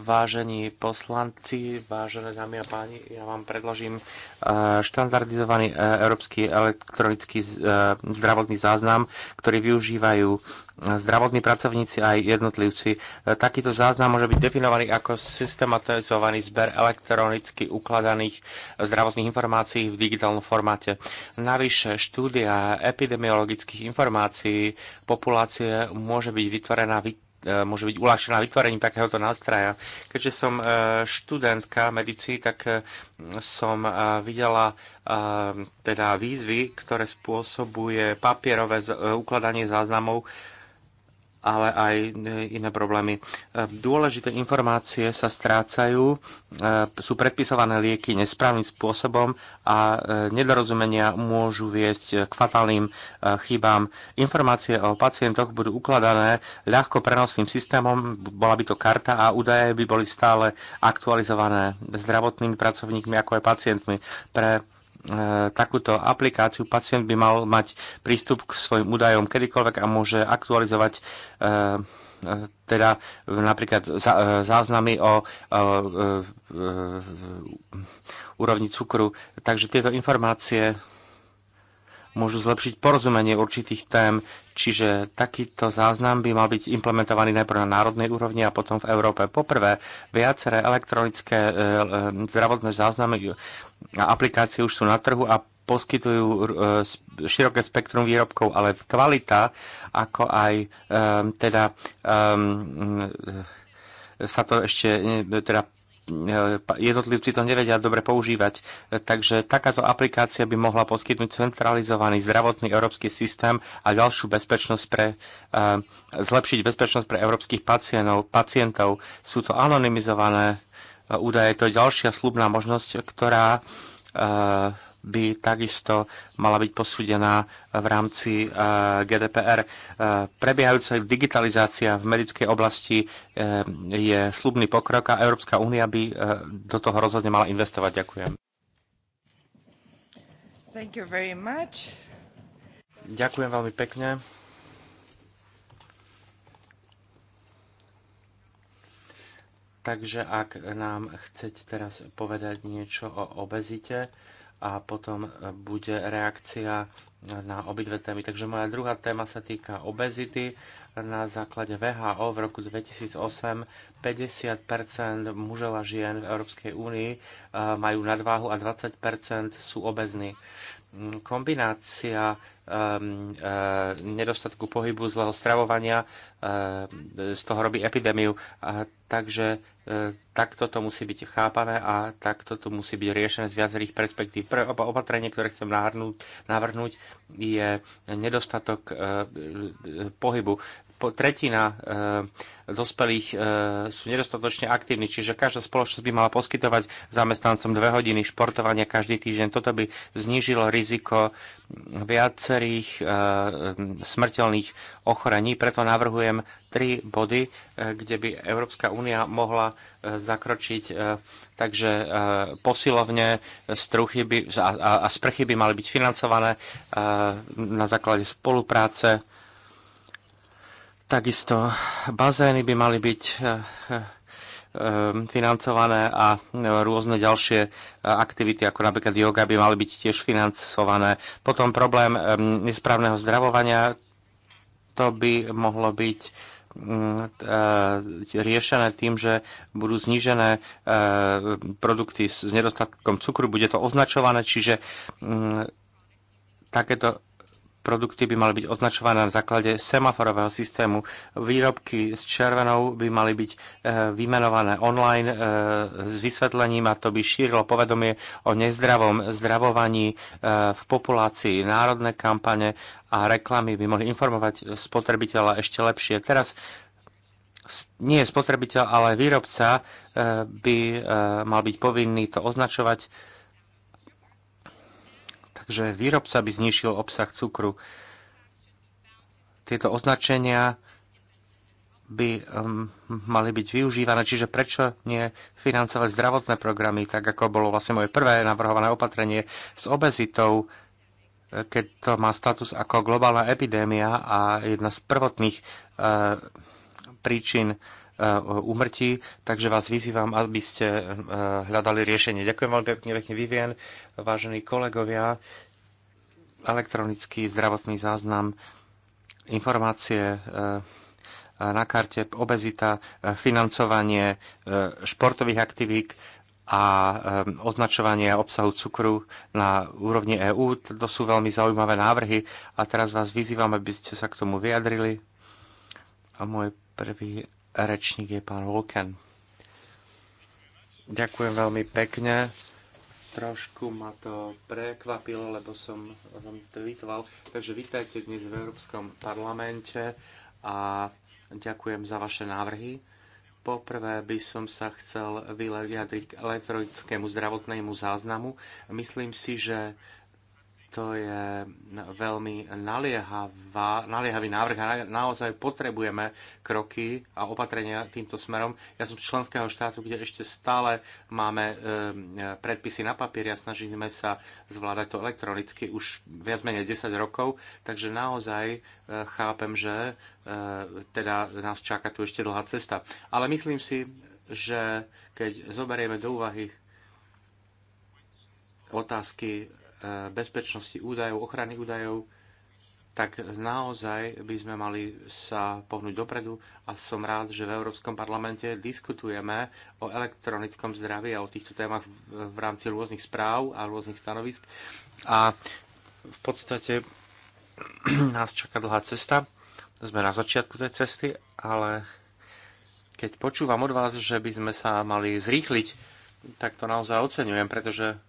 Vážení poslanci, vážené dámy a páni, ja vám predložím eh, štandardizovaný eh, európsky elektronický eh, zdravotný záznam, ktorý využívajú zdravotní pracovníci aj jednotlivci. Takýto záznam môže byť definovaný ako systematizovaný zber elektronicky ukladaných zdravotných informácií v digitálnom formáte. Navyše štúdia epidemiologických informácií populácie môže byť vytvorená E, môže byť uľahčená vytvorením takéhoto nástroja. Keďže som e, študentka medicíny, tak e, som videla teda výzvy, ktoré spôsobuje papierové ukladanie záznamov ale aj e, iné problémy. E, dôležité informácie sa strácajú, e, sú predpisované lieky nesprávnym spôsobom a nedorozumenia môžu viesť k fatálnym chybám. Informácie o pacientoch budú ukladané ľahko prenosným systémom, bola by to karta a údaje by boli stále aktualizované zdravotnými pracovníkmi ako aj pacientmi. Pre E, takúto aplikáciu pacient by mal mať prístup k svojim údajom kedykoľvek a môže aktualizovať e, e, teda napríklad záznamy o, o, o, úrovni cukru. Takže tieto informácie môžu zlepšiť porozumenie určitých tém, čiže takýto záznam by mal byť implementovaný najprv na národnej úrovni a potom v Európe. Poprvé, viaceré elektronické e, e, zdravotné záznamy aplikácie už sú na trhu a poskytujú e, široké spektrum výrobkov, ale kvalita, ako aj teda e, sa to ešte e, teda jednotlivci to nevedia dobre používať. Takže takáto aplikácia by mohla poskytnúť centralizovaný zdravotný európsky systém a ďalšiu bezpečnosť pre, zlepšiť bezpečnosť pre európskych pacientov. Sú to anonymizované údaje. To je ďalšia slubná možnosť, ktorá e, by takisto mala byť posúdená v rámci e, GDPR. E, prebiehajúca digitalizácia v medickej oblasti je slubný pokrok a Európska únia by do toho rozhodne mala investovať. Ďakujem. Ďakujem veľmi pekne. Takže ak nám chcete teraz povedať niečo o obezite a potom bude reakcia na obidve témy. Takže moja druhá téma sa týka obezity. Na základe VHO v roku 2008 50 mužov a žien v Európskej únii eh, majú nadváhu a 20 sú obezní. Mm, kombinácia um, uh, nedostatku pohybu, zlého stravovania uh, z toho robí epidémiu. Uh, takže uh, takto to musí byť chápané a takto to musí byť riešené z viacerých perspektív. Prvé opatrenie, ktoré chcem navrhnúť, navrhnúť je nedostatok uh, pohybu po tretina e, dospelých e, sú nedostatočne aktívni, čiže každá spoločnosť by mala poskytovať zamestnancom dve hodiny športovania každý týždeň. Toto by znížilo riziko viacerých e, smrteľných ochorení. Preto navrhujem tri body, e, kde by Európska únia mohla e, zakročiť. E, takže e, posilovne struchy by, a, a, a sprchy by mali byť financované e, na základe spolupráce Takisto bazény by mali byť eh, eh, eh, financované a rôzne ďalšie aktivity, ako napríklad yoga, by mali byť tiež financované. Potom problém nesprávneho zdravovania, to by mohlo byť mm, riešené tým, že budú znížené produkty s nedostatkom cukru, bude to označované, čiže mm, takéto Produkty by mali byť označované na základe semaforového systému. Výrobky s červenou by mali byť e, vymenované online e, s vysvetlením a to by šírilo povedomie o nezdravom zdravovaní e, v populácii. Národné kampane a reklamy by mohli informovať spotrebiteľa ešte lepšie. Teraz nie spotrebiteľ, ale výrobca by mal byť povinný to označovať že výrobca by znišil obsah cukru. Tieto označenia by um, mali byť využívané. Čiže prečo nie financovať zdravotné programy, tak ako bolo vlastne moje prvé navrhované opatrenie s obezitou, keď to má status ako globálna epidémia a jedna z prvotných uh, príčin Eh, úmrtí, takže vás vyzývam, aby ste eh, hľadali riešenie. Ďakujem veľmi pekne, pekne Vivien, vážení kolegovia, elektronický zdravotný záznam, informácie eh, na karte, obezita, financovanie športových aktivít, a označovanie obsahu cukru na úrovni EÚ. To sú veľmi zaujímavé návrhy a teraz vás vyzývam, aby ste sa k tomu vyjadrili. A môj prvý rečník je pán Volken. Ďakujem veľmi pekne. Trošku ma to prekvapilo, lebo som vám to vytval. Takže vítajte dnes v Európskom parlamente a ďakujem za vaše návrhy. Poprvé by som sa chcel vyjadriť k elektronickému zdravotnému záznamu. Myslím si, že to je veľmi naliehavý návrh a naozaj potrebujeme kroky a opatrenia týmto smerom. Ja som z členského štátu, kde ešte stále máme ehm, predpisy na papier a snažíme sa zvládať to elektronicky už viac menej 10 rokov, takže naozaj e, chápem, že e, teda nás čaká tu ešte dlhá cesta. Ale myslím si, že keď zoberieme do úvahy otázky bezpečnosti údajov, ochrany údajov, tak naozaj by sme mali sa pohnúť dopredu a som rád, že v Európskom parlamente diskutujeme o elektronickom zdraví a o týchto témach v rámci rôznych správ a rôznych stanovisk. A v podstate nás čaká dlhá cesta. Sme na začiatku tej cesty, ale keď počúvam od vás, že by sme sa mali zrýchliť, tak to naozaj oceňujem, pretože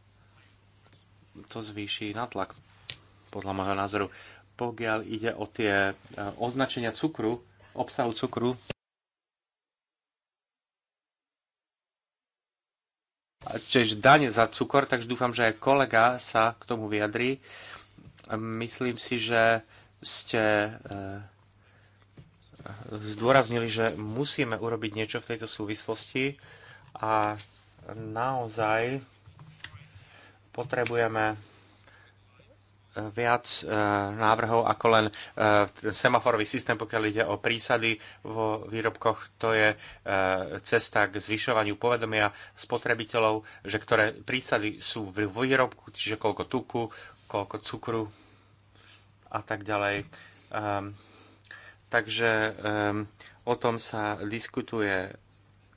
to zvýši natlak, podľa môjho názoru. Pokiaľ ide o tie e, označenia cukru, obsahu cukru, čiže daň za cukor, takže dúfam, že aj kolega sa k tomu vyjadrí. Myslím si, že ste e, zdôraznili, že musíme urobiť niečo v tejto súvislosti a naozaj Potrebujeme eh, viac eh, návrhov ako len eh, semaforový systém, pokiaľ ide o prísady vo výrobkoch. To je cesta k zvyšovaniu povedomia spotrebiteľov, že ktoré prísady sú v výrobku, čiže koľko tuku, koľko cukru a tak ďalej. Um, takže um, o tom sa diskutuje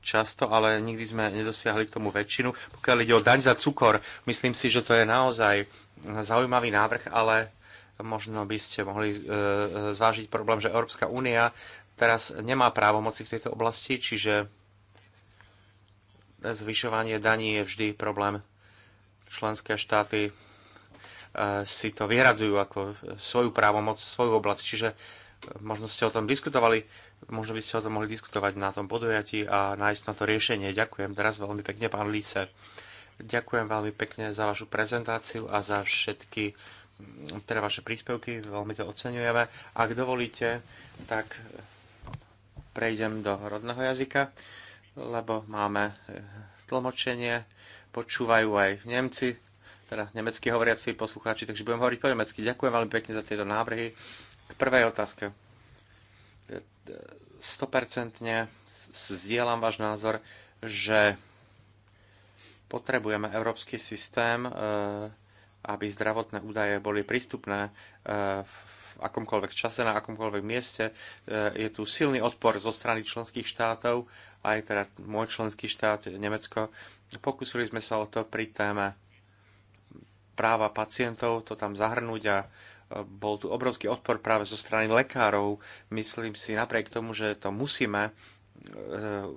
často, ale nikdy sme nedosiahli k tomu väčšinu. Pokiaľ ide o daň za cukor, myslím si, že to je naozaj zaujímavý návrh, ale možno by ste mohli e, e, zvážiť problém, že Európska únia teraz nemá právomoci v tejto oblasti, čiže zvyšovanie daní je vždy problém. Členské štáty e, si to vyhradzujú ako svoju právomoc, svoju oblasť. Čiže možno ste o tom diskutovali, možno by ste o tom mohli diskutovať na tom podujatí a nájsť na to riešenie. Ďakujem teraz veľmi pekne, pán Líse. Ďakujem veľmi pekne za vašu prezentáciu a za všetky teda vaše príspevky, veľmi to oceňujeme. Ak dovolíte, tak prejdem do rodného jazyka, lebo máme eh, tlmočenie, počúvajú aj Nemci, teda nemecky hovoriaci poslucháči, takže budem hovoriť po nemecky. Ďakujem veľmi pekne za tieto návrhy k prvej otázke. 100% zdieľam váš názor, že potrebujeme európsky systém, e, aby zdravotné údaje boli prístupné e, v akomkoľvek čase, na akomkoľvek mieste. E, je tu silný odpor zo strany členských štátov, aj teda môj členský štát, Nemecko. Pokúsili sme sa o to pri téme práva pacientov, to tam zahrnúť a bol tu obrovský odpor práve zo strany lekárov. Myslím si napriek tomu, že to musíme e,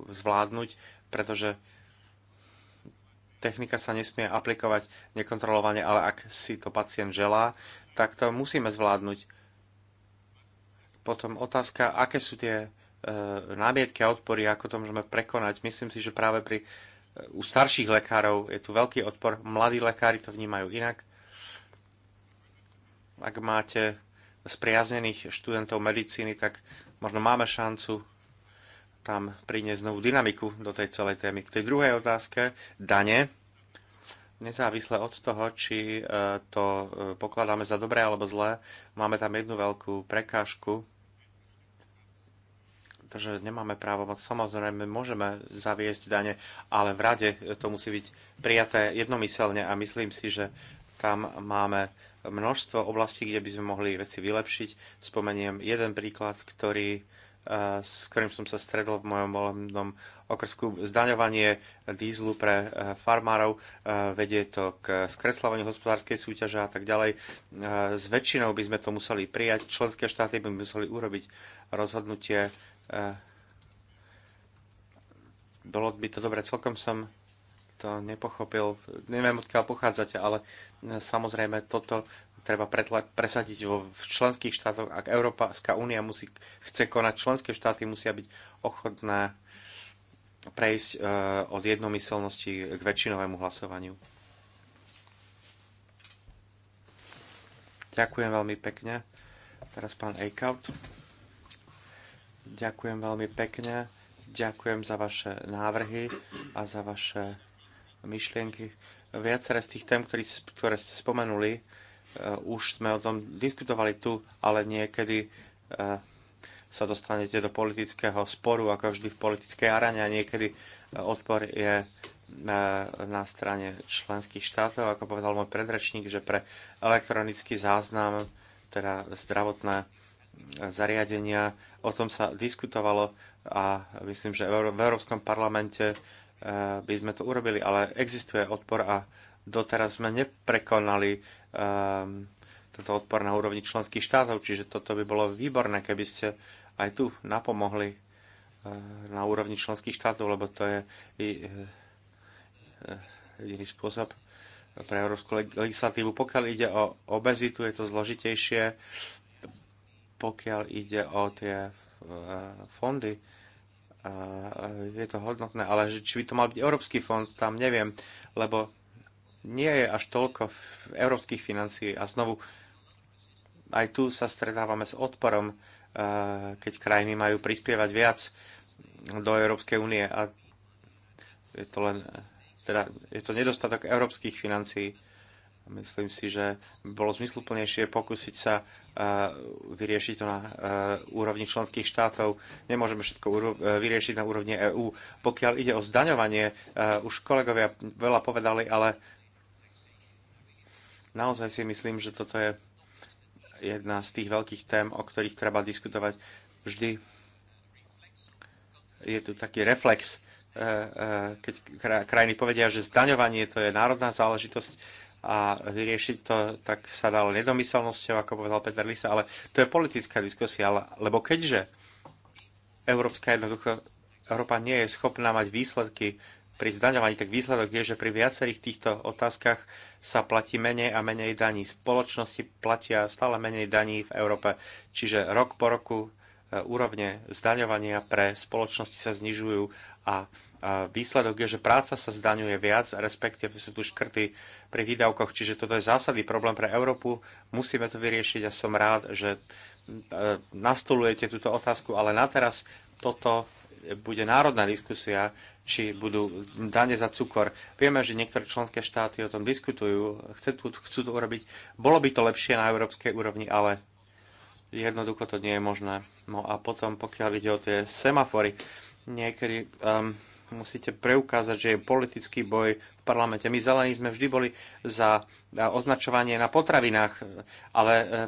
zvládnuť, pretože technika sa nesmie aplikovať nekontrolovane, ale ak si to pacient želá, tak to musíme zvládnuť. Potom otázka, aké sú tie e, námietky a odpory, ako to môžeme prekonať. Myslím si, že práve pri e, u starších lekárov je tu veľký odpor, mladí lekári to vnímajú inak ak máte spriaznených študentov medicíny, tak možno máme šancu tam priniesť novú dynamiku do tej celej témy. K tej druhej otázke, dane, nezávisle od toho, či e, to e, pokladáme za dobré alebo zlé, máme tam jednu veľkú prekážku, pretože nemáme právomoc. Samozrejme, môžeme zaviesť dane, ale v rade to musí byť prijaté jednomyselne a myslím si, že tam máme množstvo oblastí, kde by sme mohli veci vylepšiť. Spomeniem jeden príklad, ktorý e, s ktorým som sa stredol v mojom volebnom okrsku. Zdaňovanie dízlu pre e, farmárov e, vedie to k skresľovaniu hospodárskej súťaže a tak ďalej. S väčšinou by sme to museli prijať. Členské štáty by museli urobiť rozhodnutie. Bolo by to dobre. Celkom som to nepochopil, neviem odkiaľ pochádzate, ale e, samozrejme toto treba presadiť vo v členských štátoch. Ak Európska únia musí, chce konať, členské štáty musia byť ochotné prejsť e, od jednomyselnosti k väčšinovému hlasovaniu. Ďakujem veľmi pekne. Teraz pán Eichhout. Ďakujem veľmi pekne. Ďakujem za vaše návrhy a za vaše myšlienky. Viaceré z tých tém, ktorý, ktoré ste spomenuli, eh, už sme o tom diskutovali tu, ale niekedy eh, sa dostanete do politického sporu, ako vždy v politickej arane a niekedy eh, odpor je na strane členských štátov, ako povedal môj predrečník, že pre elektronický záznam, teda zdravotné zariadenia, o tom sa diskutovalo a myslím, že v Európskom parlamente Eh, by sme to urobili, ale existuje odpor a doteraz sme neprekonali um, tento odpor na úrovni členských štátov, čiže toto by bolo výborné, keby ste aj tu napomohli eh, na úrovni členských štátov, lebo to je eh, jediný spôsob pre európsku legislatívu. Pokiaľ ide o obezitu, je to zložitejšie. Pokiaľ ide o tie fondy, Eh, je to hodnotné, ale či by to mal byť Európsky fond, tam neviem, lebo nie je až toľko európskych financií a znovu aj tu sa stredávame s odporom, eh, keď krajiny majú prispievať viac do Európskej únie a je to len, eh, teda je to nedostatok európskych financií. Myslím si, že bolo zmysluplnejšie pokúsiť sa e, vyriešiť to na e, úrovni členských štátov. Nemôžeme všetko e, vyriešiť na úrovni EÚ. Pokiaľ ide o zdaňovanie, už kolegovia veľa povedali, ale naozaj si myslím, že toto je jedna z tých veľkých tém, o ktorých treba diskutovať vždy. Je tu taký reflex, keď krajiny povedia, že zdaňovanie to je národná záležitosť a vyriešiť to, tak sa dalo nedomyselnosťou, ako povedal Peter Lisa, ale to je politická diskusia, lebo keďže Európska jednoducho, Európa nie je schopná mať výsledky pri zdaňovaní, tak výsledok je, že pri viacerých týchto otázkach sa platí menej a menej daní. Spoločnosti platia stále menej daní v Európe, čiže rok po roku e, úrovne zdaňovania pre spoločnosti sa znižujú a výsledok je, že práca sa zdaňuje viac, respektíve sú tu škrty pri výdavkoch, čiže toto je zásadný problém pre Európu. Musíme to vyriešiť a som rád, že e, nastolujete túto otázku, ale na teraz toto bude národná diskusia, či budú dane za cukor. Vieme, že niektoré členské štáty o tom diskutujú, chcú, chcú to urobiť. Bolo by to lepšie na európskej úrovni, ale jednoducho to nie je možné. No a potom, pokiaľ ide o tie semafory, niekedy um, musíte preukázať, že je politický boj v parlamente. My zelení sme vždy boli za označovanie na potravinách, ale e, e,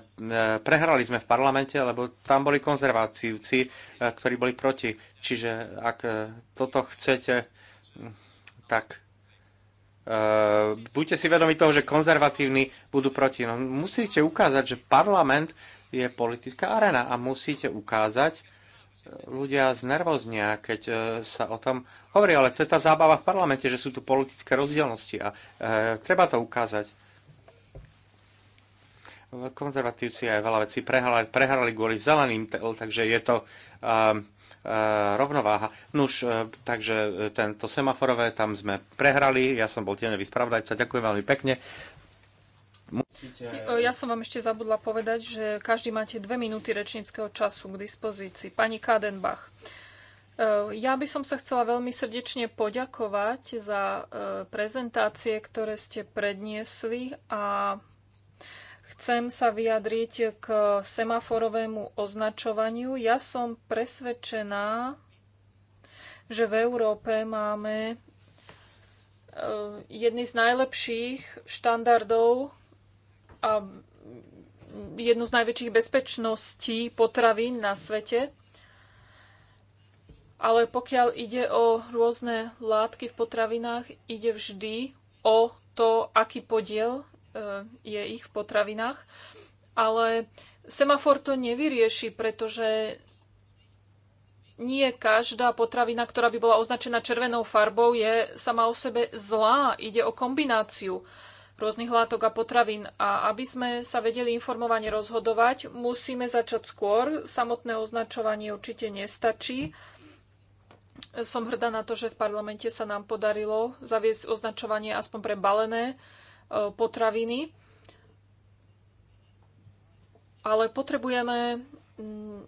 prehrali sme v parlamente, lebo tam boli konzervatívci, e, ktorí boli proti. Čiže ak toto chcete, tak buďte si vedomi toho, že konzervatívni budú proti. No, musíte ukázať, že parlament je politická arena a musíte ukázať, ľudia znervoznia, keď e, sa o tom hovorí. Ale to je tá zábava v parlamente, že sú tu politické rozdielnosti a e, treba to ukázať. Konzervatívci aj veľa vecí prehrali, prehrali kvôli zeleným, takže je to... E, rovnováha. Nuž, e, takže e, tento semaforové, tam sme prehrali, ja som bol tieňový spravodajca, ďakujem veľmi pekne E, ja som vám ešte zabudla povedať, že každý máte dve minúty rečníckého času k dispozícii. Pani Kadenbach, e, ja by som sa chcela veľmi srdečne poďakovať za e, prezentácie, ktoré ste predniesli a chcem sa vyjadriť k semaforovému označovaniu. Ja som presvedčená, že v Európe máme jedný z najlepších štandardov jednu z najväčších bezpečností potravín na svete. Ale pokiaľ ide o rôzne látky v potravinách, ide vždy o to, aký podiel e, je ich v potravinách. Ale semafor to nevyrieši, pretože nie každá potravina, ktorá by bola označená červenou farbou, je sama o sebe zlá. Ide o kombináciu rôznych látok a potravín. A aby sme sa vedeli informovane rozhodovať, musíme začať skôr. Samotné označovanie určite nestačí. Som hrdá na to, že v parlamente sa nám podarilo zaviesť označovanie aspoň pre balené e, potraviny. Ale potrebujeme mm,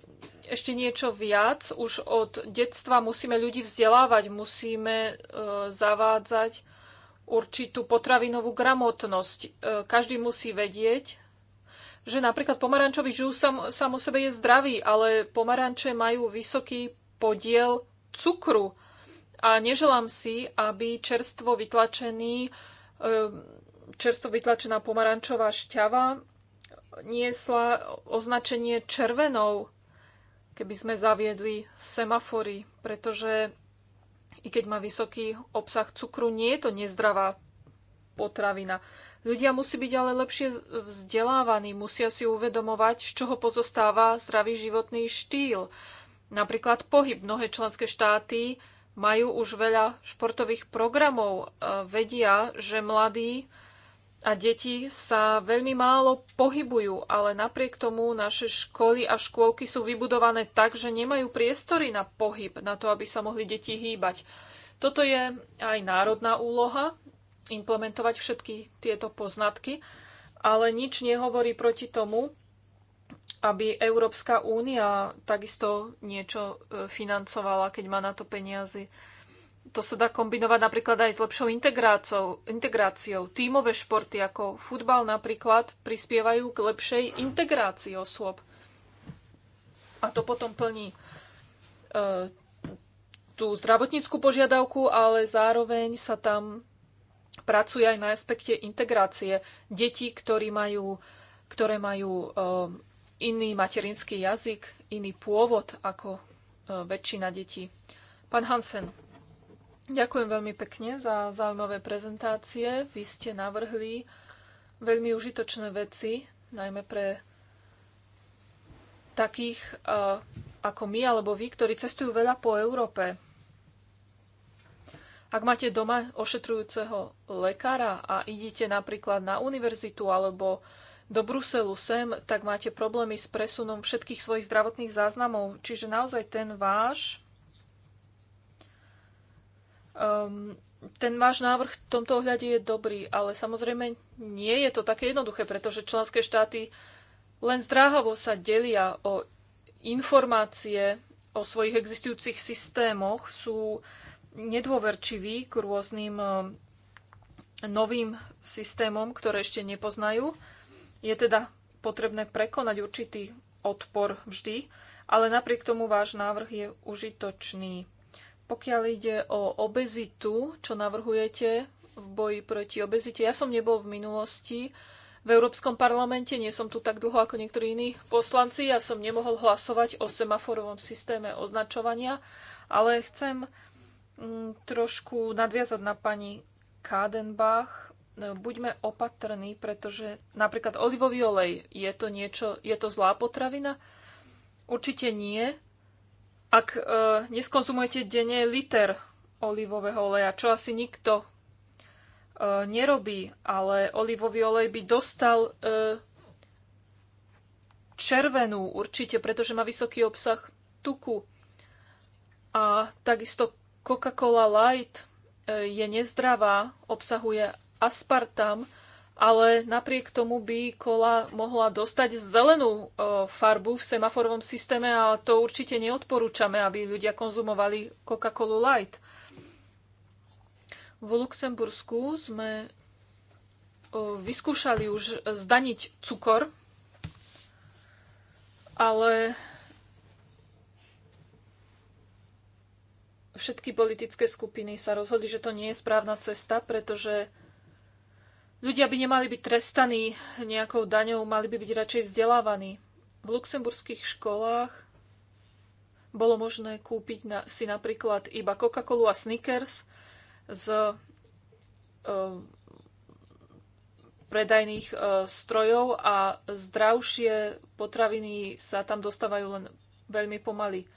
ešte niečo viac. Už od detstva musíme ľudí vzdelávať, musíme e, zavádzať určitú potravinovú gramotnosť. E, každý musí vedieť, že napríklad pomarančový žús sam, sam o sebe je zdravý, ale pomaranče majú vysoký podiel cukru. A neželám si, aby čerstvo vytlačený, e, čerstvo vytlačená pomarančová šťava niesla označenie červenou, keby sme zaviedli semafory, pretože i keď má vysoký obsah cukru, nie je to nezdravá potravina. Ľudia musí byť ale lepšie vzdelávaní, musia si uvedomovať, z čoho pozostáva zdravý životný štýl. Napríklad pohyb. Mnohé členské štáty majú už veľa športových programov. E, vedia, že mladí a deti sa veľmi málo pohybujú, ale napriek tomu naše školy a škôlky sú vybudované tak, že nemajú priestory na pohyb, na to, aby sa mohli deti hýbať. Toto je aj národná úloha, implementovať všetky tieto poznatky, ale nič nehovorí proti tomu, aby Európska únia takisto niečo e, financovala, keď má na to peniazy to sa dá kombinovať napríklad aj s lepšou integráciou, integráciou. Tímové športy ako futbal napríklad prispievajú k lepšej integrácii osôb. A to potom plní e, tú zdravotníckú požiadavku, ale zároveň sa tam pracuje aj na aspekte integrácie detí, ktorí majú, ktoré majú e, iný materinský jazyk, iný pôvod ako e, väčšina detí. Pán Hansen. Ďakujem veľmi pekne za zaujímavé prezentácie. Vy ste navrhli veľmi užitočné veci, najmä pre takých uh, ako my alebo vy, ktorí cestujú veľa po Európe. Ak máte doma ošetrujúceho lekára a idete napríklad na univerzitu alebo do Bruselu sem, tak máte problémy s presunom všetkých svojich zdravotných záznamov. Čiže naozaj ten váš Um, ten váš návrh v tomto ohľade je dobrý, ale samozrejme nie je to také jednoduché, pretože členské štáty len zdráhavo sa delia o informácie o svojich existujúcich systémoch, sú nedôverčiví k rôznym ehm, novým systémom, ktoré ešte nepoznajú. Je teda potrebné prekonať určitý odpor vždy, ale napriek tomu váš návrh je užitočný. Pokiaľ ide o obezitu, čo navrhujete v boji proti obezite, ja som nebol v minulosti v Európskom parlamente, nie som tu tak dlho ako niektorí iní poslanci, ja som nemohol hlasovať o semaforovom systéme označovania, ale chcem mm, trošku nadviazať na pani Kádenbach. Buďme opatrní, pretože napríklad olivový olej, je to niečo, je to zlá potravina? Určite nie, ak e, neskonzumujete denne liter olivového oleja, čo asi nikto e, nerobí, ale olivový olej by dostal e, červenú určite, pretože má vysoký obsah tuku. A takisto Coca-Cola Light e, je nezdravá, obsahuje aspartam, ale napriek tomu by kola mohla dostať zelenú e, farbu v semaforovom systéme a to určite neodporúčame, aby ľudia konzumovali coca cola Light. V Luxembursku sme e, vyskúšali už zdaniť cukor, ale všetky politické skupiny sa rozhodli, že to nie je správna cesta, pretože Ľudia by nemali byť trestaní nejakou daňou, mali by byť radšej vzdelávaní. V luxemburských školách bolo možné kúpiť na, si napríklad iba Coca-Colu a Snickers z e, predajných e, strojov a zdravšie potraviny sa tam dostávajú len veľmi pomaly.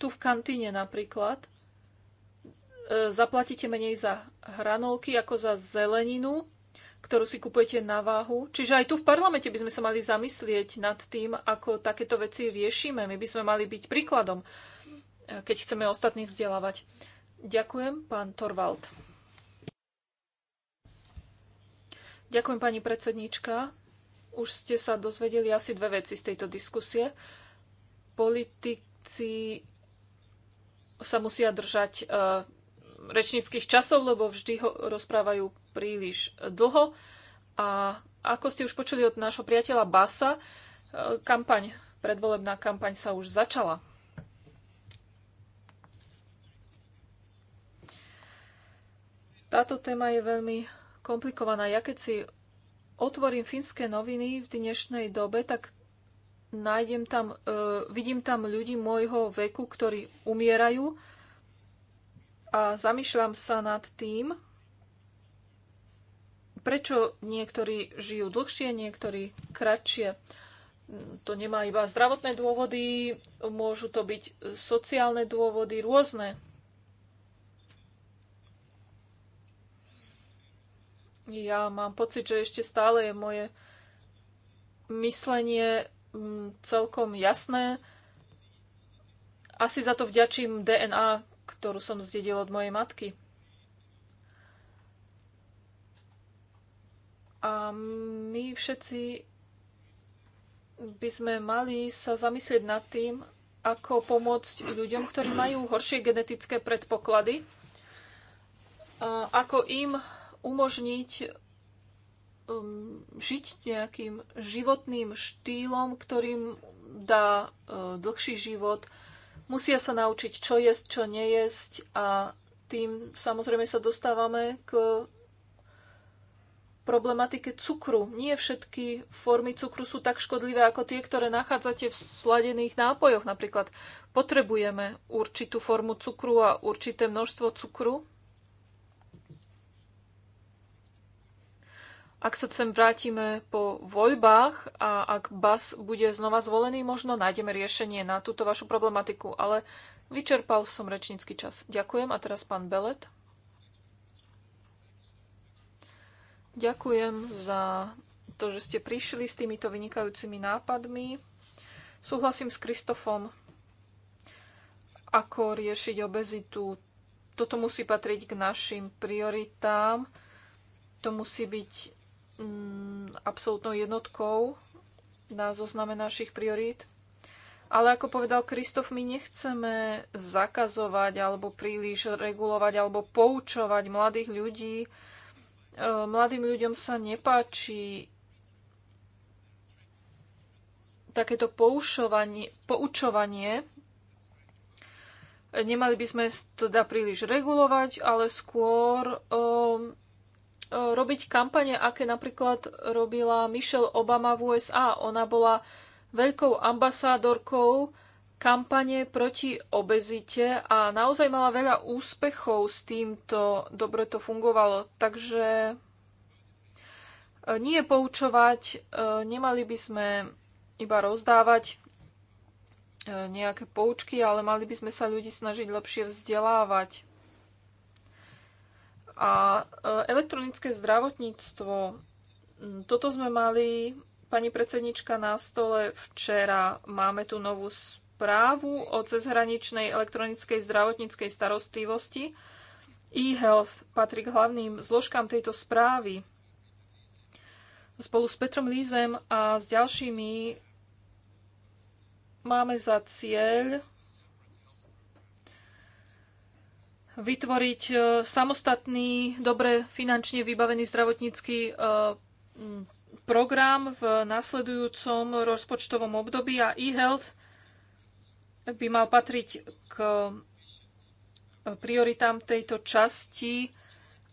Tu v kantíne napríklad uh, zaplatíte menej za hranolky ako za zeleninu, ktorú si kupujete na váhu. Čiže aj tu v parlamente by sme sa mali zamyslieť nad tým, ako takéto veci riešime. My by sme mali byť príkladom, eh, keď chceme ostatných vzdelávať. Ďakujem, pán Torvald. Ďakujem, pani predsedníčka. Už ste sa dozvedeli asi dve veci z tejto diskusie. Politici sa musia držať eh, rečníckých časov, lebo vždy ho rozprávajú príliš dlho. A ako ste už počuli od nášho priateľa Basa, e, kampaň, predvolebná kampaň sa už začala. Táto téma je veľmi komplikovaná. Ja keď si otvorím finské noviny v dnešnej dobe, tak nájdem tam, e, vidím tam ľudí môjho veku, ktorí umierajú a zamýšľam sa nad tým, prečo niektorí žijú dlhšie, niektorí kratšie. To nemá iba zdravotné dôvody, môžu to byť sociálne dôvody, rôzne. Ja mám pocit, že ešte stále je moje myslenie mm, celkom jasné. Asi za to vďačím DNA, ktorú som zdedil od mojej matky. A my všetci by sme mali sa zamyslieť nad tým, ako pomôcť ľuďom, ktorí majú horšie genetické predpoklady, ako im umožniť um, žiť nejakým životným štýlom, ktorým dá uh, dlhší život, Musia sa naučiť, čo jesť, čo nejesť a tým samozrejme sa dostávame k problematike cukru. Nie všetky formy cukru sú tak škodlivé ako tie, ktoré nachádzate v sladených nápojoch. Napríklad potrebujeme určitú formu cukru a určité množstvo cukru, Ak sa sem vrátime po voľbách a ak Bas bude znova zvolený, možno nájdeme riešenie na túto vašu problematiku, ale vyčerpal som rečnícky čas. Ďakujem a teraz pán Belet. Ďakujem za to, že ste prišli s týmito vynikajúcimi nápadmi. Súhlasím s Kristofom, ako riešiť obezitu. Toto musí patriť k našim prioritám. To musí byť Mm, absolútnou jednotkou na zozname našich priorít. Ale ako povedal Kristof, my nechceme zakazovať alebo príliš regulovať alebo poučovať mladých ľudí. E, mladým ľuďom sa nepáči takéto poučovanie. Nemali by sme teda príliš regulovať, ale skôr um, E, robiť kampane, aké napríklad robila Michelle Obama v USA. Ona bola veľkou ambasádorkou kampane proti obezite a naozaj mala veľa úspechov s týmto, dobre to fungovalo. Takže e, nie poučovať, e, nemali by sme iba rozdávať nejaké poučky, ale mali by sme sa ľudí snažiť lepšie vzdelávať. A e, elektronické zdravotníctvo, mm, toto sme mali, pani predsednička, na stole včera. Máme tu novú správu o cezhraničnej elektronickej zdravotníckej starostlivosti. E-health patrí k hlavným zložkám tejto správy. Spolu s Petrom Lízem a s ďalšími máme za cieľ vytvoriť e, samostatný, dobre finančne vybavený zdravotnícky e, program v nasledujúcom rozpočtovom období a e-health by mal patriť k e, prioritám tejto časti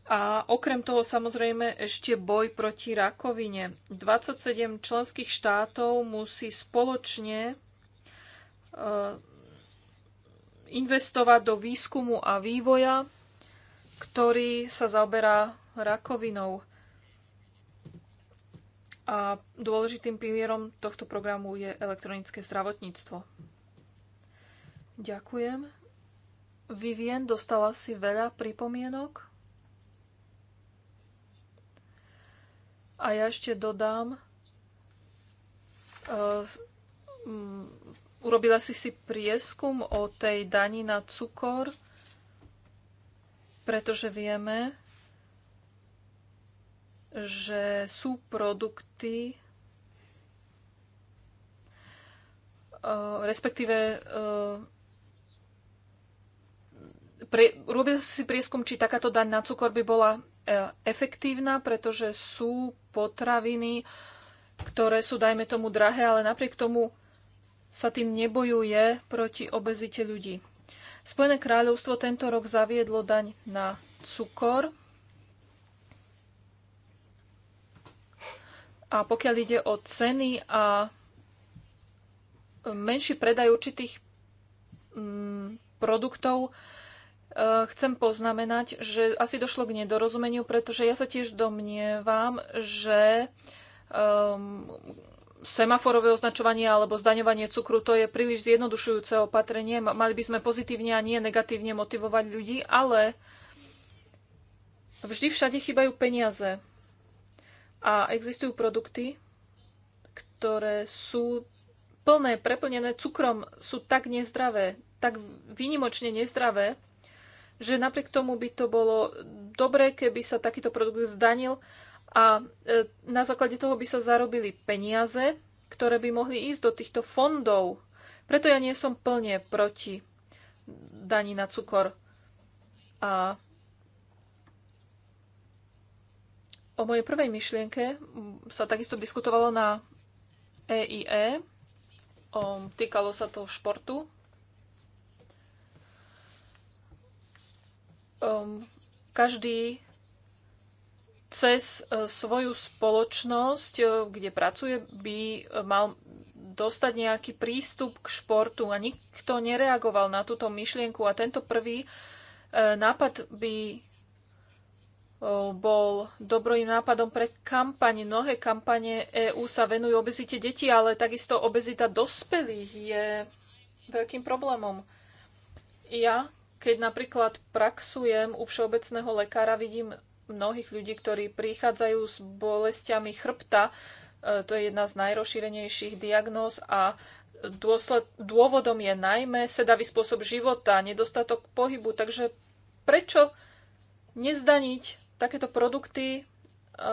a okrem toho samozrejme ešte boj proti rakovine. 27 členských štátov musí spoločne investovať do výskumu a vývoja, ktorý sa zaoberá rakovinou. A dôležitým pilierom tohto programu je elektronické zdravotníctvo. Ďakujem. Vivien, dostala si veľa pripomienok. A ja ešte dodám, eh, urobila si si prieskum o tej dani na cukor, pretože vieme, že sú produkty, e, respektíve e, pre, robil si prieskum, či takáto daň na cukor by bola e, efektívna, pretože sú potraviny, ktoré sú, dajme tomu, drahé, ale napriek tomu sa tým nebojuje proti obezite ľudí. Spojené kráľovstvo tento rok zaviedlo daň na cukor. A pokiaľ ide o ceny a menší predaj určitých mm, produktov, e, chcem poznamenať, že asi došlo k nedorozumeniu, pretože ja sa tiež domnievam, že ehm, semaforové označovanie alebo zdaňovanie cukru, to je príliš zjednodušujúce opatrenie. Mali by sme pozitívne a nie negatívne motivovať ľudí, ale vždy všade chýbajú peniaze. A existujú produkty, ktoré sú plné, preplnené cukrom, sú tak nezdravé, tak výnimočne nezdravé, že napriek tomu by to bolo dobré, keby sa takýto produkt zdanil, a e, na základe toho by sa zarobili peniaze, ktoré by mohli ísť do týchto fondov. Preto ja nie som plne proti daní na cukor. A o mojej prvej myšlienke sa takisto diskutovalo na EIE. E. O, týkalo sa to športu. Um, každý cez e, svoju spoločnosť, e, kde pracuje, by e, mal dostať nejaký prístup k športu a nikto nereagoval na túto myšlienku a tento prvý nápad by bol dobrým nápadom pre kampaň. Mnohé kampane EÚ sa venujú obezite detí, ale takisto obezita dospelých je veľkým problémom. Ja, keď napríklad praxujem u všeobecného lekára, vidím mnohých ľudí, ktorí prichádzajú s bolestiami chrbta. E, to je jedna z najrozšírenejších diagnóz a dôsled, dôvodom je najmä sedavý spôsob života, nedostatok pohybu. Takže prečo nezdaniť takéto produkty? E,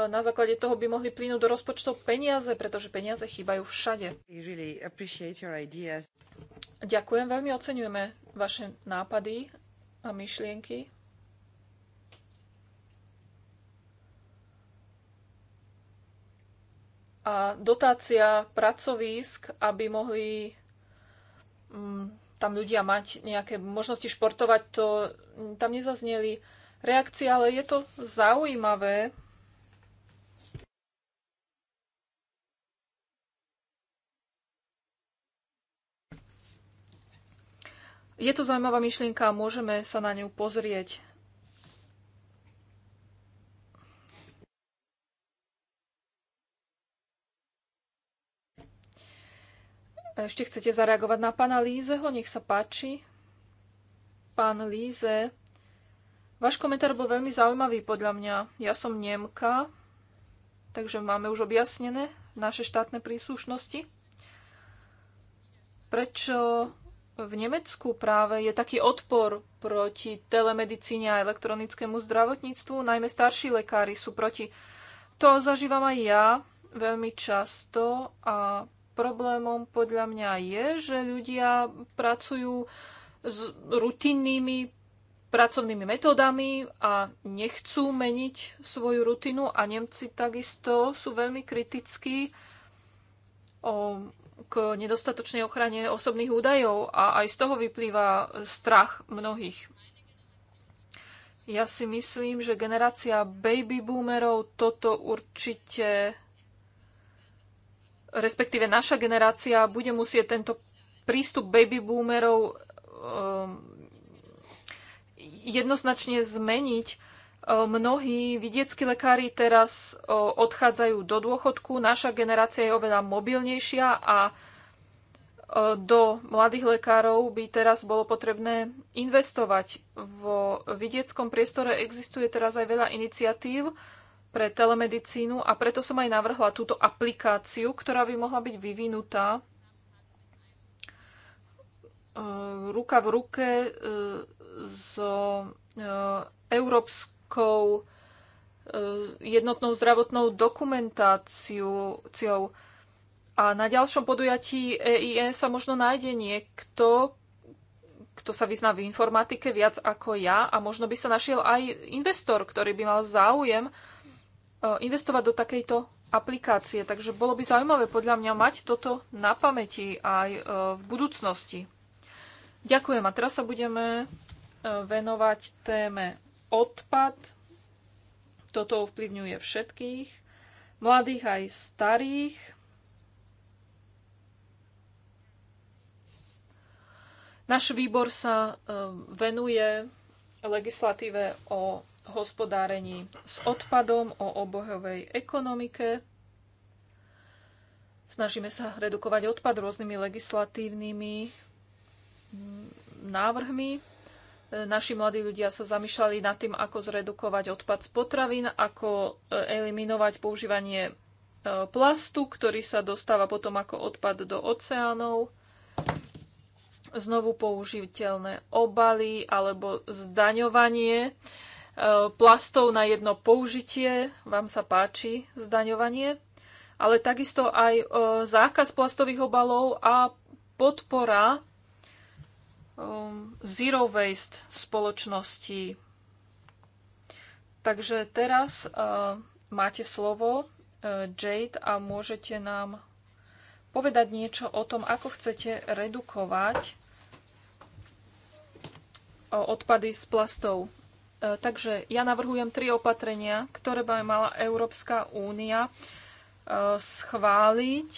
na základe toho by mohli plínuť do rozpočtov peniaze, pretože peniaze chýbajú všade. Ďakujem, veľmi oceňujeme vaše nápady a myšlienky. a dotácia pracovísk, aby mohli mm, tam ľudia mať nejaké možnosti športovať, to tam nezazneli reakcie, ale je to zaujímavé. Je to zaujímavá myšlienka a môžeme sa na ňu pozrieť Ešte chcete zareagovať na pána Lízeho? Nech sa páči. Pán Líze, váš komentár bol veľmi zaujímavý podľa mňa. Ja som Nemka, takže máme už objasnené naše štátne príslušnosti. Prečo v Nemecku práve je taký odpor proti telemedicíne a elektronickému zdravotníctvu? Najmä starší lekári sú proti. To zažívam aj ja veľmi často a problémom podľa mňa je, že ľudia pracujú s rutinnými pracovnými metódami a nechcú meniť svoju rutinu a Nemci takisto sú veľmi kritickí o, k nedostatočnej ochrane osobných údajov a aj z toho vyplýva strach mnohých. Ja si myslím, že generácia baby boomerov toto určite respektíve naša generácia bude musieť tento prístup baby boomerov um, jednoznačne zmeniť. Um, mnohí vidieckí lekári teraz odchádzajú do dôchodku, naša generácia je oveľa mobilnejšia a do mladých lekárov by teraz bolo potrebné investovať. V vidieckom priestore existuje teraz aj veľa iniciatív, pre telemedicínu a preto som aj navrhla túto aplikáciu, ktorá by mohla byť vyvinutá e, ruka v ruke e, so e, európskou jednotnou zdravotnou dokumentáciou. A na ďalšom podujatí EIE sa možno nájde niekto, kto sa vyzná v informatike viac ako ja a možno by sa našiel aj investor, ktorý by mal záujem uh, E, investovať do takejto aplikácie. Takže bolo by zaujímavé podľa mňa mať toto na pamäti aj e, v budúcnosti. Ďakujem a teraz sa budeme e, venovať téme odpad. Toto ovplyvňuje všetkých, mladých aj starých. Náš výbor sa venuje legislatíve o hospodárení s odpadom, o obohovej ekonomike. Snažíme sa redukovať odpad rôznymi legislatívnymi mm, návrhmi. Naši mladí ľudia sa zamýšľali nad tým, ako zredukovať odpad z potravín, ako e, eliminovať používanie e, plastu, ktorý sa dostáva potom ako odpad do oceánov znovu použiteľné obaly alebo zdaňovanie plastov na jedno použitie, vám sa páči zdaňovanie, ale takisto aj e, zákaz plastových obalov a podpora e, zero waste spoločnosti. Takže teraz e, máte slovo Jade a môžete nám povedať niečo o tom, ako chcete redukovať odpady z plastov. E, takže ja navrhujem tri opatrenia, ktoré by mala Európska únia e, schváliť,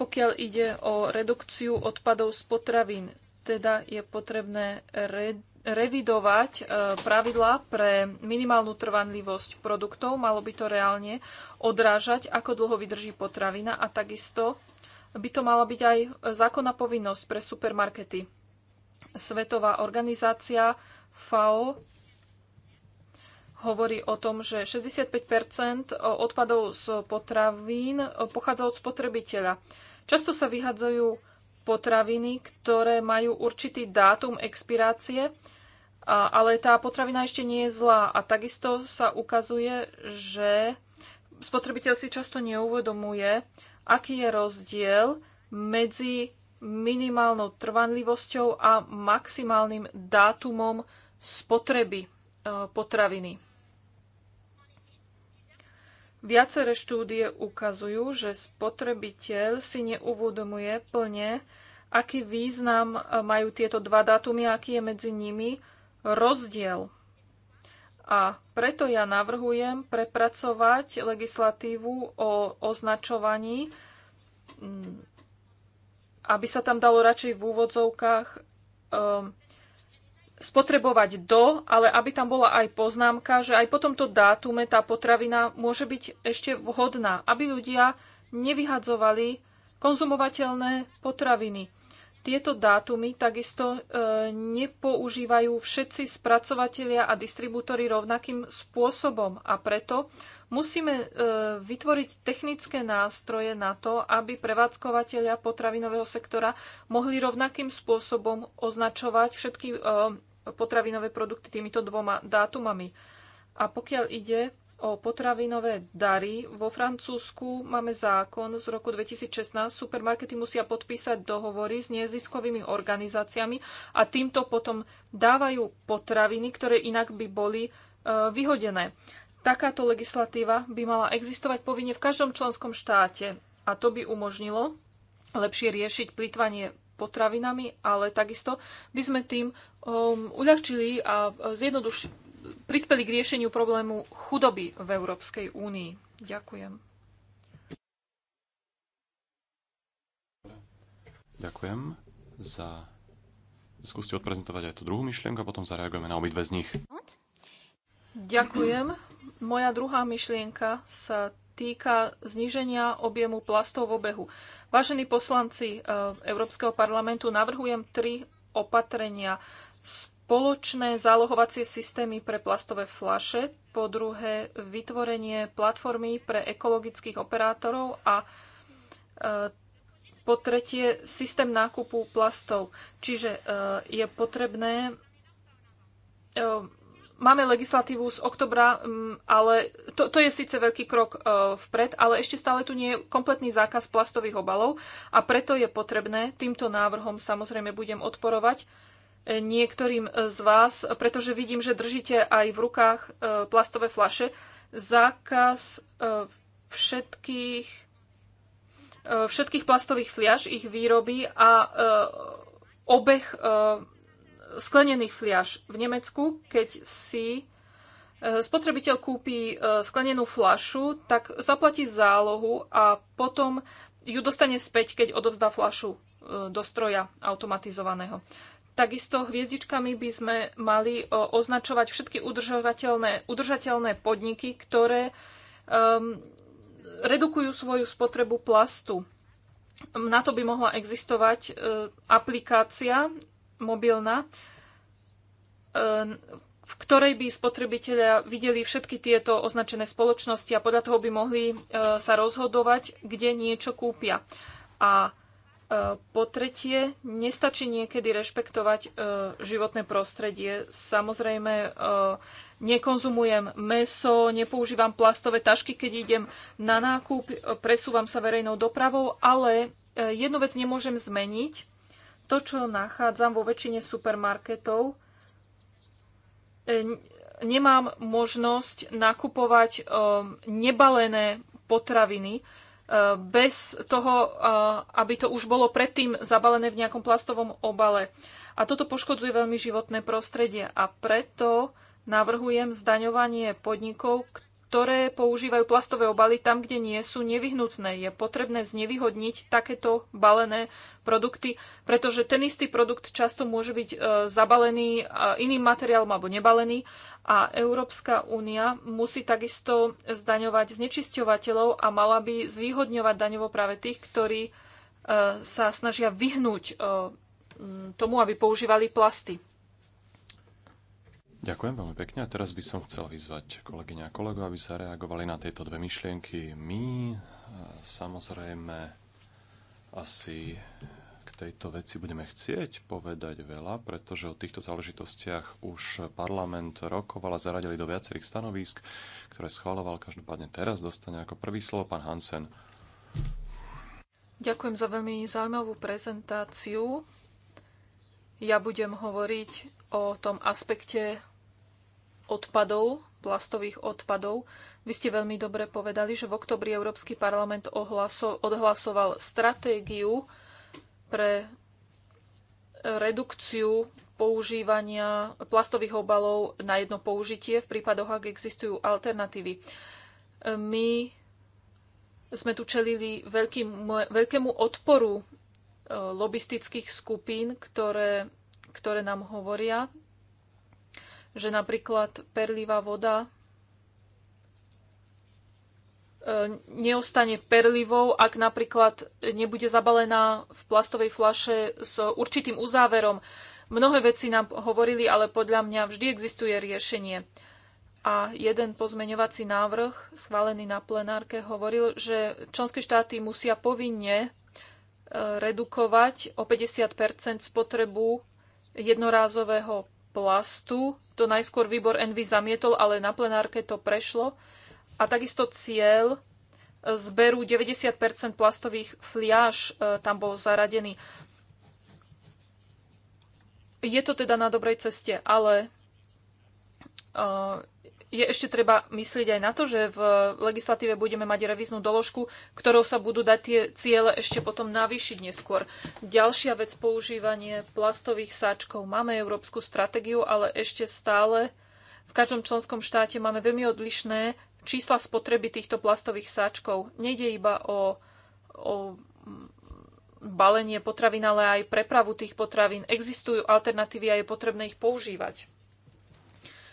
pokiaľ ide o redukciu odpadov z potravín. Teda je potrebné re- revidovať e, pravidlá pre minimálnu trvanlivosť produktov. Malo by to reálne odrážať, ako dlho vydrží potravina a takisto by to mala byť aj zákonná povinnosť pre supermarkety. Svetová organizácia FAO hovorí o tom, že 65 odpadov z potravín pochádza od spotrebiteľa. Často sa vyhadzajú potraviny, ktoré majú určitý dátum expirácie, ale tá potravina ešte nie je zlá. A takisto sa ukazuje, že spotrebiteľ si často neuvedomuje, aký je rozdiel medzi minimálnou trvanlivosťou a maximálnym dátumom spotreby e, potraviny. Viaceré štúdie ukazujú, že spotrebiteľ si neuvodomuje plne, aký význam e, majú tieto dva dátumy, aký je medzi nimi rozdiel. A preto ja navrhujem prepracovať legislatívu o označovaní, mm, aby sa tam dalo radšej v úvodzovkách um, spotrebovať do, ale aby tam bola aj poznámka, že aj po tomto dátume tá potravina môže byť ešte vhodná, aby ľudia nevyhadzovali konzumovateľné potraviny. Tieto dátumy takisto e, nepoužívajú všetci spracovatelia a distribútory rovnakým spôsobom a preto musíme e, vytvoriť technické nástroje na to, aby prevádzkovateľia potravinového sektora mohli rovnakým spôsobom označovať všetky e, potravinové produkty týmito dvoma dátumami. A pokiaľ ide o potravinové dary, vo Francúzsku máme zákon z roku 2016. Supermarkety musia podpísať dohovory s neziskovými organizáciami a týmto potom dávajú potraviny, ktoré inak by boli e, vyhodené. Takáto legislatíva by mala existovať povinne v každom členskom štáte a to by umožnilo lepšie riešiť plýtvanie potravinami, ale takisto by sme tým um, uľahčili a zjednoduš- prispeli k riešeniu problému chudoby v Európskej únii. Ďakujem. Ďakujem za... Skúste odprezentovať aj tú druhú myšlienku a potom zareagujeme na obidve z nich. Ďakujem. Moja druhá myšlienka sa týka zníženia objemu plastov v obehu. Vážení poslanci eh, Európskeho parlamentu, navrhujem tri opatrenia spoločné zálohovacie systémy pre plastové flaše, po druhé vytvorenie platformy pre ekologických operátorov a e, po tretie systém nákupu plastov. Čiže e, je potrebné. E, máme legislatívu z oktobra, ale to, to je síce veľký krok vpred, ale ešte stále tu nie je kompletný zákaz plastových obalov a preto je potrebné, týmto návrhom samozrejme budem odporovať, niektorým z vás, pretože vidím, že držíte aj v rukách e, plastové flaše, zákaz e, všetkých, e, všetkých plastových fliaž, ich výroby a obeh sklenených fliaž. V Nemecku, keď si spotrebiteľ kúpi sklenenú flašu, tak zaplatí zálohu a potom ju dostane späť, keď odovzdá flašu do stroja automatizovaného. Takisto hviezdičkami by sme mali označovať všetky udržateľné, udržateľné podniky, ktoré um, redukujú svoju spotrebu plastu. Na to by mohla existovať e, aplikácia mobilná, e, v ktorej by spotrebitelia videli všetky tieto označené spoločnosti a podľa toho by mohli e, sa rozhodovať, kde niečo kúpia. A E, po tretie, nestačí niekedy rešpektovať e, životné prostredie. Samozrejme, e, nekonzumujem meso, nepoužívam plastové tašky, keď idem na nákup, presúvam sa verejnou dopravou, ale jednu vec nemôžem zmeniť. To, čo nachádzam vo väčšine supermarketov, nemám možnosť nakupovať nebalené potraviny, bez toho, aby to už bolo predtým zabalené v nejakom plastovom obale. A toto poškodzuje veľmi životné prostredie a preto navrhujem zdaňovanie podnikov, ktoré používajú plastové obaly tam, kde nie sú nevyhnutné. Je potrebné znevýhodniť takéto balené produkty, pretože ten istý produkt často môže byť e, zabalený e, iným materiálom alebo nebalený a Európska únia musí takisto zdaňovať znečisťovateľov a mala by zvýhodňovať daňovo práve tých, ktorí e, sa snažia vyhnúť tomu, aby používali plasty. Ďakujem veľmi pekne. A teraz by som chcel vyzvať kolegyňa a kolegov, aby sa reagovali na tieto dve myšlienky. My eh, samozrejme asi k tejto veci budeme chcieť povedať veľa, pretože o týchto záležitostiach už parlament rokoval a zaradili do viacerých stanovísk, ktoré schvaloval. Každopádne teraz dostane ako prvý slovo pán Hansen. Ďakujem za veľmi zaujímavú prezentáciu. Ja budem hovoriť o tom aspekte odpadov, plastových odpadov. Vy ste veľmi dobre povedali, že v oktobri Európsky parlament odhlasoval stratégiu pre redukciu používania plastových obalov na jedno použitie v prípadoch, ak existujú alternatívy. My sme tu čelili veľkým, veľkému odporu e, lobistických skupín, ktoré, ktoré nám hovoria, že napríklad perlivá voda e, neostane perlivou, ak napríklad nebude zabalená v plastovej flaše s určitým uzáverom. Mnohé veci nám hovorili, ale podľa mňa vždy existuje riešenie. A jeden pozmeňovací návrh, schválený na plenárke, hovoril, že členské štáty musia povinne e, redukovať o 50 spotrebu jednorázového plastu to najskôr výbor Envy zamietol, ale na plenárke to prešlo. A takisto cieľ zberu 90 plastových fliaž e, tam bol zaradený. Je to teda na dobrej ceste, ale e, je ešte treba myslieť aj na to, že v legislatíve budeme mať revíznu doložku, ktorou sa budú dať tie ciele ešte potom navýšiť neskôr. Ďalšia vec, používanie plastových sáčkov. Máme európsku stratégiu, ale ešte stále v každom členskom štáte máme veľmi odlišné čísla spotreby týchto plastových sáčkov. Nejde iba o, o balenie potravín, ale aj prepravu tých potravín. Existujú alternatívy a je potrebné ich používať.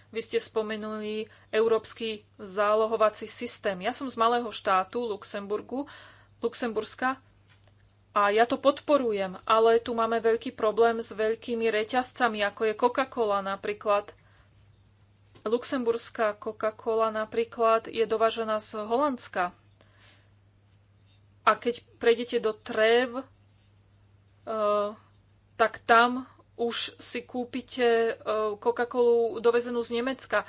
Vy ste spomenuli európsky zálohovací systém. Ja som z malého štátu Luxemburgu, Luxemburska a ja to podporujem, ale tu máme veľký problém s veľkými reťazcami, ako je Coca-Cola napríklad. Luxemburská Coca-Cola napríklad je dovážená z Holandska. A keď prejdete do Trev, e, eh, tak tam už si kúpite e, Coca-Colu dovezenú z Nemecka.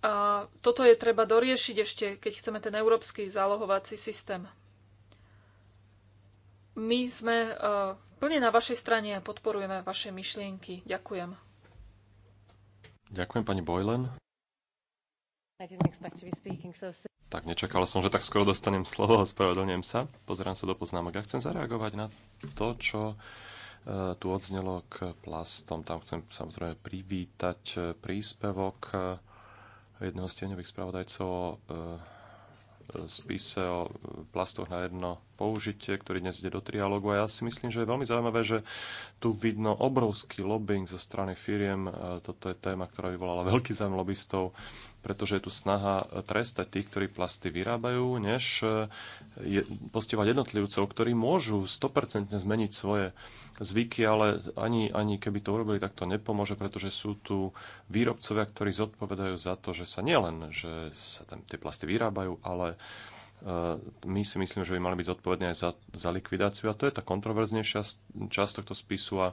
A toto je treba doriešiť ešte, keď chceme ten európsky zálohovací systém. My sme e, plne na vašej strane a podporujeme vaše myšlienky. Ďakujem. Ďakujem pani Boylen. Tak nečakala som, že tak skoro dostanem slovo, ospravedlňujem sa. Pozerám sa do poznámok. Ja chcem zareagovať na to, čo Eh, tu odznelo k plastom. Tam chcem samozrejme privítať eh, príspevok eh, jedného z tieňových spravodajcov o spise o plastoch na jedno použitie, ktorý dnes ide do trialógu. A ja si myslím, že je veľmi zaujímavé, že tu vidno obrovský lobbying zo strany firiem. Toto je téma, ktorá vyvolala veľký zájem lobbystov, pretože je tu snaha trestať tých, ktorí plasty vyrábajú, než eh, je, postihovať jednotlivcov, ktorí môžu 100% zmeniť svoje zvyky, ale ani, ani keby to urobili, tak to nepomôže, pretože sú tu výrobcovia, ktorí zodpovedajú za to, že sa nielen, že sa tam tie plasty vyrábajú, ale Eh, my si myslíme, že by mali byť zodpovední aj za, za likvidáciu a to je tá kontroverznejšia časť tohto spisu a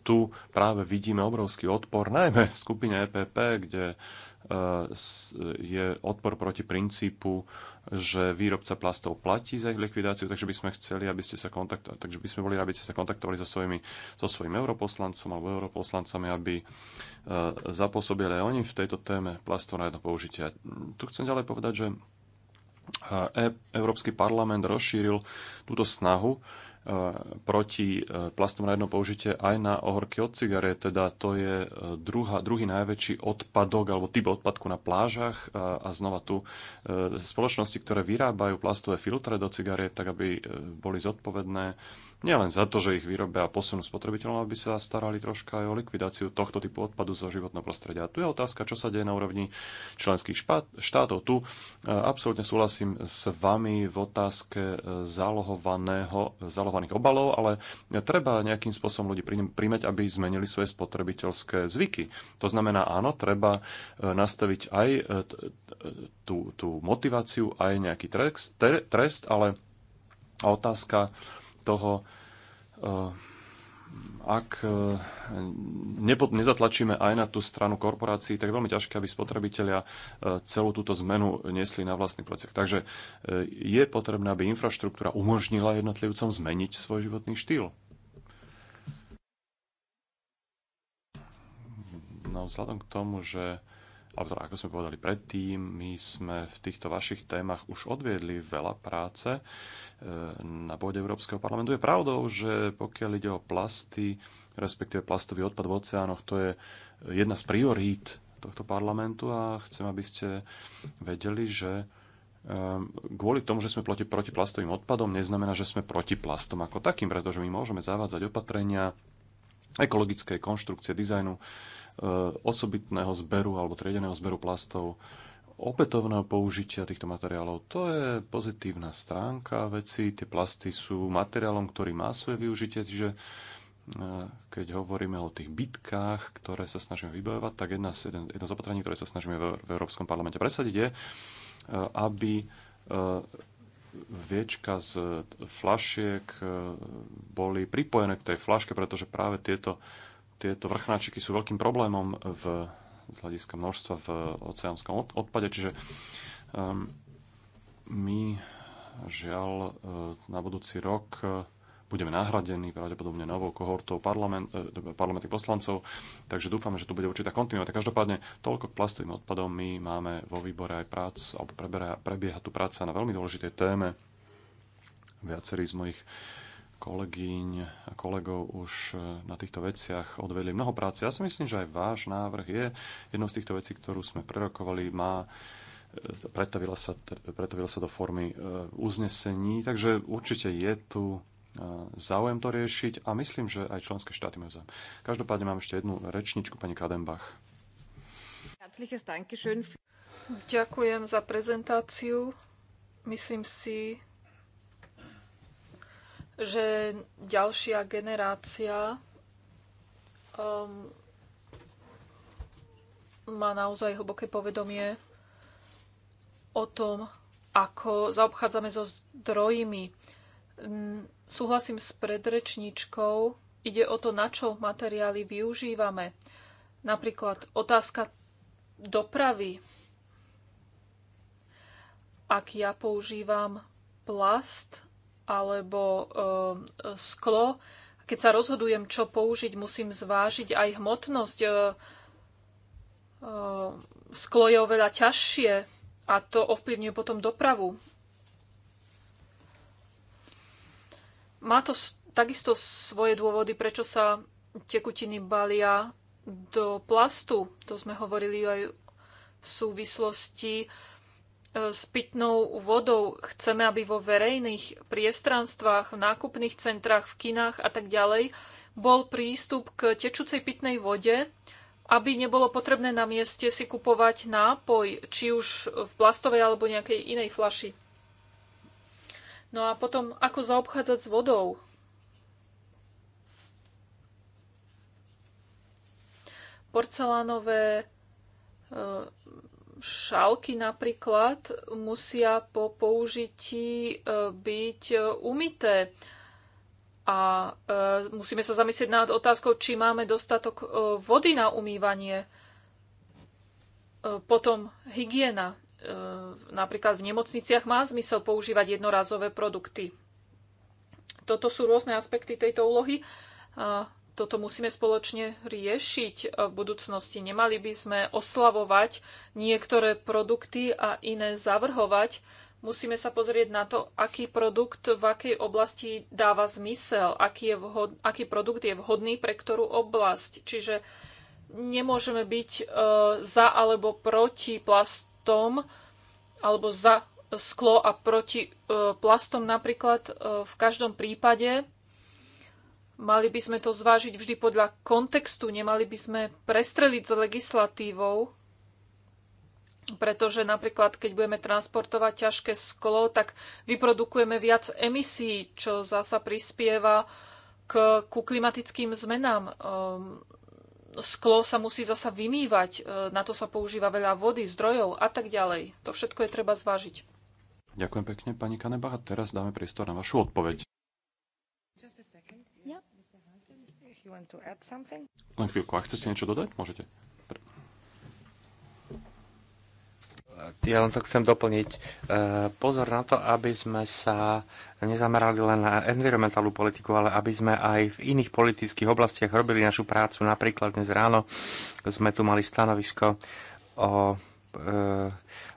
tu práve vidíme obrovský odpor, najmä v skupine EPP, kde eh, je odpor proti princípu, že výrobca plastov platí za ich likvidáciu, takže by sme chceli, aby ste sa kontaktovali, takže by sme boli, aby ste sa kontaktovali so svojimi, so svojim europoslancom alebo europoslancami, aby eh, zapôsobili aj oni v tejto téme plastov na jedno použitie. tu chcem ďalej povedať, že E- Európsky parlament rozšíril túto snahu Eh, proti eh, plastom na jedno použitie aj na ohorky od cigaret. Teda to je eh, druhá, druhý najväčší odpadok alebo typ odpadku na plážach a, a znova tu spoločnosti, ktoré vyrábajú plastové filtre do cigariet, tak aby boli zodpovedné nielen za to, že ich vyrobia a posunú spotrebiteľom, aby sa starali troška aj o likvidáciu tohto typu odpadu zo životného prostredia. A tu je otázka, čo sa deje na úrovni členských špát, štátov. Tu absolútne súhlasím s vami v otázke zálohovaného, zálohovaného recyklovaných obalov, ale treba nejakým spôsobom ľudí príjmeť, aby zmenili svoje spotrebiteľské zvyky. To znamená, áno, treba e, nastaviť aj e, e, tú, tú motiváciu, aj nejaký trest, trest ale otázka toho, ak e, nepod, nezatlačíme aj na tú stranu korporácií, tak je veľmi ťažké, aby spotrebitelia e, celú túto zmenu nesli na vlastný pleciach. Takže e, je potrebné, aby infraštruktúra umožnila jednotlivcom zmeniť svoj životný štýl. No vzhľadom k tomu, že to, teda, ako sme povedali predtým, my sme v týchto vašich témach už odviedli veľa práce e, na pôde Európskeho parlamentu. Je pravdou, že pokiaľ ide o plasty, respektíve plastový odpad v oceánoch, to je jedna z priorít tohto parlamentu a chcem, aby ste vedeli, že e, kvôli tomu, že sme proti, proti plastovým odpadom, neznamená, že sme proti plastom ako takým, pretože my môžeme zavádzať opatrenia ekologické konštrukcie dizajnu, Eh, osobitného zberu alebo triedeného zberu plastov, opätovného použitia týchto materiálov. To je pozitívna stránka veci. Tie plasty sú materiálom, ktorý má svoje využitie, čiže eh, keď hovoríme o tých bitkách, ktoré sa snažíme vybojovať, tak jedna z, jeden, jedno z opatrení, ktoré sa snažíme v, v Európskom parlamente presadiť, je, eh, aby viečka z flašiek boli pripojené k tej flaške, pretože práve tieto tieto vrchnáčiky sú veľkým problémom v, z hľadiska množstva v oceánskom odpade, čiže um, my žiaľ e, na budúci rok e, budeme nahradení pravdepodobne novou kohortou parlament, e, parlamentných poslancov, takže dúfame, že tu bude určitá kontinuita. Každopádne toľko k plastovým odpadom. My máme vo výbore aj prác, alebo prebieha, prebieha tu práca na veľmi dôležitej téme. Viacerí z mojich kolegyň a kolegov už eh, na týchto veciach odvedli mnoho práce. Ja si myslím, že aj váš návrh je jednou z týchto vecí, ktorú sme prerokovali, má eh, pretavila sa, pretavila sa do formy eh, uznesení, takže určite je tu záujem to riešiť a myslím, že aj členské štáty majú záujem. Každopádne mám ešte jednu rečničku, pani Kadenbach. Ďakujem za prezentáciu. Myslím si, že ďalšia generácia um, má naozaj hlboké povedomie o tom, ako zaobchádzame so zdrojmi. Súhlasím s predrečníčkou, ide o to, na čo materiály využívame. Napríklad otázka dopravy. Ak ja používam plast alebo eh, sklo. Keď sa rozhodujem, čo použiť, musím zvážiť aj hmotnosť. Eh, eh, sklo je oveľa ťažšie a to ovplyvňuje potom dopravu. Má to takisto svoje dôvody, prečo sa tekutiny balia do plastu. To sme hovorili aj v súvislosti s pitnou vodou. Chceme, aby vo verejných priestranstvách, v nákupných centrách, v kinách a tak ďalej bol prístup k tečúcej pitnej vode, aby nebolo potrebné na mieste si kupovať nápoj, či už v plastovej alebo nejakej inej flaši. No a potom, ako zaobchádzať s vodou? Porcelánové e, šálky napríklad musia po použití e, byť e, umité. A e, musíme sa zamyslieť nad otázkou, či máme dostatok vody na umývanie. Potom hygiena. Napríklad v nemocniciach má zmysel používať jednorazové produkty. Toto sú rôzne aspekty tejto úlohy toto musíme spoločne riešiť v budúcnosti. Nemali by sme oslavovať niektoré produkty a iné zavrhovať. Musíme sa pozrieť na to, aký produkt v akej oblasti dáva zmysel, aký, je vhod, aký produkt je vhodný pre ktorú oblasť. Čiže nemôžeme byť e, za alebo proti plastom, alebo za sklo a proti e, plastom napríklad e, v každom prípade Mali by sme to zvážiť vždy podľa kontextu, nemali by sme prestreliť s legislatívou, pretože napríklad, keď budeme transportovať ťažké sklo, tak vyprodukujeme viac emisí, čo zasa prispieva k, ku klimatickým zmenám. Ehm, sklo sa musí zasa vymývať, e, na to sa používa veľa vody, zdrojov a tak ďalej. To všetko je treba zvážiť. Ďakujem pekne, pani Kaneba, A teraz dáme priestor na vašu odpoveď. Len chvíľku, ak chcete niečo dodať, môžete. Ja len to chcem doplniť. E, pozor na to, aby sme sa nezamerali len na environmentálnu politiku, ale aby sme aj v iných politických oblastiach robili našu prácu. Napríklad dnes ráno sme tu mali stanovisko o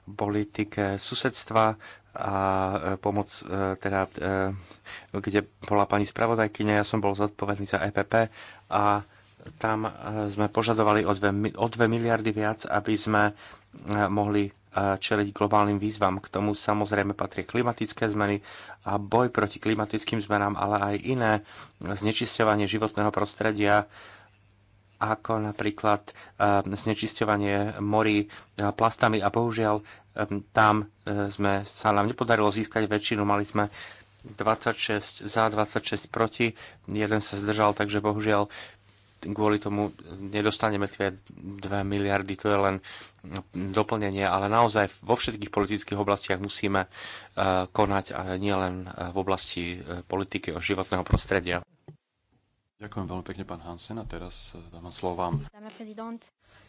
politike susedstva a e, pomoc, e, teda, e, kde bola pani spravodajkyňa, ja som bol zodpovedný za EPP a tam sme požadovali o 2, o 2 miliardy viac, aby sme mohli čeliť globálnym výzvam. K tomu samozrejme patrí klimatické zmeny a boj proti klimatickým zmenám, ale aj iné znečisťovanie životného prostredia, ako napríklad ehm, znečisťovanie morí e, plastami a bohužiaľ ehm, tam e, sme, sa nám nepodarilo získať väčšinu, mali sme 26 za, 26 proti, jeden sa zdržal, takže bohužiaľ kvôli tomu nedostaneme tie 2 miliardy, to je len no, doplnenie, ale naozaj vo všetkých politických oblastiach musíme e, konať a len v oblasti politiky o životného prostredia. Ďakujem veľmi pekne, pán Hansen, a teraz e, dám slovo vám.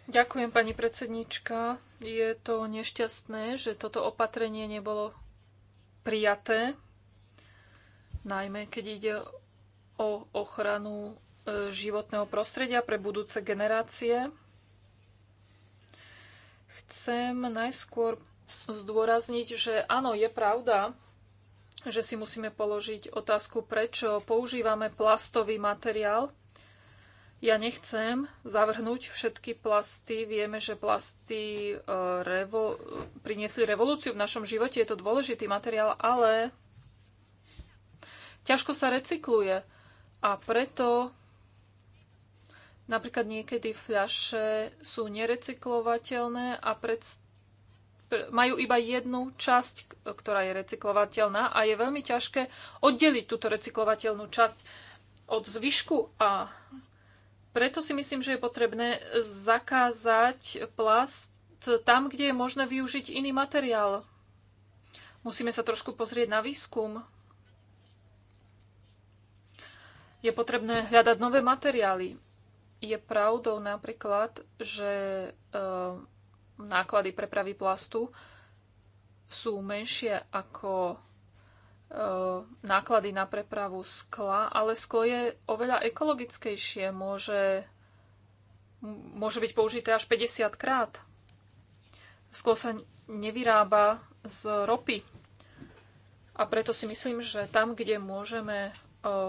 Ďakujem, pani predsednička. Je to nešťastné, že toto opatrenie nebolo prijaté, najmä keď ide o ochranu e, životného prostredia pre budúce generácie. Chcem najskôr zdôrazniť, že áno, je pravda, že si musíme položiť otázku, prečo používame plastový materiál. Ja nechcem zavrhnúť všetky plasty. Vieme, že plasty e, revo- priniesli revolúciu v našom živote. Je to dôležitý materiál, ale ťažko sa recykluje. A preto napríklad niekedy fľaše sú nerecyklovateľné a predstavujú majú iba jednu časť, ktorá je recyklovateľná a je veľmi ťažké oddeliť túto recyklovateľnú časť od zvyšku a preto si myslím, že je potrebné zakázať plast tam, kde je možné využiť iný materiál. Musíme sa trošku pozrieť na výskum. Je potrebné hľadať nové materiály. Je pravdou napríklad, že eh, náklady prepravy plastu sú menšie ako e, náklady na prepravu skla, ale sklo je oveľa ekologickejšie, môže, môže byť použité až 50 krát. Sklo sa nevyrába z ropy. A preto si myslím, že tam, kde môžeme e,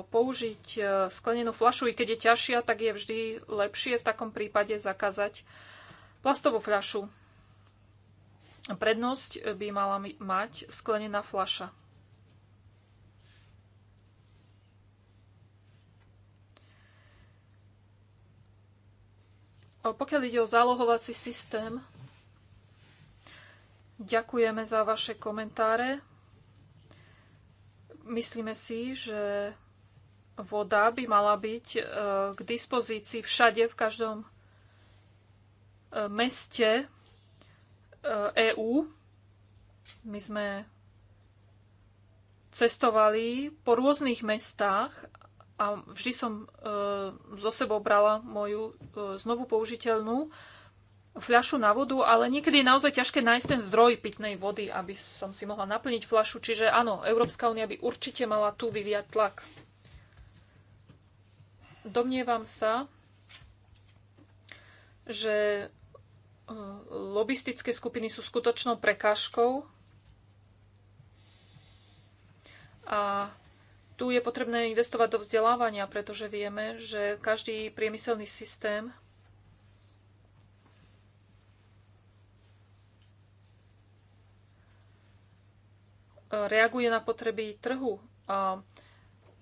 použiť e, sklenenú flašu, i keď je ťažšia, tak je vždy lepšie v takom prípade zakázať plastovú fľašu. Prednosť by mala mať sklenená fľaša. Pokiaľ ide o zálohovací systém, ďakujeme za vaše komentáre. Myslíme si, že voda by mala byť e, k dispozícii všade, v každom meste EÚ. E My sme cestovali po rôznych mestách a vždy som e, zo sebou brala moju e, znovu použiteľnú fľašu na vodu, ale niekedy je naozaj ťažké nájsť ten zdroj pitnej vody, aby som si mohla naplniť fľašu. Čiže áno, Európska únia by určite mala tu vyviať tlak. Domnievam sa, že lobistické skupiny sú skutočnou prekážkou a tu je potrebné investovať do vzdelávania, pretože vieme, že každý priemyselný systém reaguje na potreby trhu. A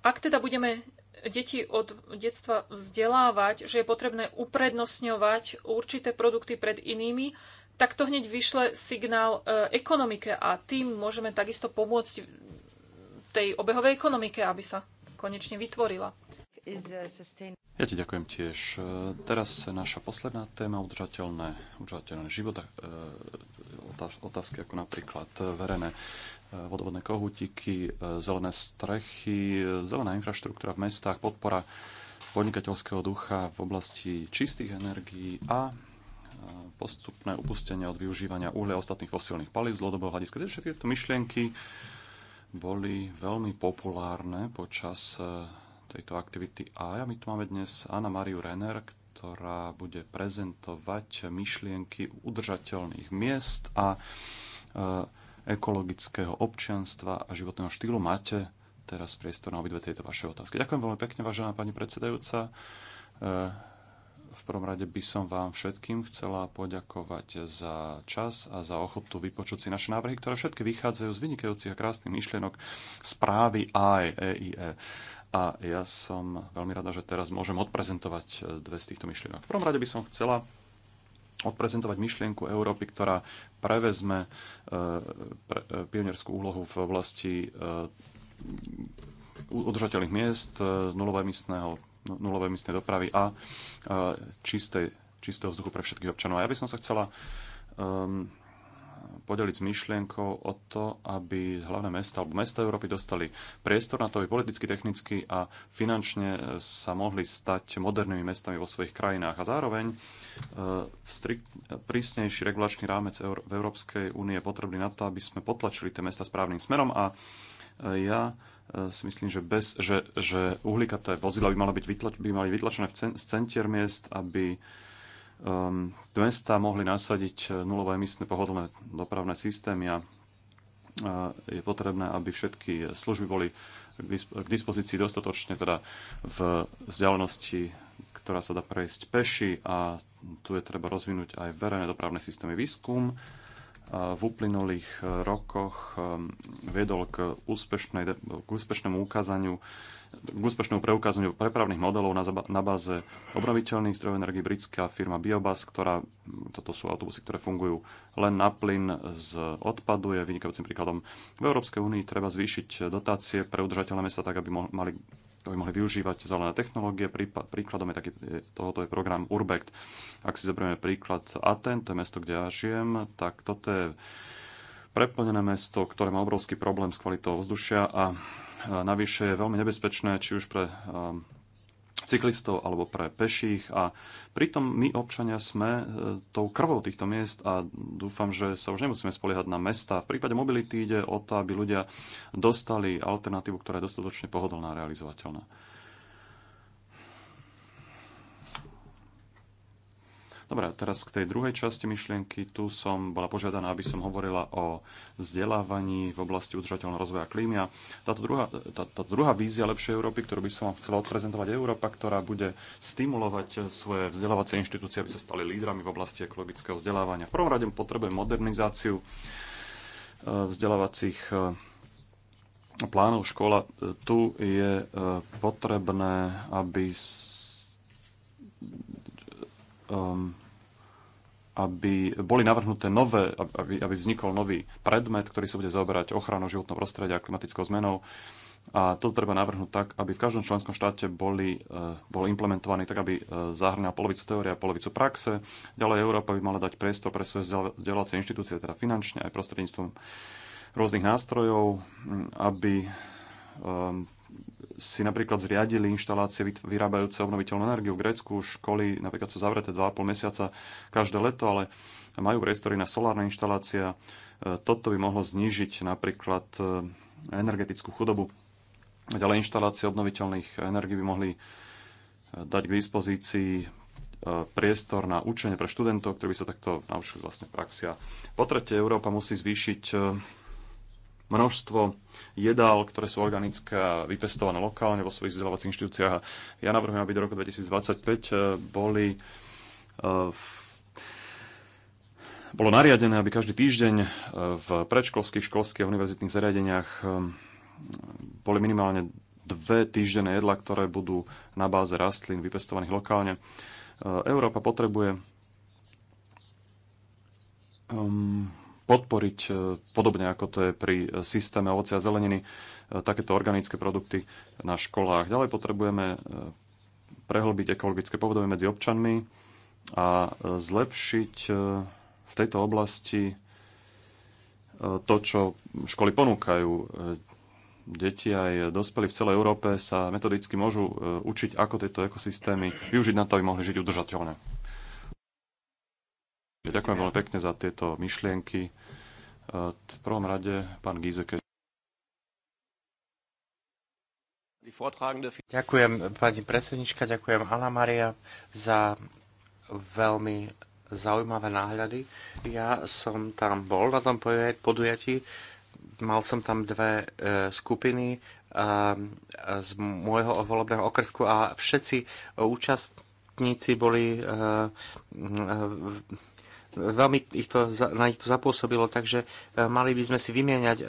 ak teda budeme deti od detstva vzdelávať, že je potrebné uprednostňovať určité produkty pred inými, tak to hneď vyšle signál e, ekonomike a tým môžeme takisto pomôcť tej obehovej ekonomike, aby sa konečne vytvorila. Uh, ja ti ďakujem tiež. E, teraz naša posledná téma, udržateľné, udržateľné života, e, otázky ako napríklad verejné Eh, vodovodné kohútiky, eh, zelené strechy, eh, zelená infraštruktúra v mestách, podpora podnikateľského ducha v oblasti čistých energií a postupné upustenie od využívania uhlia a ostatných fosilných palív z dlhodobého hľadiska. Všetky tieto myšlienky boli veľmi populárne počas tejto aktivity. A ja my tu máme dnes Anna Mariu Renner, ktorá bude prezentovať myšlienky udržateľných miest a ekologického občianstva a životného štýlu. Máte teraz priestor na obidve tieto vaše otázky. Ďakujem veľmi pekne, vážená pani predsedajúca. E, v prvom rade by som vám všetkým chcela poďakovať za čas a za ochotu vypočuť si naše návrhy, ktoré všetky vychádzajú z vynikajúcich a krásnych myšlienok správy aj EIE. A ja som veľmi rada, že teraz môžem odprezentovať dve z týchto myšlienok. V prvom rade by som chcela odprezentovať myšlienku Európy, ktorá prevezme e, e, pionierskú úlohu v oblasti e, udržateľných miest, nulovej dopravy a čistej, čistého vzduchu pre všetkých občanov. A ja by som sa chcela um, podeliť s myšlienkou o to, aby hlavné mesta alebo mesta Európy dostali priestor na to, aby politicky, technicky a finančne e, sa mohli stať modernými mestami vo svojich krajinách. A zároveň e, strikt, prísnejší regulačný rámec v Európskej únie je potrebný na to, aby sme potlačili tie mesta správnym smerom. A e, ja si myslím, že, bez, že, že uhlíkaté vozidla by, mala byť vytlač, by mali vytlačené v cen, z centier miest, aby Um, mesta mohli nasadiť eh, emisné pohodlné dopravné systémy a eh, je potrebné, aby všetky služby boli k dispozícii dostatočne teda v vzdialenosti, ktorá sa dá prejsť peši a tu je treba rozvinúť aj verejné dopravné systémy výskum v uplynulých e, rokoch e, viedol k, úspešnej, k úspešnému ukázaniu k úspešnému preukázaniu prepravných modelov na, na báze obnoviteľných zdrojov energii britská firma Biobas, ktorá, toto sú autobusy, ktoré fungujú len na plyn z odpadu, je vynikajúcim príkladom. V Európskej únii treba zvýšiť dotácie pre udržateľné mesta tak, aby mali by mohli využívať zelené technológie. Príkladom je taký, tohoto je program Urbect. Ak si zoberieme príklad Aten, to je mesto, kde ja žijem, tak toto je preplnené mesto, ktoré má obrovský problém s kvalitou vzdušia a navyše je veľmi nebezpečné, či už pre um, cyklistov alebo pre peších a pritom my občania sme e, tou krvou týchto miest a dúfam, že sa už nemusíme spoliehať na mesta. V prípade mobility ide o to, aby ľudia dostali alternatívu, ktorá je dostatočne pohodlná a realizovateľná. Dobre, teraz k tej druhej časti myšlienky. Tu som bola požiadaná, aby som hovorila o vzdelávaní v oblasti udržateľného rozvoja klímy. A táto druhá, tá, tá druhá vízia lepšej Európy, ktorú by som vám chcela odprezentovať, Európa, ktorá bude stimulovať svoje vzdelávacie inštitúcie, aby sa stali lídrami v oblasti ekologického vzdelávania. V prvom rade potrebuje modernizáciu eh, vzdelávacích eh, plánov škola. Eh, tu je potrebné, aby um, aby boli navrhnuté nové, aby, aby vznikol nový predmet, ktorý sa bude zaoberať ochranou životného prostredia a klimatickou zmenou. A to treba navrhnúť tak, aby v každom členskom štáte boli, e, bol implementovaný tak, aby e, zahrňal polovicu teórie a polovicu praxe. Ďalej Európa by mala dať priestor pre svoje vzdelávacie inštitúcie, teda finančne aj prostredníctvom rôznych nástrojov, aby e, si napríklad zriadili inštalácie vyrábajúce obnoviteľnú energiu. V Grécku školy napríklad sú zavreté 2,5 mesiaca každé leto, ale majú priestory na solárne inštalácie. E, toto by mohlo znížiť napríklad e, energetickú chudobu. Ďalej inštalácie obnoviteľných energií by mohli e, dať k dispozícii priestor na učenie pre študentov, ktorí by sa takto naučili vlastne praxia. Po tretie, Európa musí zvýšiť množstvo jedál, ktoré sú organické a vypestované lokálne vo svojich vzdelávacích inštitúciách. ja navrhujem, aby do roku 2025 e, boli e, bolo nariadené, aby každý týždeň e, v predškolských, školských a univerzitných zariadeniach boli minimálne dve týždenné jedla, ktoré budú na báze rastlín vypestovaných lokálne. Európa potrebuje um, podporiť, e, podobne ako to je pri e, systéme ovoce a zeleniny, e, takéto organické produkty na školách. Ďalej potrebujeme prehlbiť ekologické povedomie medzi občanmi a zlepšiť v tejto oblasti to, čo školy ponúkajú. Deti aj dospelí v celej Európe sa metodicky môžu učiť, ako tieto ekosystémy využiť na to, aby mohli žiť udržateľne. Ďakujem veľmi pekne za tieto myšlienky. E, v prvom rade pán Gizeke. Ďakujem pani predsednička, ďakujem Anna Maria za veľmi zaujímavé náhľady. Ja som tam bol na tom podujatí, mal som tam dve e, skupiny e, z môjho volebného okrsku a všetci účastníci boli veľmi ich to, na nich to zapôsobilo, takže e, mali by sme si vymieňať e, e,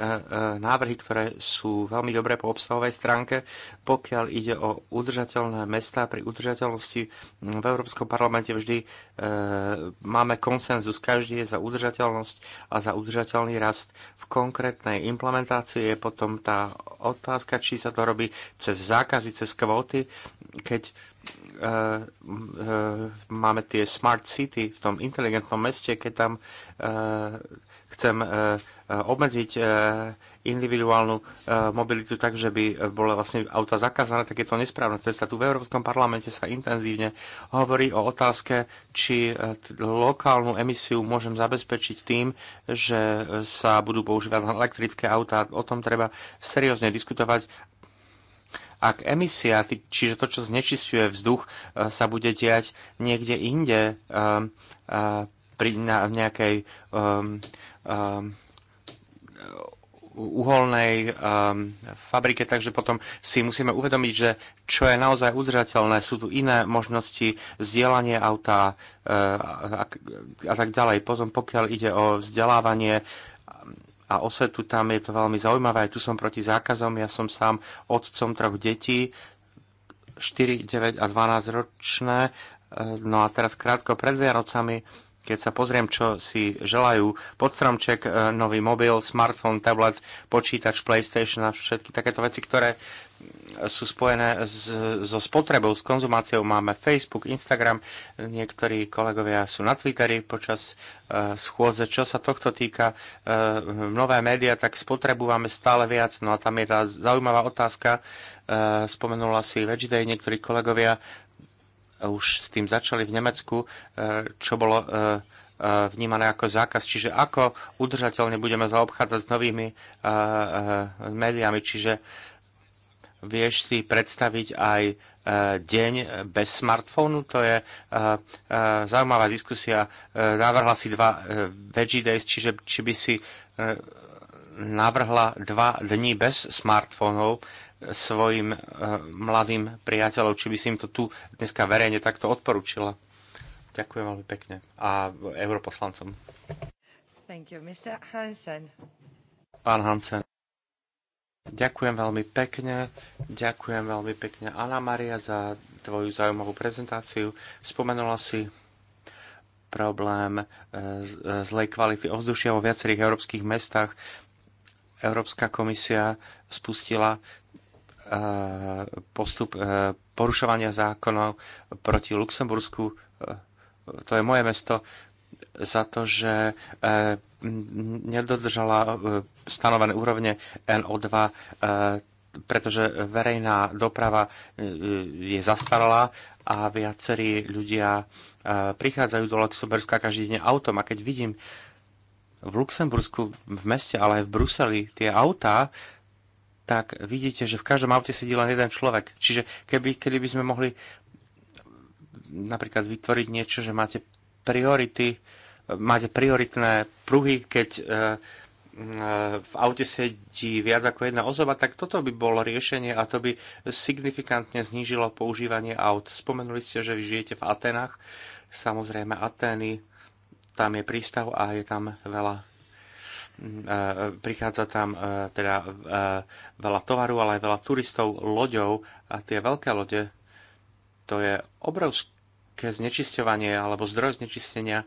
návrhy, ktoré sú veľmi dobré po obsahovej stránke, pokiaľ ide o udržateľné mesta. Pri udržateľnosti v Európskom parlamente vždy máme konsenzus, každý je za udržateľnosť a za udržateľný rast. V konkrétnej implementácii je potom tá otázka, či sa to robí cez zákazy, cez kvóty, keď E, e, máme tie smart city v tom inteligentnom meste, keď tam e, chcem obmedziť individuálnu mobilitu tak, že by bola vlastne auta zakázané, tak je to nesprávna cesta. Tu v Európskom parlamente sa intenzívne hovorí o otázke, či lokálnu emisiu môžem zabezpečiť tým, že sa budú používať elektrické autá. O tom treba seriózne diskutovať ak emisia, čiže to, čo znečisťuje vzduch, e, sa bude diať niekde inde, e, e, pri, na, nejakej um, um, uholnej um, fabrike, takže potom si musíme uvedomiť, že čo je naozaj udržateľné, sú tu iné možnosti zdieľanie auta uh, a, a, a tak ďalej. Potom pokiaľ ide o vzdelávanie, a osvetu tam je to veľmi zaujímavé. Aj tu som proti zákazom, ja som sám otcom troch detí, 4, 9 a 12 ročné. E, no a teraz krátko pred Vianocami keď sa pozriem, čo si želajú, podstromček, e, nový mobil, smartphone, tablet, počítač, PlayStation a všetky takéto veci, ktoré sú spojené s, so spotrebou, s konzumáciou. Máme Facebook, Instagram, niektorí kolegovia sú na Twitteri počas uh, schôdze. Čo sa tohto týka, uh, nové médiá, tak spotrebujeme stále viac. No a tam je tá zaujímavá otázka, uh, spomenula si Veggie Day, niektorí kolegovia, už s tým začali v Nemecku, e, čo bolo e, e, vnímané ako zákaz. Čiže ako udržateľne budeme zaobchádzať s novými médiami. Čiže vieš si predstaviť aj deň bez smartfónu. To je zaujímavá diskusia. Navrhla si dva veggie days, čiže či by si navrhla dva dní bez smartfónov svojim eh, mladým priateľom, či by si im to tu dneska verejne takto odporúčila. Ďakujem veľmi pekne. A europoslancom. Thank you, Mr. Hansen. Pán Hansen. Ďakujem veľmi pekne. Ďakujem veľmi pekne, Anna Maria, za tvoju zaujímavú prezentáciu. Spomenula si problém eh, eh, zlej kvality ovzdušia vo viacerých európskych mestách. Európska komisia spustila Eh, postup eh, porušovania zákonov proti Luxembursku, eh, to je moje mesto, za to, že nedodržala stanovené úrovne NO2, pretože verejná doprava je zastaralá a viacerí ľudia prichádzajú do Luxemburska každý deň autom. A keď vidím v Luxembursku, v meste, ale aj v Bruseli tie autá, tak vidíte, že v každom aute sedí len jeden človek. Čiže keby, keby by sme mohli napríklad vytvoriť niečo, že máte priority, máte prioritné pruhy, keď e, e, v aute sedí viac ako jedna osoba, tak toto by bolo riešenie a to by signifikantne znížilo používanie aut. Spomenuli ste, že vy žijete v Atenách. Samozrejme, Atény, tam je prístav a je tam veľa Mhm. prichádza tam teda veľa tovaru, ale aj veľa turistov loďou a tie veľké lode, to je obrovské znečisťovanie alebo zdroj znečistenia,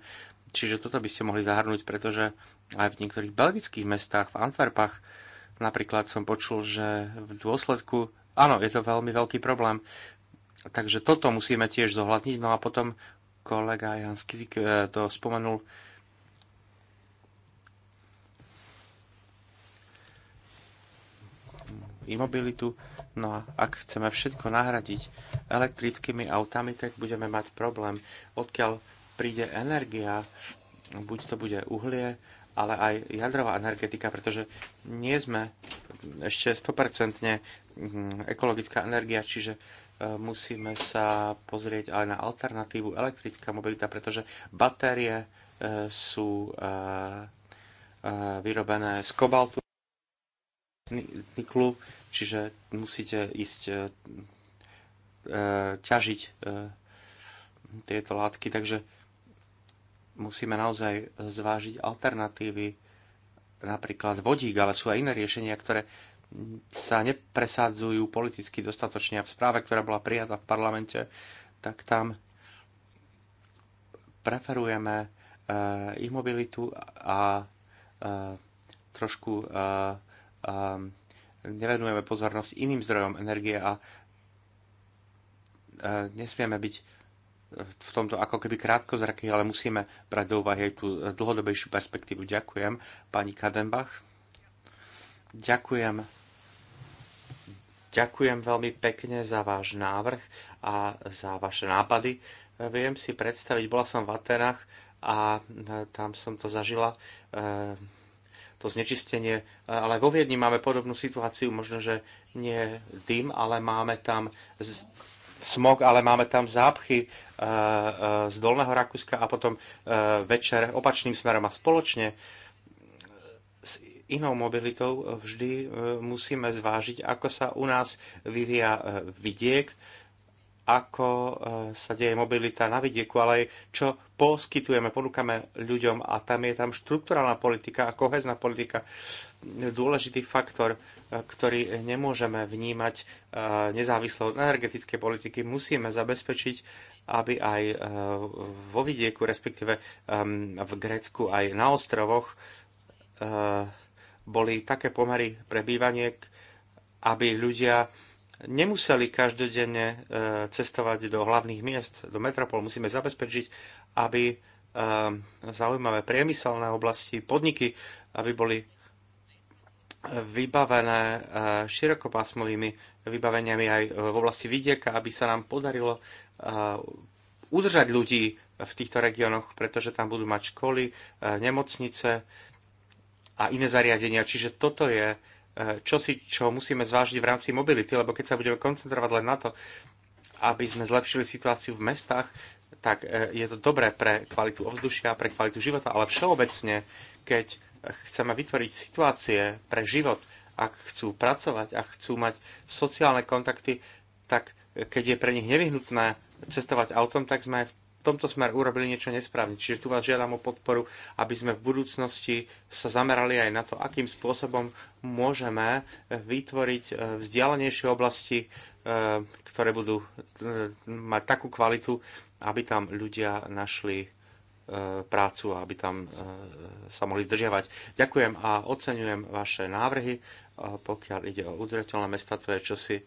čiže toto by ste mohli zahrnúť, pretože aj v niektorých belgických mestách, v Antwerpách napríklad som počul, že v dôsledku, áno, je to veľmi veľký problém, takže toto musíme tiež zohľadniť, no a potom kolega Jan Skizik e, to spomenul, imobilitu. No a ak chceme všetko nahradiť elektrickými autami, tak budeme mať problém, odkiaľ príde energia, buď to bude uhlie, ale aj jadrová energetika, pretože nie sme ešte 100% mm, ekologická energia, čiže e, musíme sa pozrieť aj na alternatívu elektrická mobilita, pretože batérie e, sú e, vyrobené z kobaltu, z niklu Čiže musíte ísť e, e, ťažiť e, tieto látky, takže musíme naozaj zvážiť alternatívy, napríklad vodík, ale sú aj iné riešenia, ktoré sa nepresadzujú politicky dostatočne. A v správe, ktorá bola prijatá v parlamente, tak tam preferujeme e, imobilitu a e, trošku e, e, nevenujeme pozornosť iným zdrojom energie a e, nesmieme byť e, v tomto ako keby krátkozraký, ale musíme brať do úvahy aj tú e, dlhodobejšiu perspektívu. Ďakujem, pani Kadenbach. Ďakujem. Ďakujem veľmi pekne za váš návrh a za vaše nápady. Viem si predstaviť, bola som v Atenách a tam som to zažila to znečistenie. Ale vo Viedni máme podobnú situáciu, možno, že nie dym, ale máme tam smog, ale máme tam zápchy e, e, z Dolného Rakúska a potom e, večer opačným smerom a spoločne s inou mobilitou vždy musíme zvážiť, ako sa u nás vyvíja vidiek, ako e, sa deje mobilita na vidieku, ale aj čo poskytujeme, ponúkame ľuďom a tam je tam štrukturálna politika a kohezná politika dôležitý faktor, e, ktorý nemôžeme vnímať e, nezávisle od energetickej politiky. Musíme zabezpečiť, aby aj vo vidieku, respektíve v Grécku, aj na ostrovoch boli také pomery pre bývanie, aby ľudia nemuseli každodenne e, cestovať do hlavných miest, do metropol. Musíme zabezpečiť, aby e, zaujímavé priemyselné oblasti, podniky, aby boli vybavené e, širokopásmovými vybaveniami aj v oblasti vidieka, aby sa nám podarilo udržať ľudí v týchto regiónoch, pretože tam budú mať školy, nemocnice a iné zariadenia. Čiže toto je Eh, čosi, čo musíme zvážiť v rámci mobility, lebo keď sa budeme koncentrovať len na to, aby sme zlepšili situáciu v mestách, tak eh, je to dobré pre kvalitu ovzdušia, pre kvalitu života, ale všeobecne, keď chceme vytvoriť situácie pre život, ak chcú pracovať, ak chcú mať sociálne kontakty, tak eh, keď je pre nich nevyhnutné cestovať autom, tak sme aj v v tomto smer urobili niečo nesprávne. Čiže tu vás žiadam o podporu, aby sme v budúcnosti sa zamerali aj na to, akým spôsobom môžeme vytvoriť e, vzdialenejšie oblasti, e, ktoré budú e, mať takú kvalitu, aby tam ľudia našli prácu a aby tam sa mohli zdržiavať. Ďakujem a oceňujem vaše návrhy. Pokiaľ ide o udržateľné mesta, to je čosi,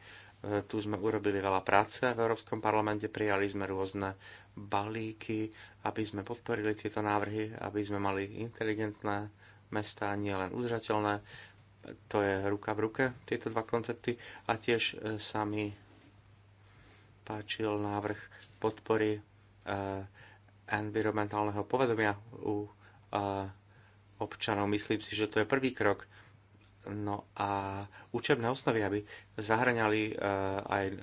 E, tu sme urobili veľa práce v Európskom parlamente, prijali sme rôzne balíky, aby sme podporili tieto návrhy, aby sme mali inteligentné mesta, nie len udržateľné. To je ruka v ruke, tieto dva koncepty. A tiež e, sa mi páčil návrh podpory e, environmentálneho povedomia u občanov. Myslím si, že to je prvý krok No a učebné osnovy, aby zahraňali e, aj e,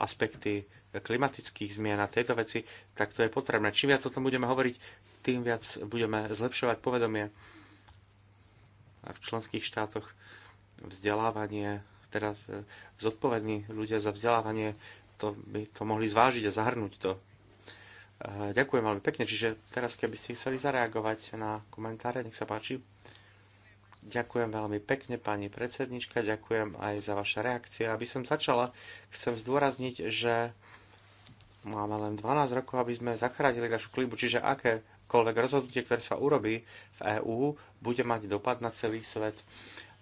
aspekty klimatických zmien a tejto veci, tak to je potrebné. Čím viac o tom budeme hovoriť, tým viac budeme zlepšovať povedomie v členských štátoch vzdelávanie, teda e, zodpovední ľudia za vzdelávanie, to by to mohli zvážiť a zahrnúť to. Ďakujem veľmi pekne, čiže teraz keby ste chceli zareagovať na komentáre, nech sa páči. Ďakujem veľmi pekne, pani predsednička, ďakujem aj za vaše reakcie. Aby som začala, chcem zdôrazniť, že máme len 12 rokov, aby sme zachránili našu klibu, čiže akékoľvek rozhodnutie, ktoré sa urobí v EÚ, bude mať dopad na celý svet.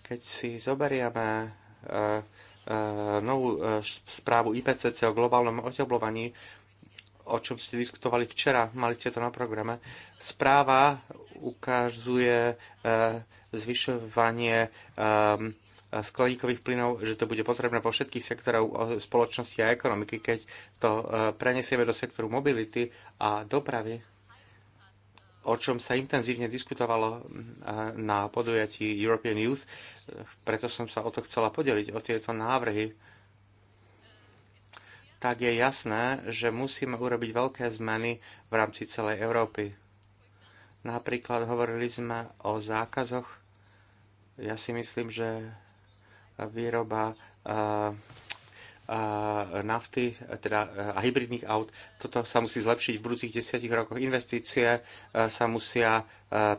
Keď si zoberieme e, e, novú e, správu IPCC o globálnom oteplovaní, o čom ste diskutovali včera, mali ste to na programe, správa ukazuje eh, zvyšovanie eh, skleníkových plynov, že to bude potrebné vo všetkých sektorov spoločnosti a ekonomiky, keď to eh, prenesieme do sektoru mobility a dopravy, o čom sa intenzívne diskutovalo na podujatí European Youth. Preto som sa o to chcela podeliť, o tieto návrhy. Tak je jasné, že musíme urobiť veľké zmeny v rámci celej Európy. Napríklad hovorili sme o zákazoch. Ja si myslím, že výroba a, eh, a eh, nafty teda, eh, a hybridných aut, toto sa musí zlepšiť v budúcich desiatich rokoch. Investície sa musia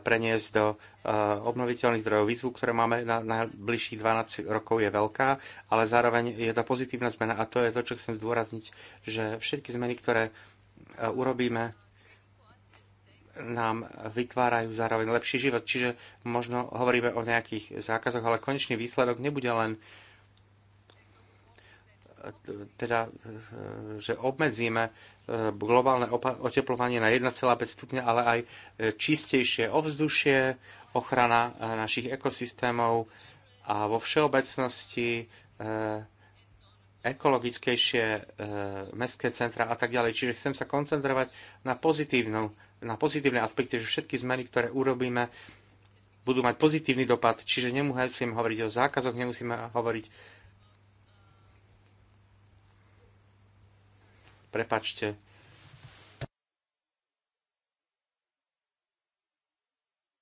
preniesť do obnoviteľných zdrojov. Výzvu, ktoré máme na, na bližších 12 rokov je veľká, ale zároveň je to pozitívna zmena a to je to, čo chcem zdôrazniť, že všetky zmeny, ktoré urobíme, nám vytvárajú zároveň lepší život. Čiže možno hovoríme o nejakých zákazoch, ale konečný výsledok nebude len teda, že obmedzíme eh, globálne oteplovanie na 1,5 stupňa, ale aj eh, čistejšie ovzdušie, ochrana eh, našich ekosystémov a vo všeobecnosti ekologickejšie e, mestské centra a tak ďalej. Čiže chcem sa koncentrovať na pozitívnu na pozitívne aspekty, že všetky zmeny, ktoré urobíme, budú mať pozitívny dopad, čiže nemusíme hovoriť o zákazoch, nemusíme hovoriť prepačte.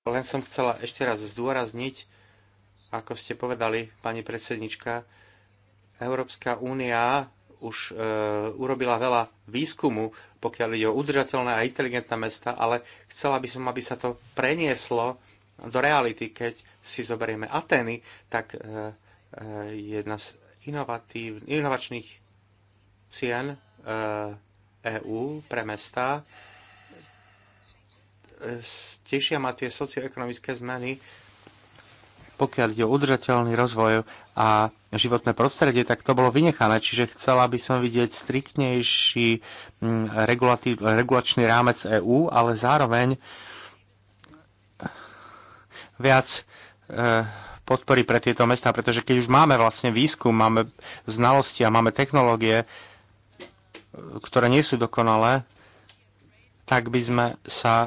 Len som chcela ešte raz zdôrazniť, ako ste povedali, pani predsednička, Európska únia už e, urobila veľa výskumu, pokiaľ ide o udržateľné a inteligentné mesta, ale chcela by som, aby sa to prenieslo do reality. Keď si zoberieme Ateny, tak e, e, jedna z inovatív, inovačných cien EÚ pre mesta. Tešia ma tie socioekonomické zmeny, pokiaľ ide o udržateľný rozvoj a životné prostredie, tak to bolo vynechané. Čiže chcela by som vidieť striktnejší mm, regulačný rámec EÚ, ale zároveň viac e, podpory pre tieto mesta, pretože keď už máme vlastne výskum, máme znalosti a máme technológie, e, ktoré nie sú dokonalé, tak by sme sa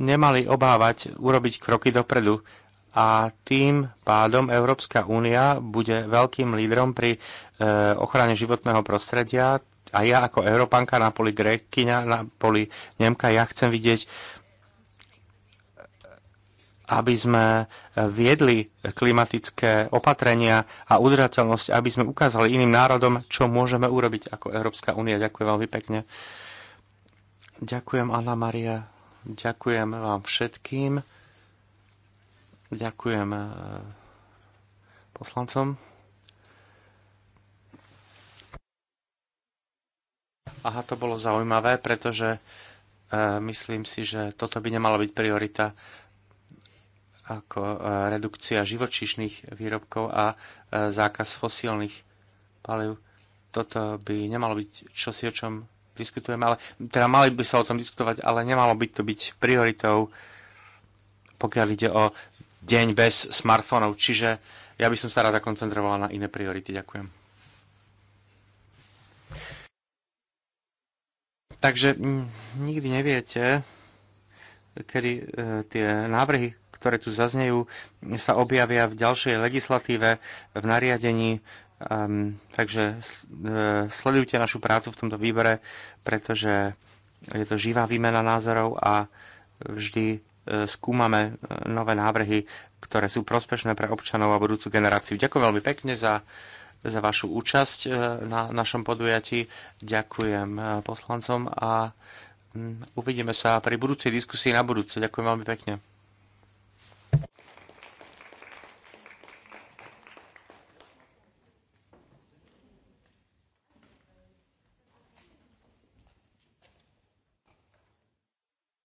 nemali obávať urobiť kroky dopredu a tým pádom Európska únia bude veľkým lídrom pri e, ochrane životného prostredia a ja ako Európanka na poli Grékyňa, na poli Nemka, ja chcem vidieť, aby sme viedli klimatické opatrenia a udržateľnosť, aby sme ukázali iným národom, čo môžeme urobiť ako Európska únia. Ďakujem veľmi pekne. Ďakujem, Anna Maria. Ďakujem vám všetkým. Ďakujem eh, poslancom. Aha, to bolo zaujímavé, pretože eh, myslím si, že toto by nemala byť priorita ako eh, redukcia živočíšnych výrobkov a zákaz fosílnych palív. Toto by nemalo byť čosi, o čom diskutujeme, ale teda mali by sa o tom diskutovať, ale nemalo by to byť prioritou, pokiaľ ide o deň bez smartfónov, čiže ja by som sa rada koncentrovala na iné priority. Ďakujem. Takže nikdy neviete, kedy e, tie návrhy, ktoré tu zaznejú, sa objavia v ďalšej legislatíve, v nariadení. Ehm, takže e, sledujte našu prácu v tomto výbere, pretože je to živá výmena názorov a vždy skúmame e, nové návrhy, ktoré sú prospešné pre občanov a budúcu generáciu. Ďakujem veľmi pekne za, za vašu účasť e, na našom podujatí. Ďakujem e, poslancom a mm, uvidíme sa pri budúcej diskusii na budúce. Ďakujem veľmi pekne.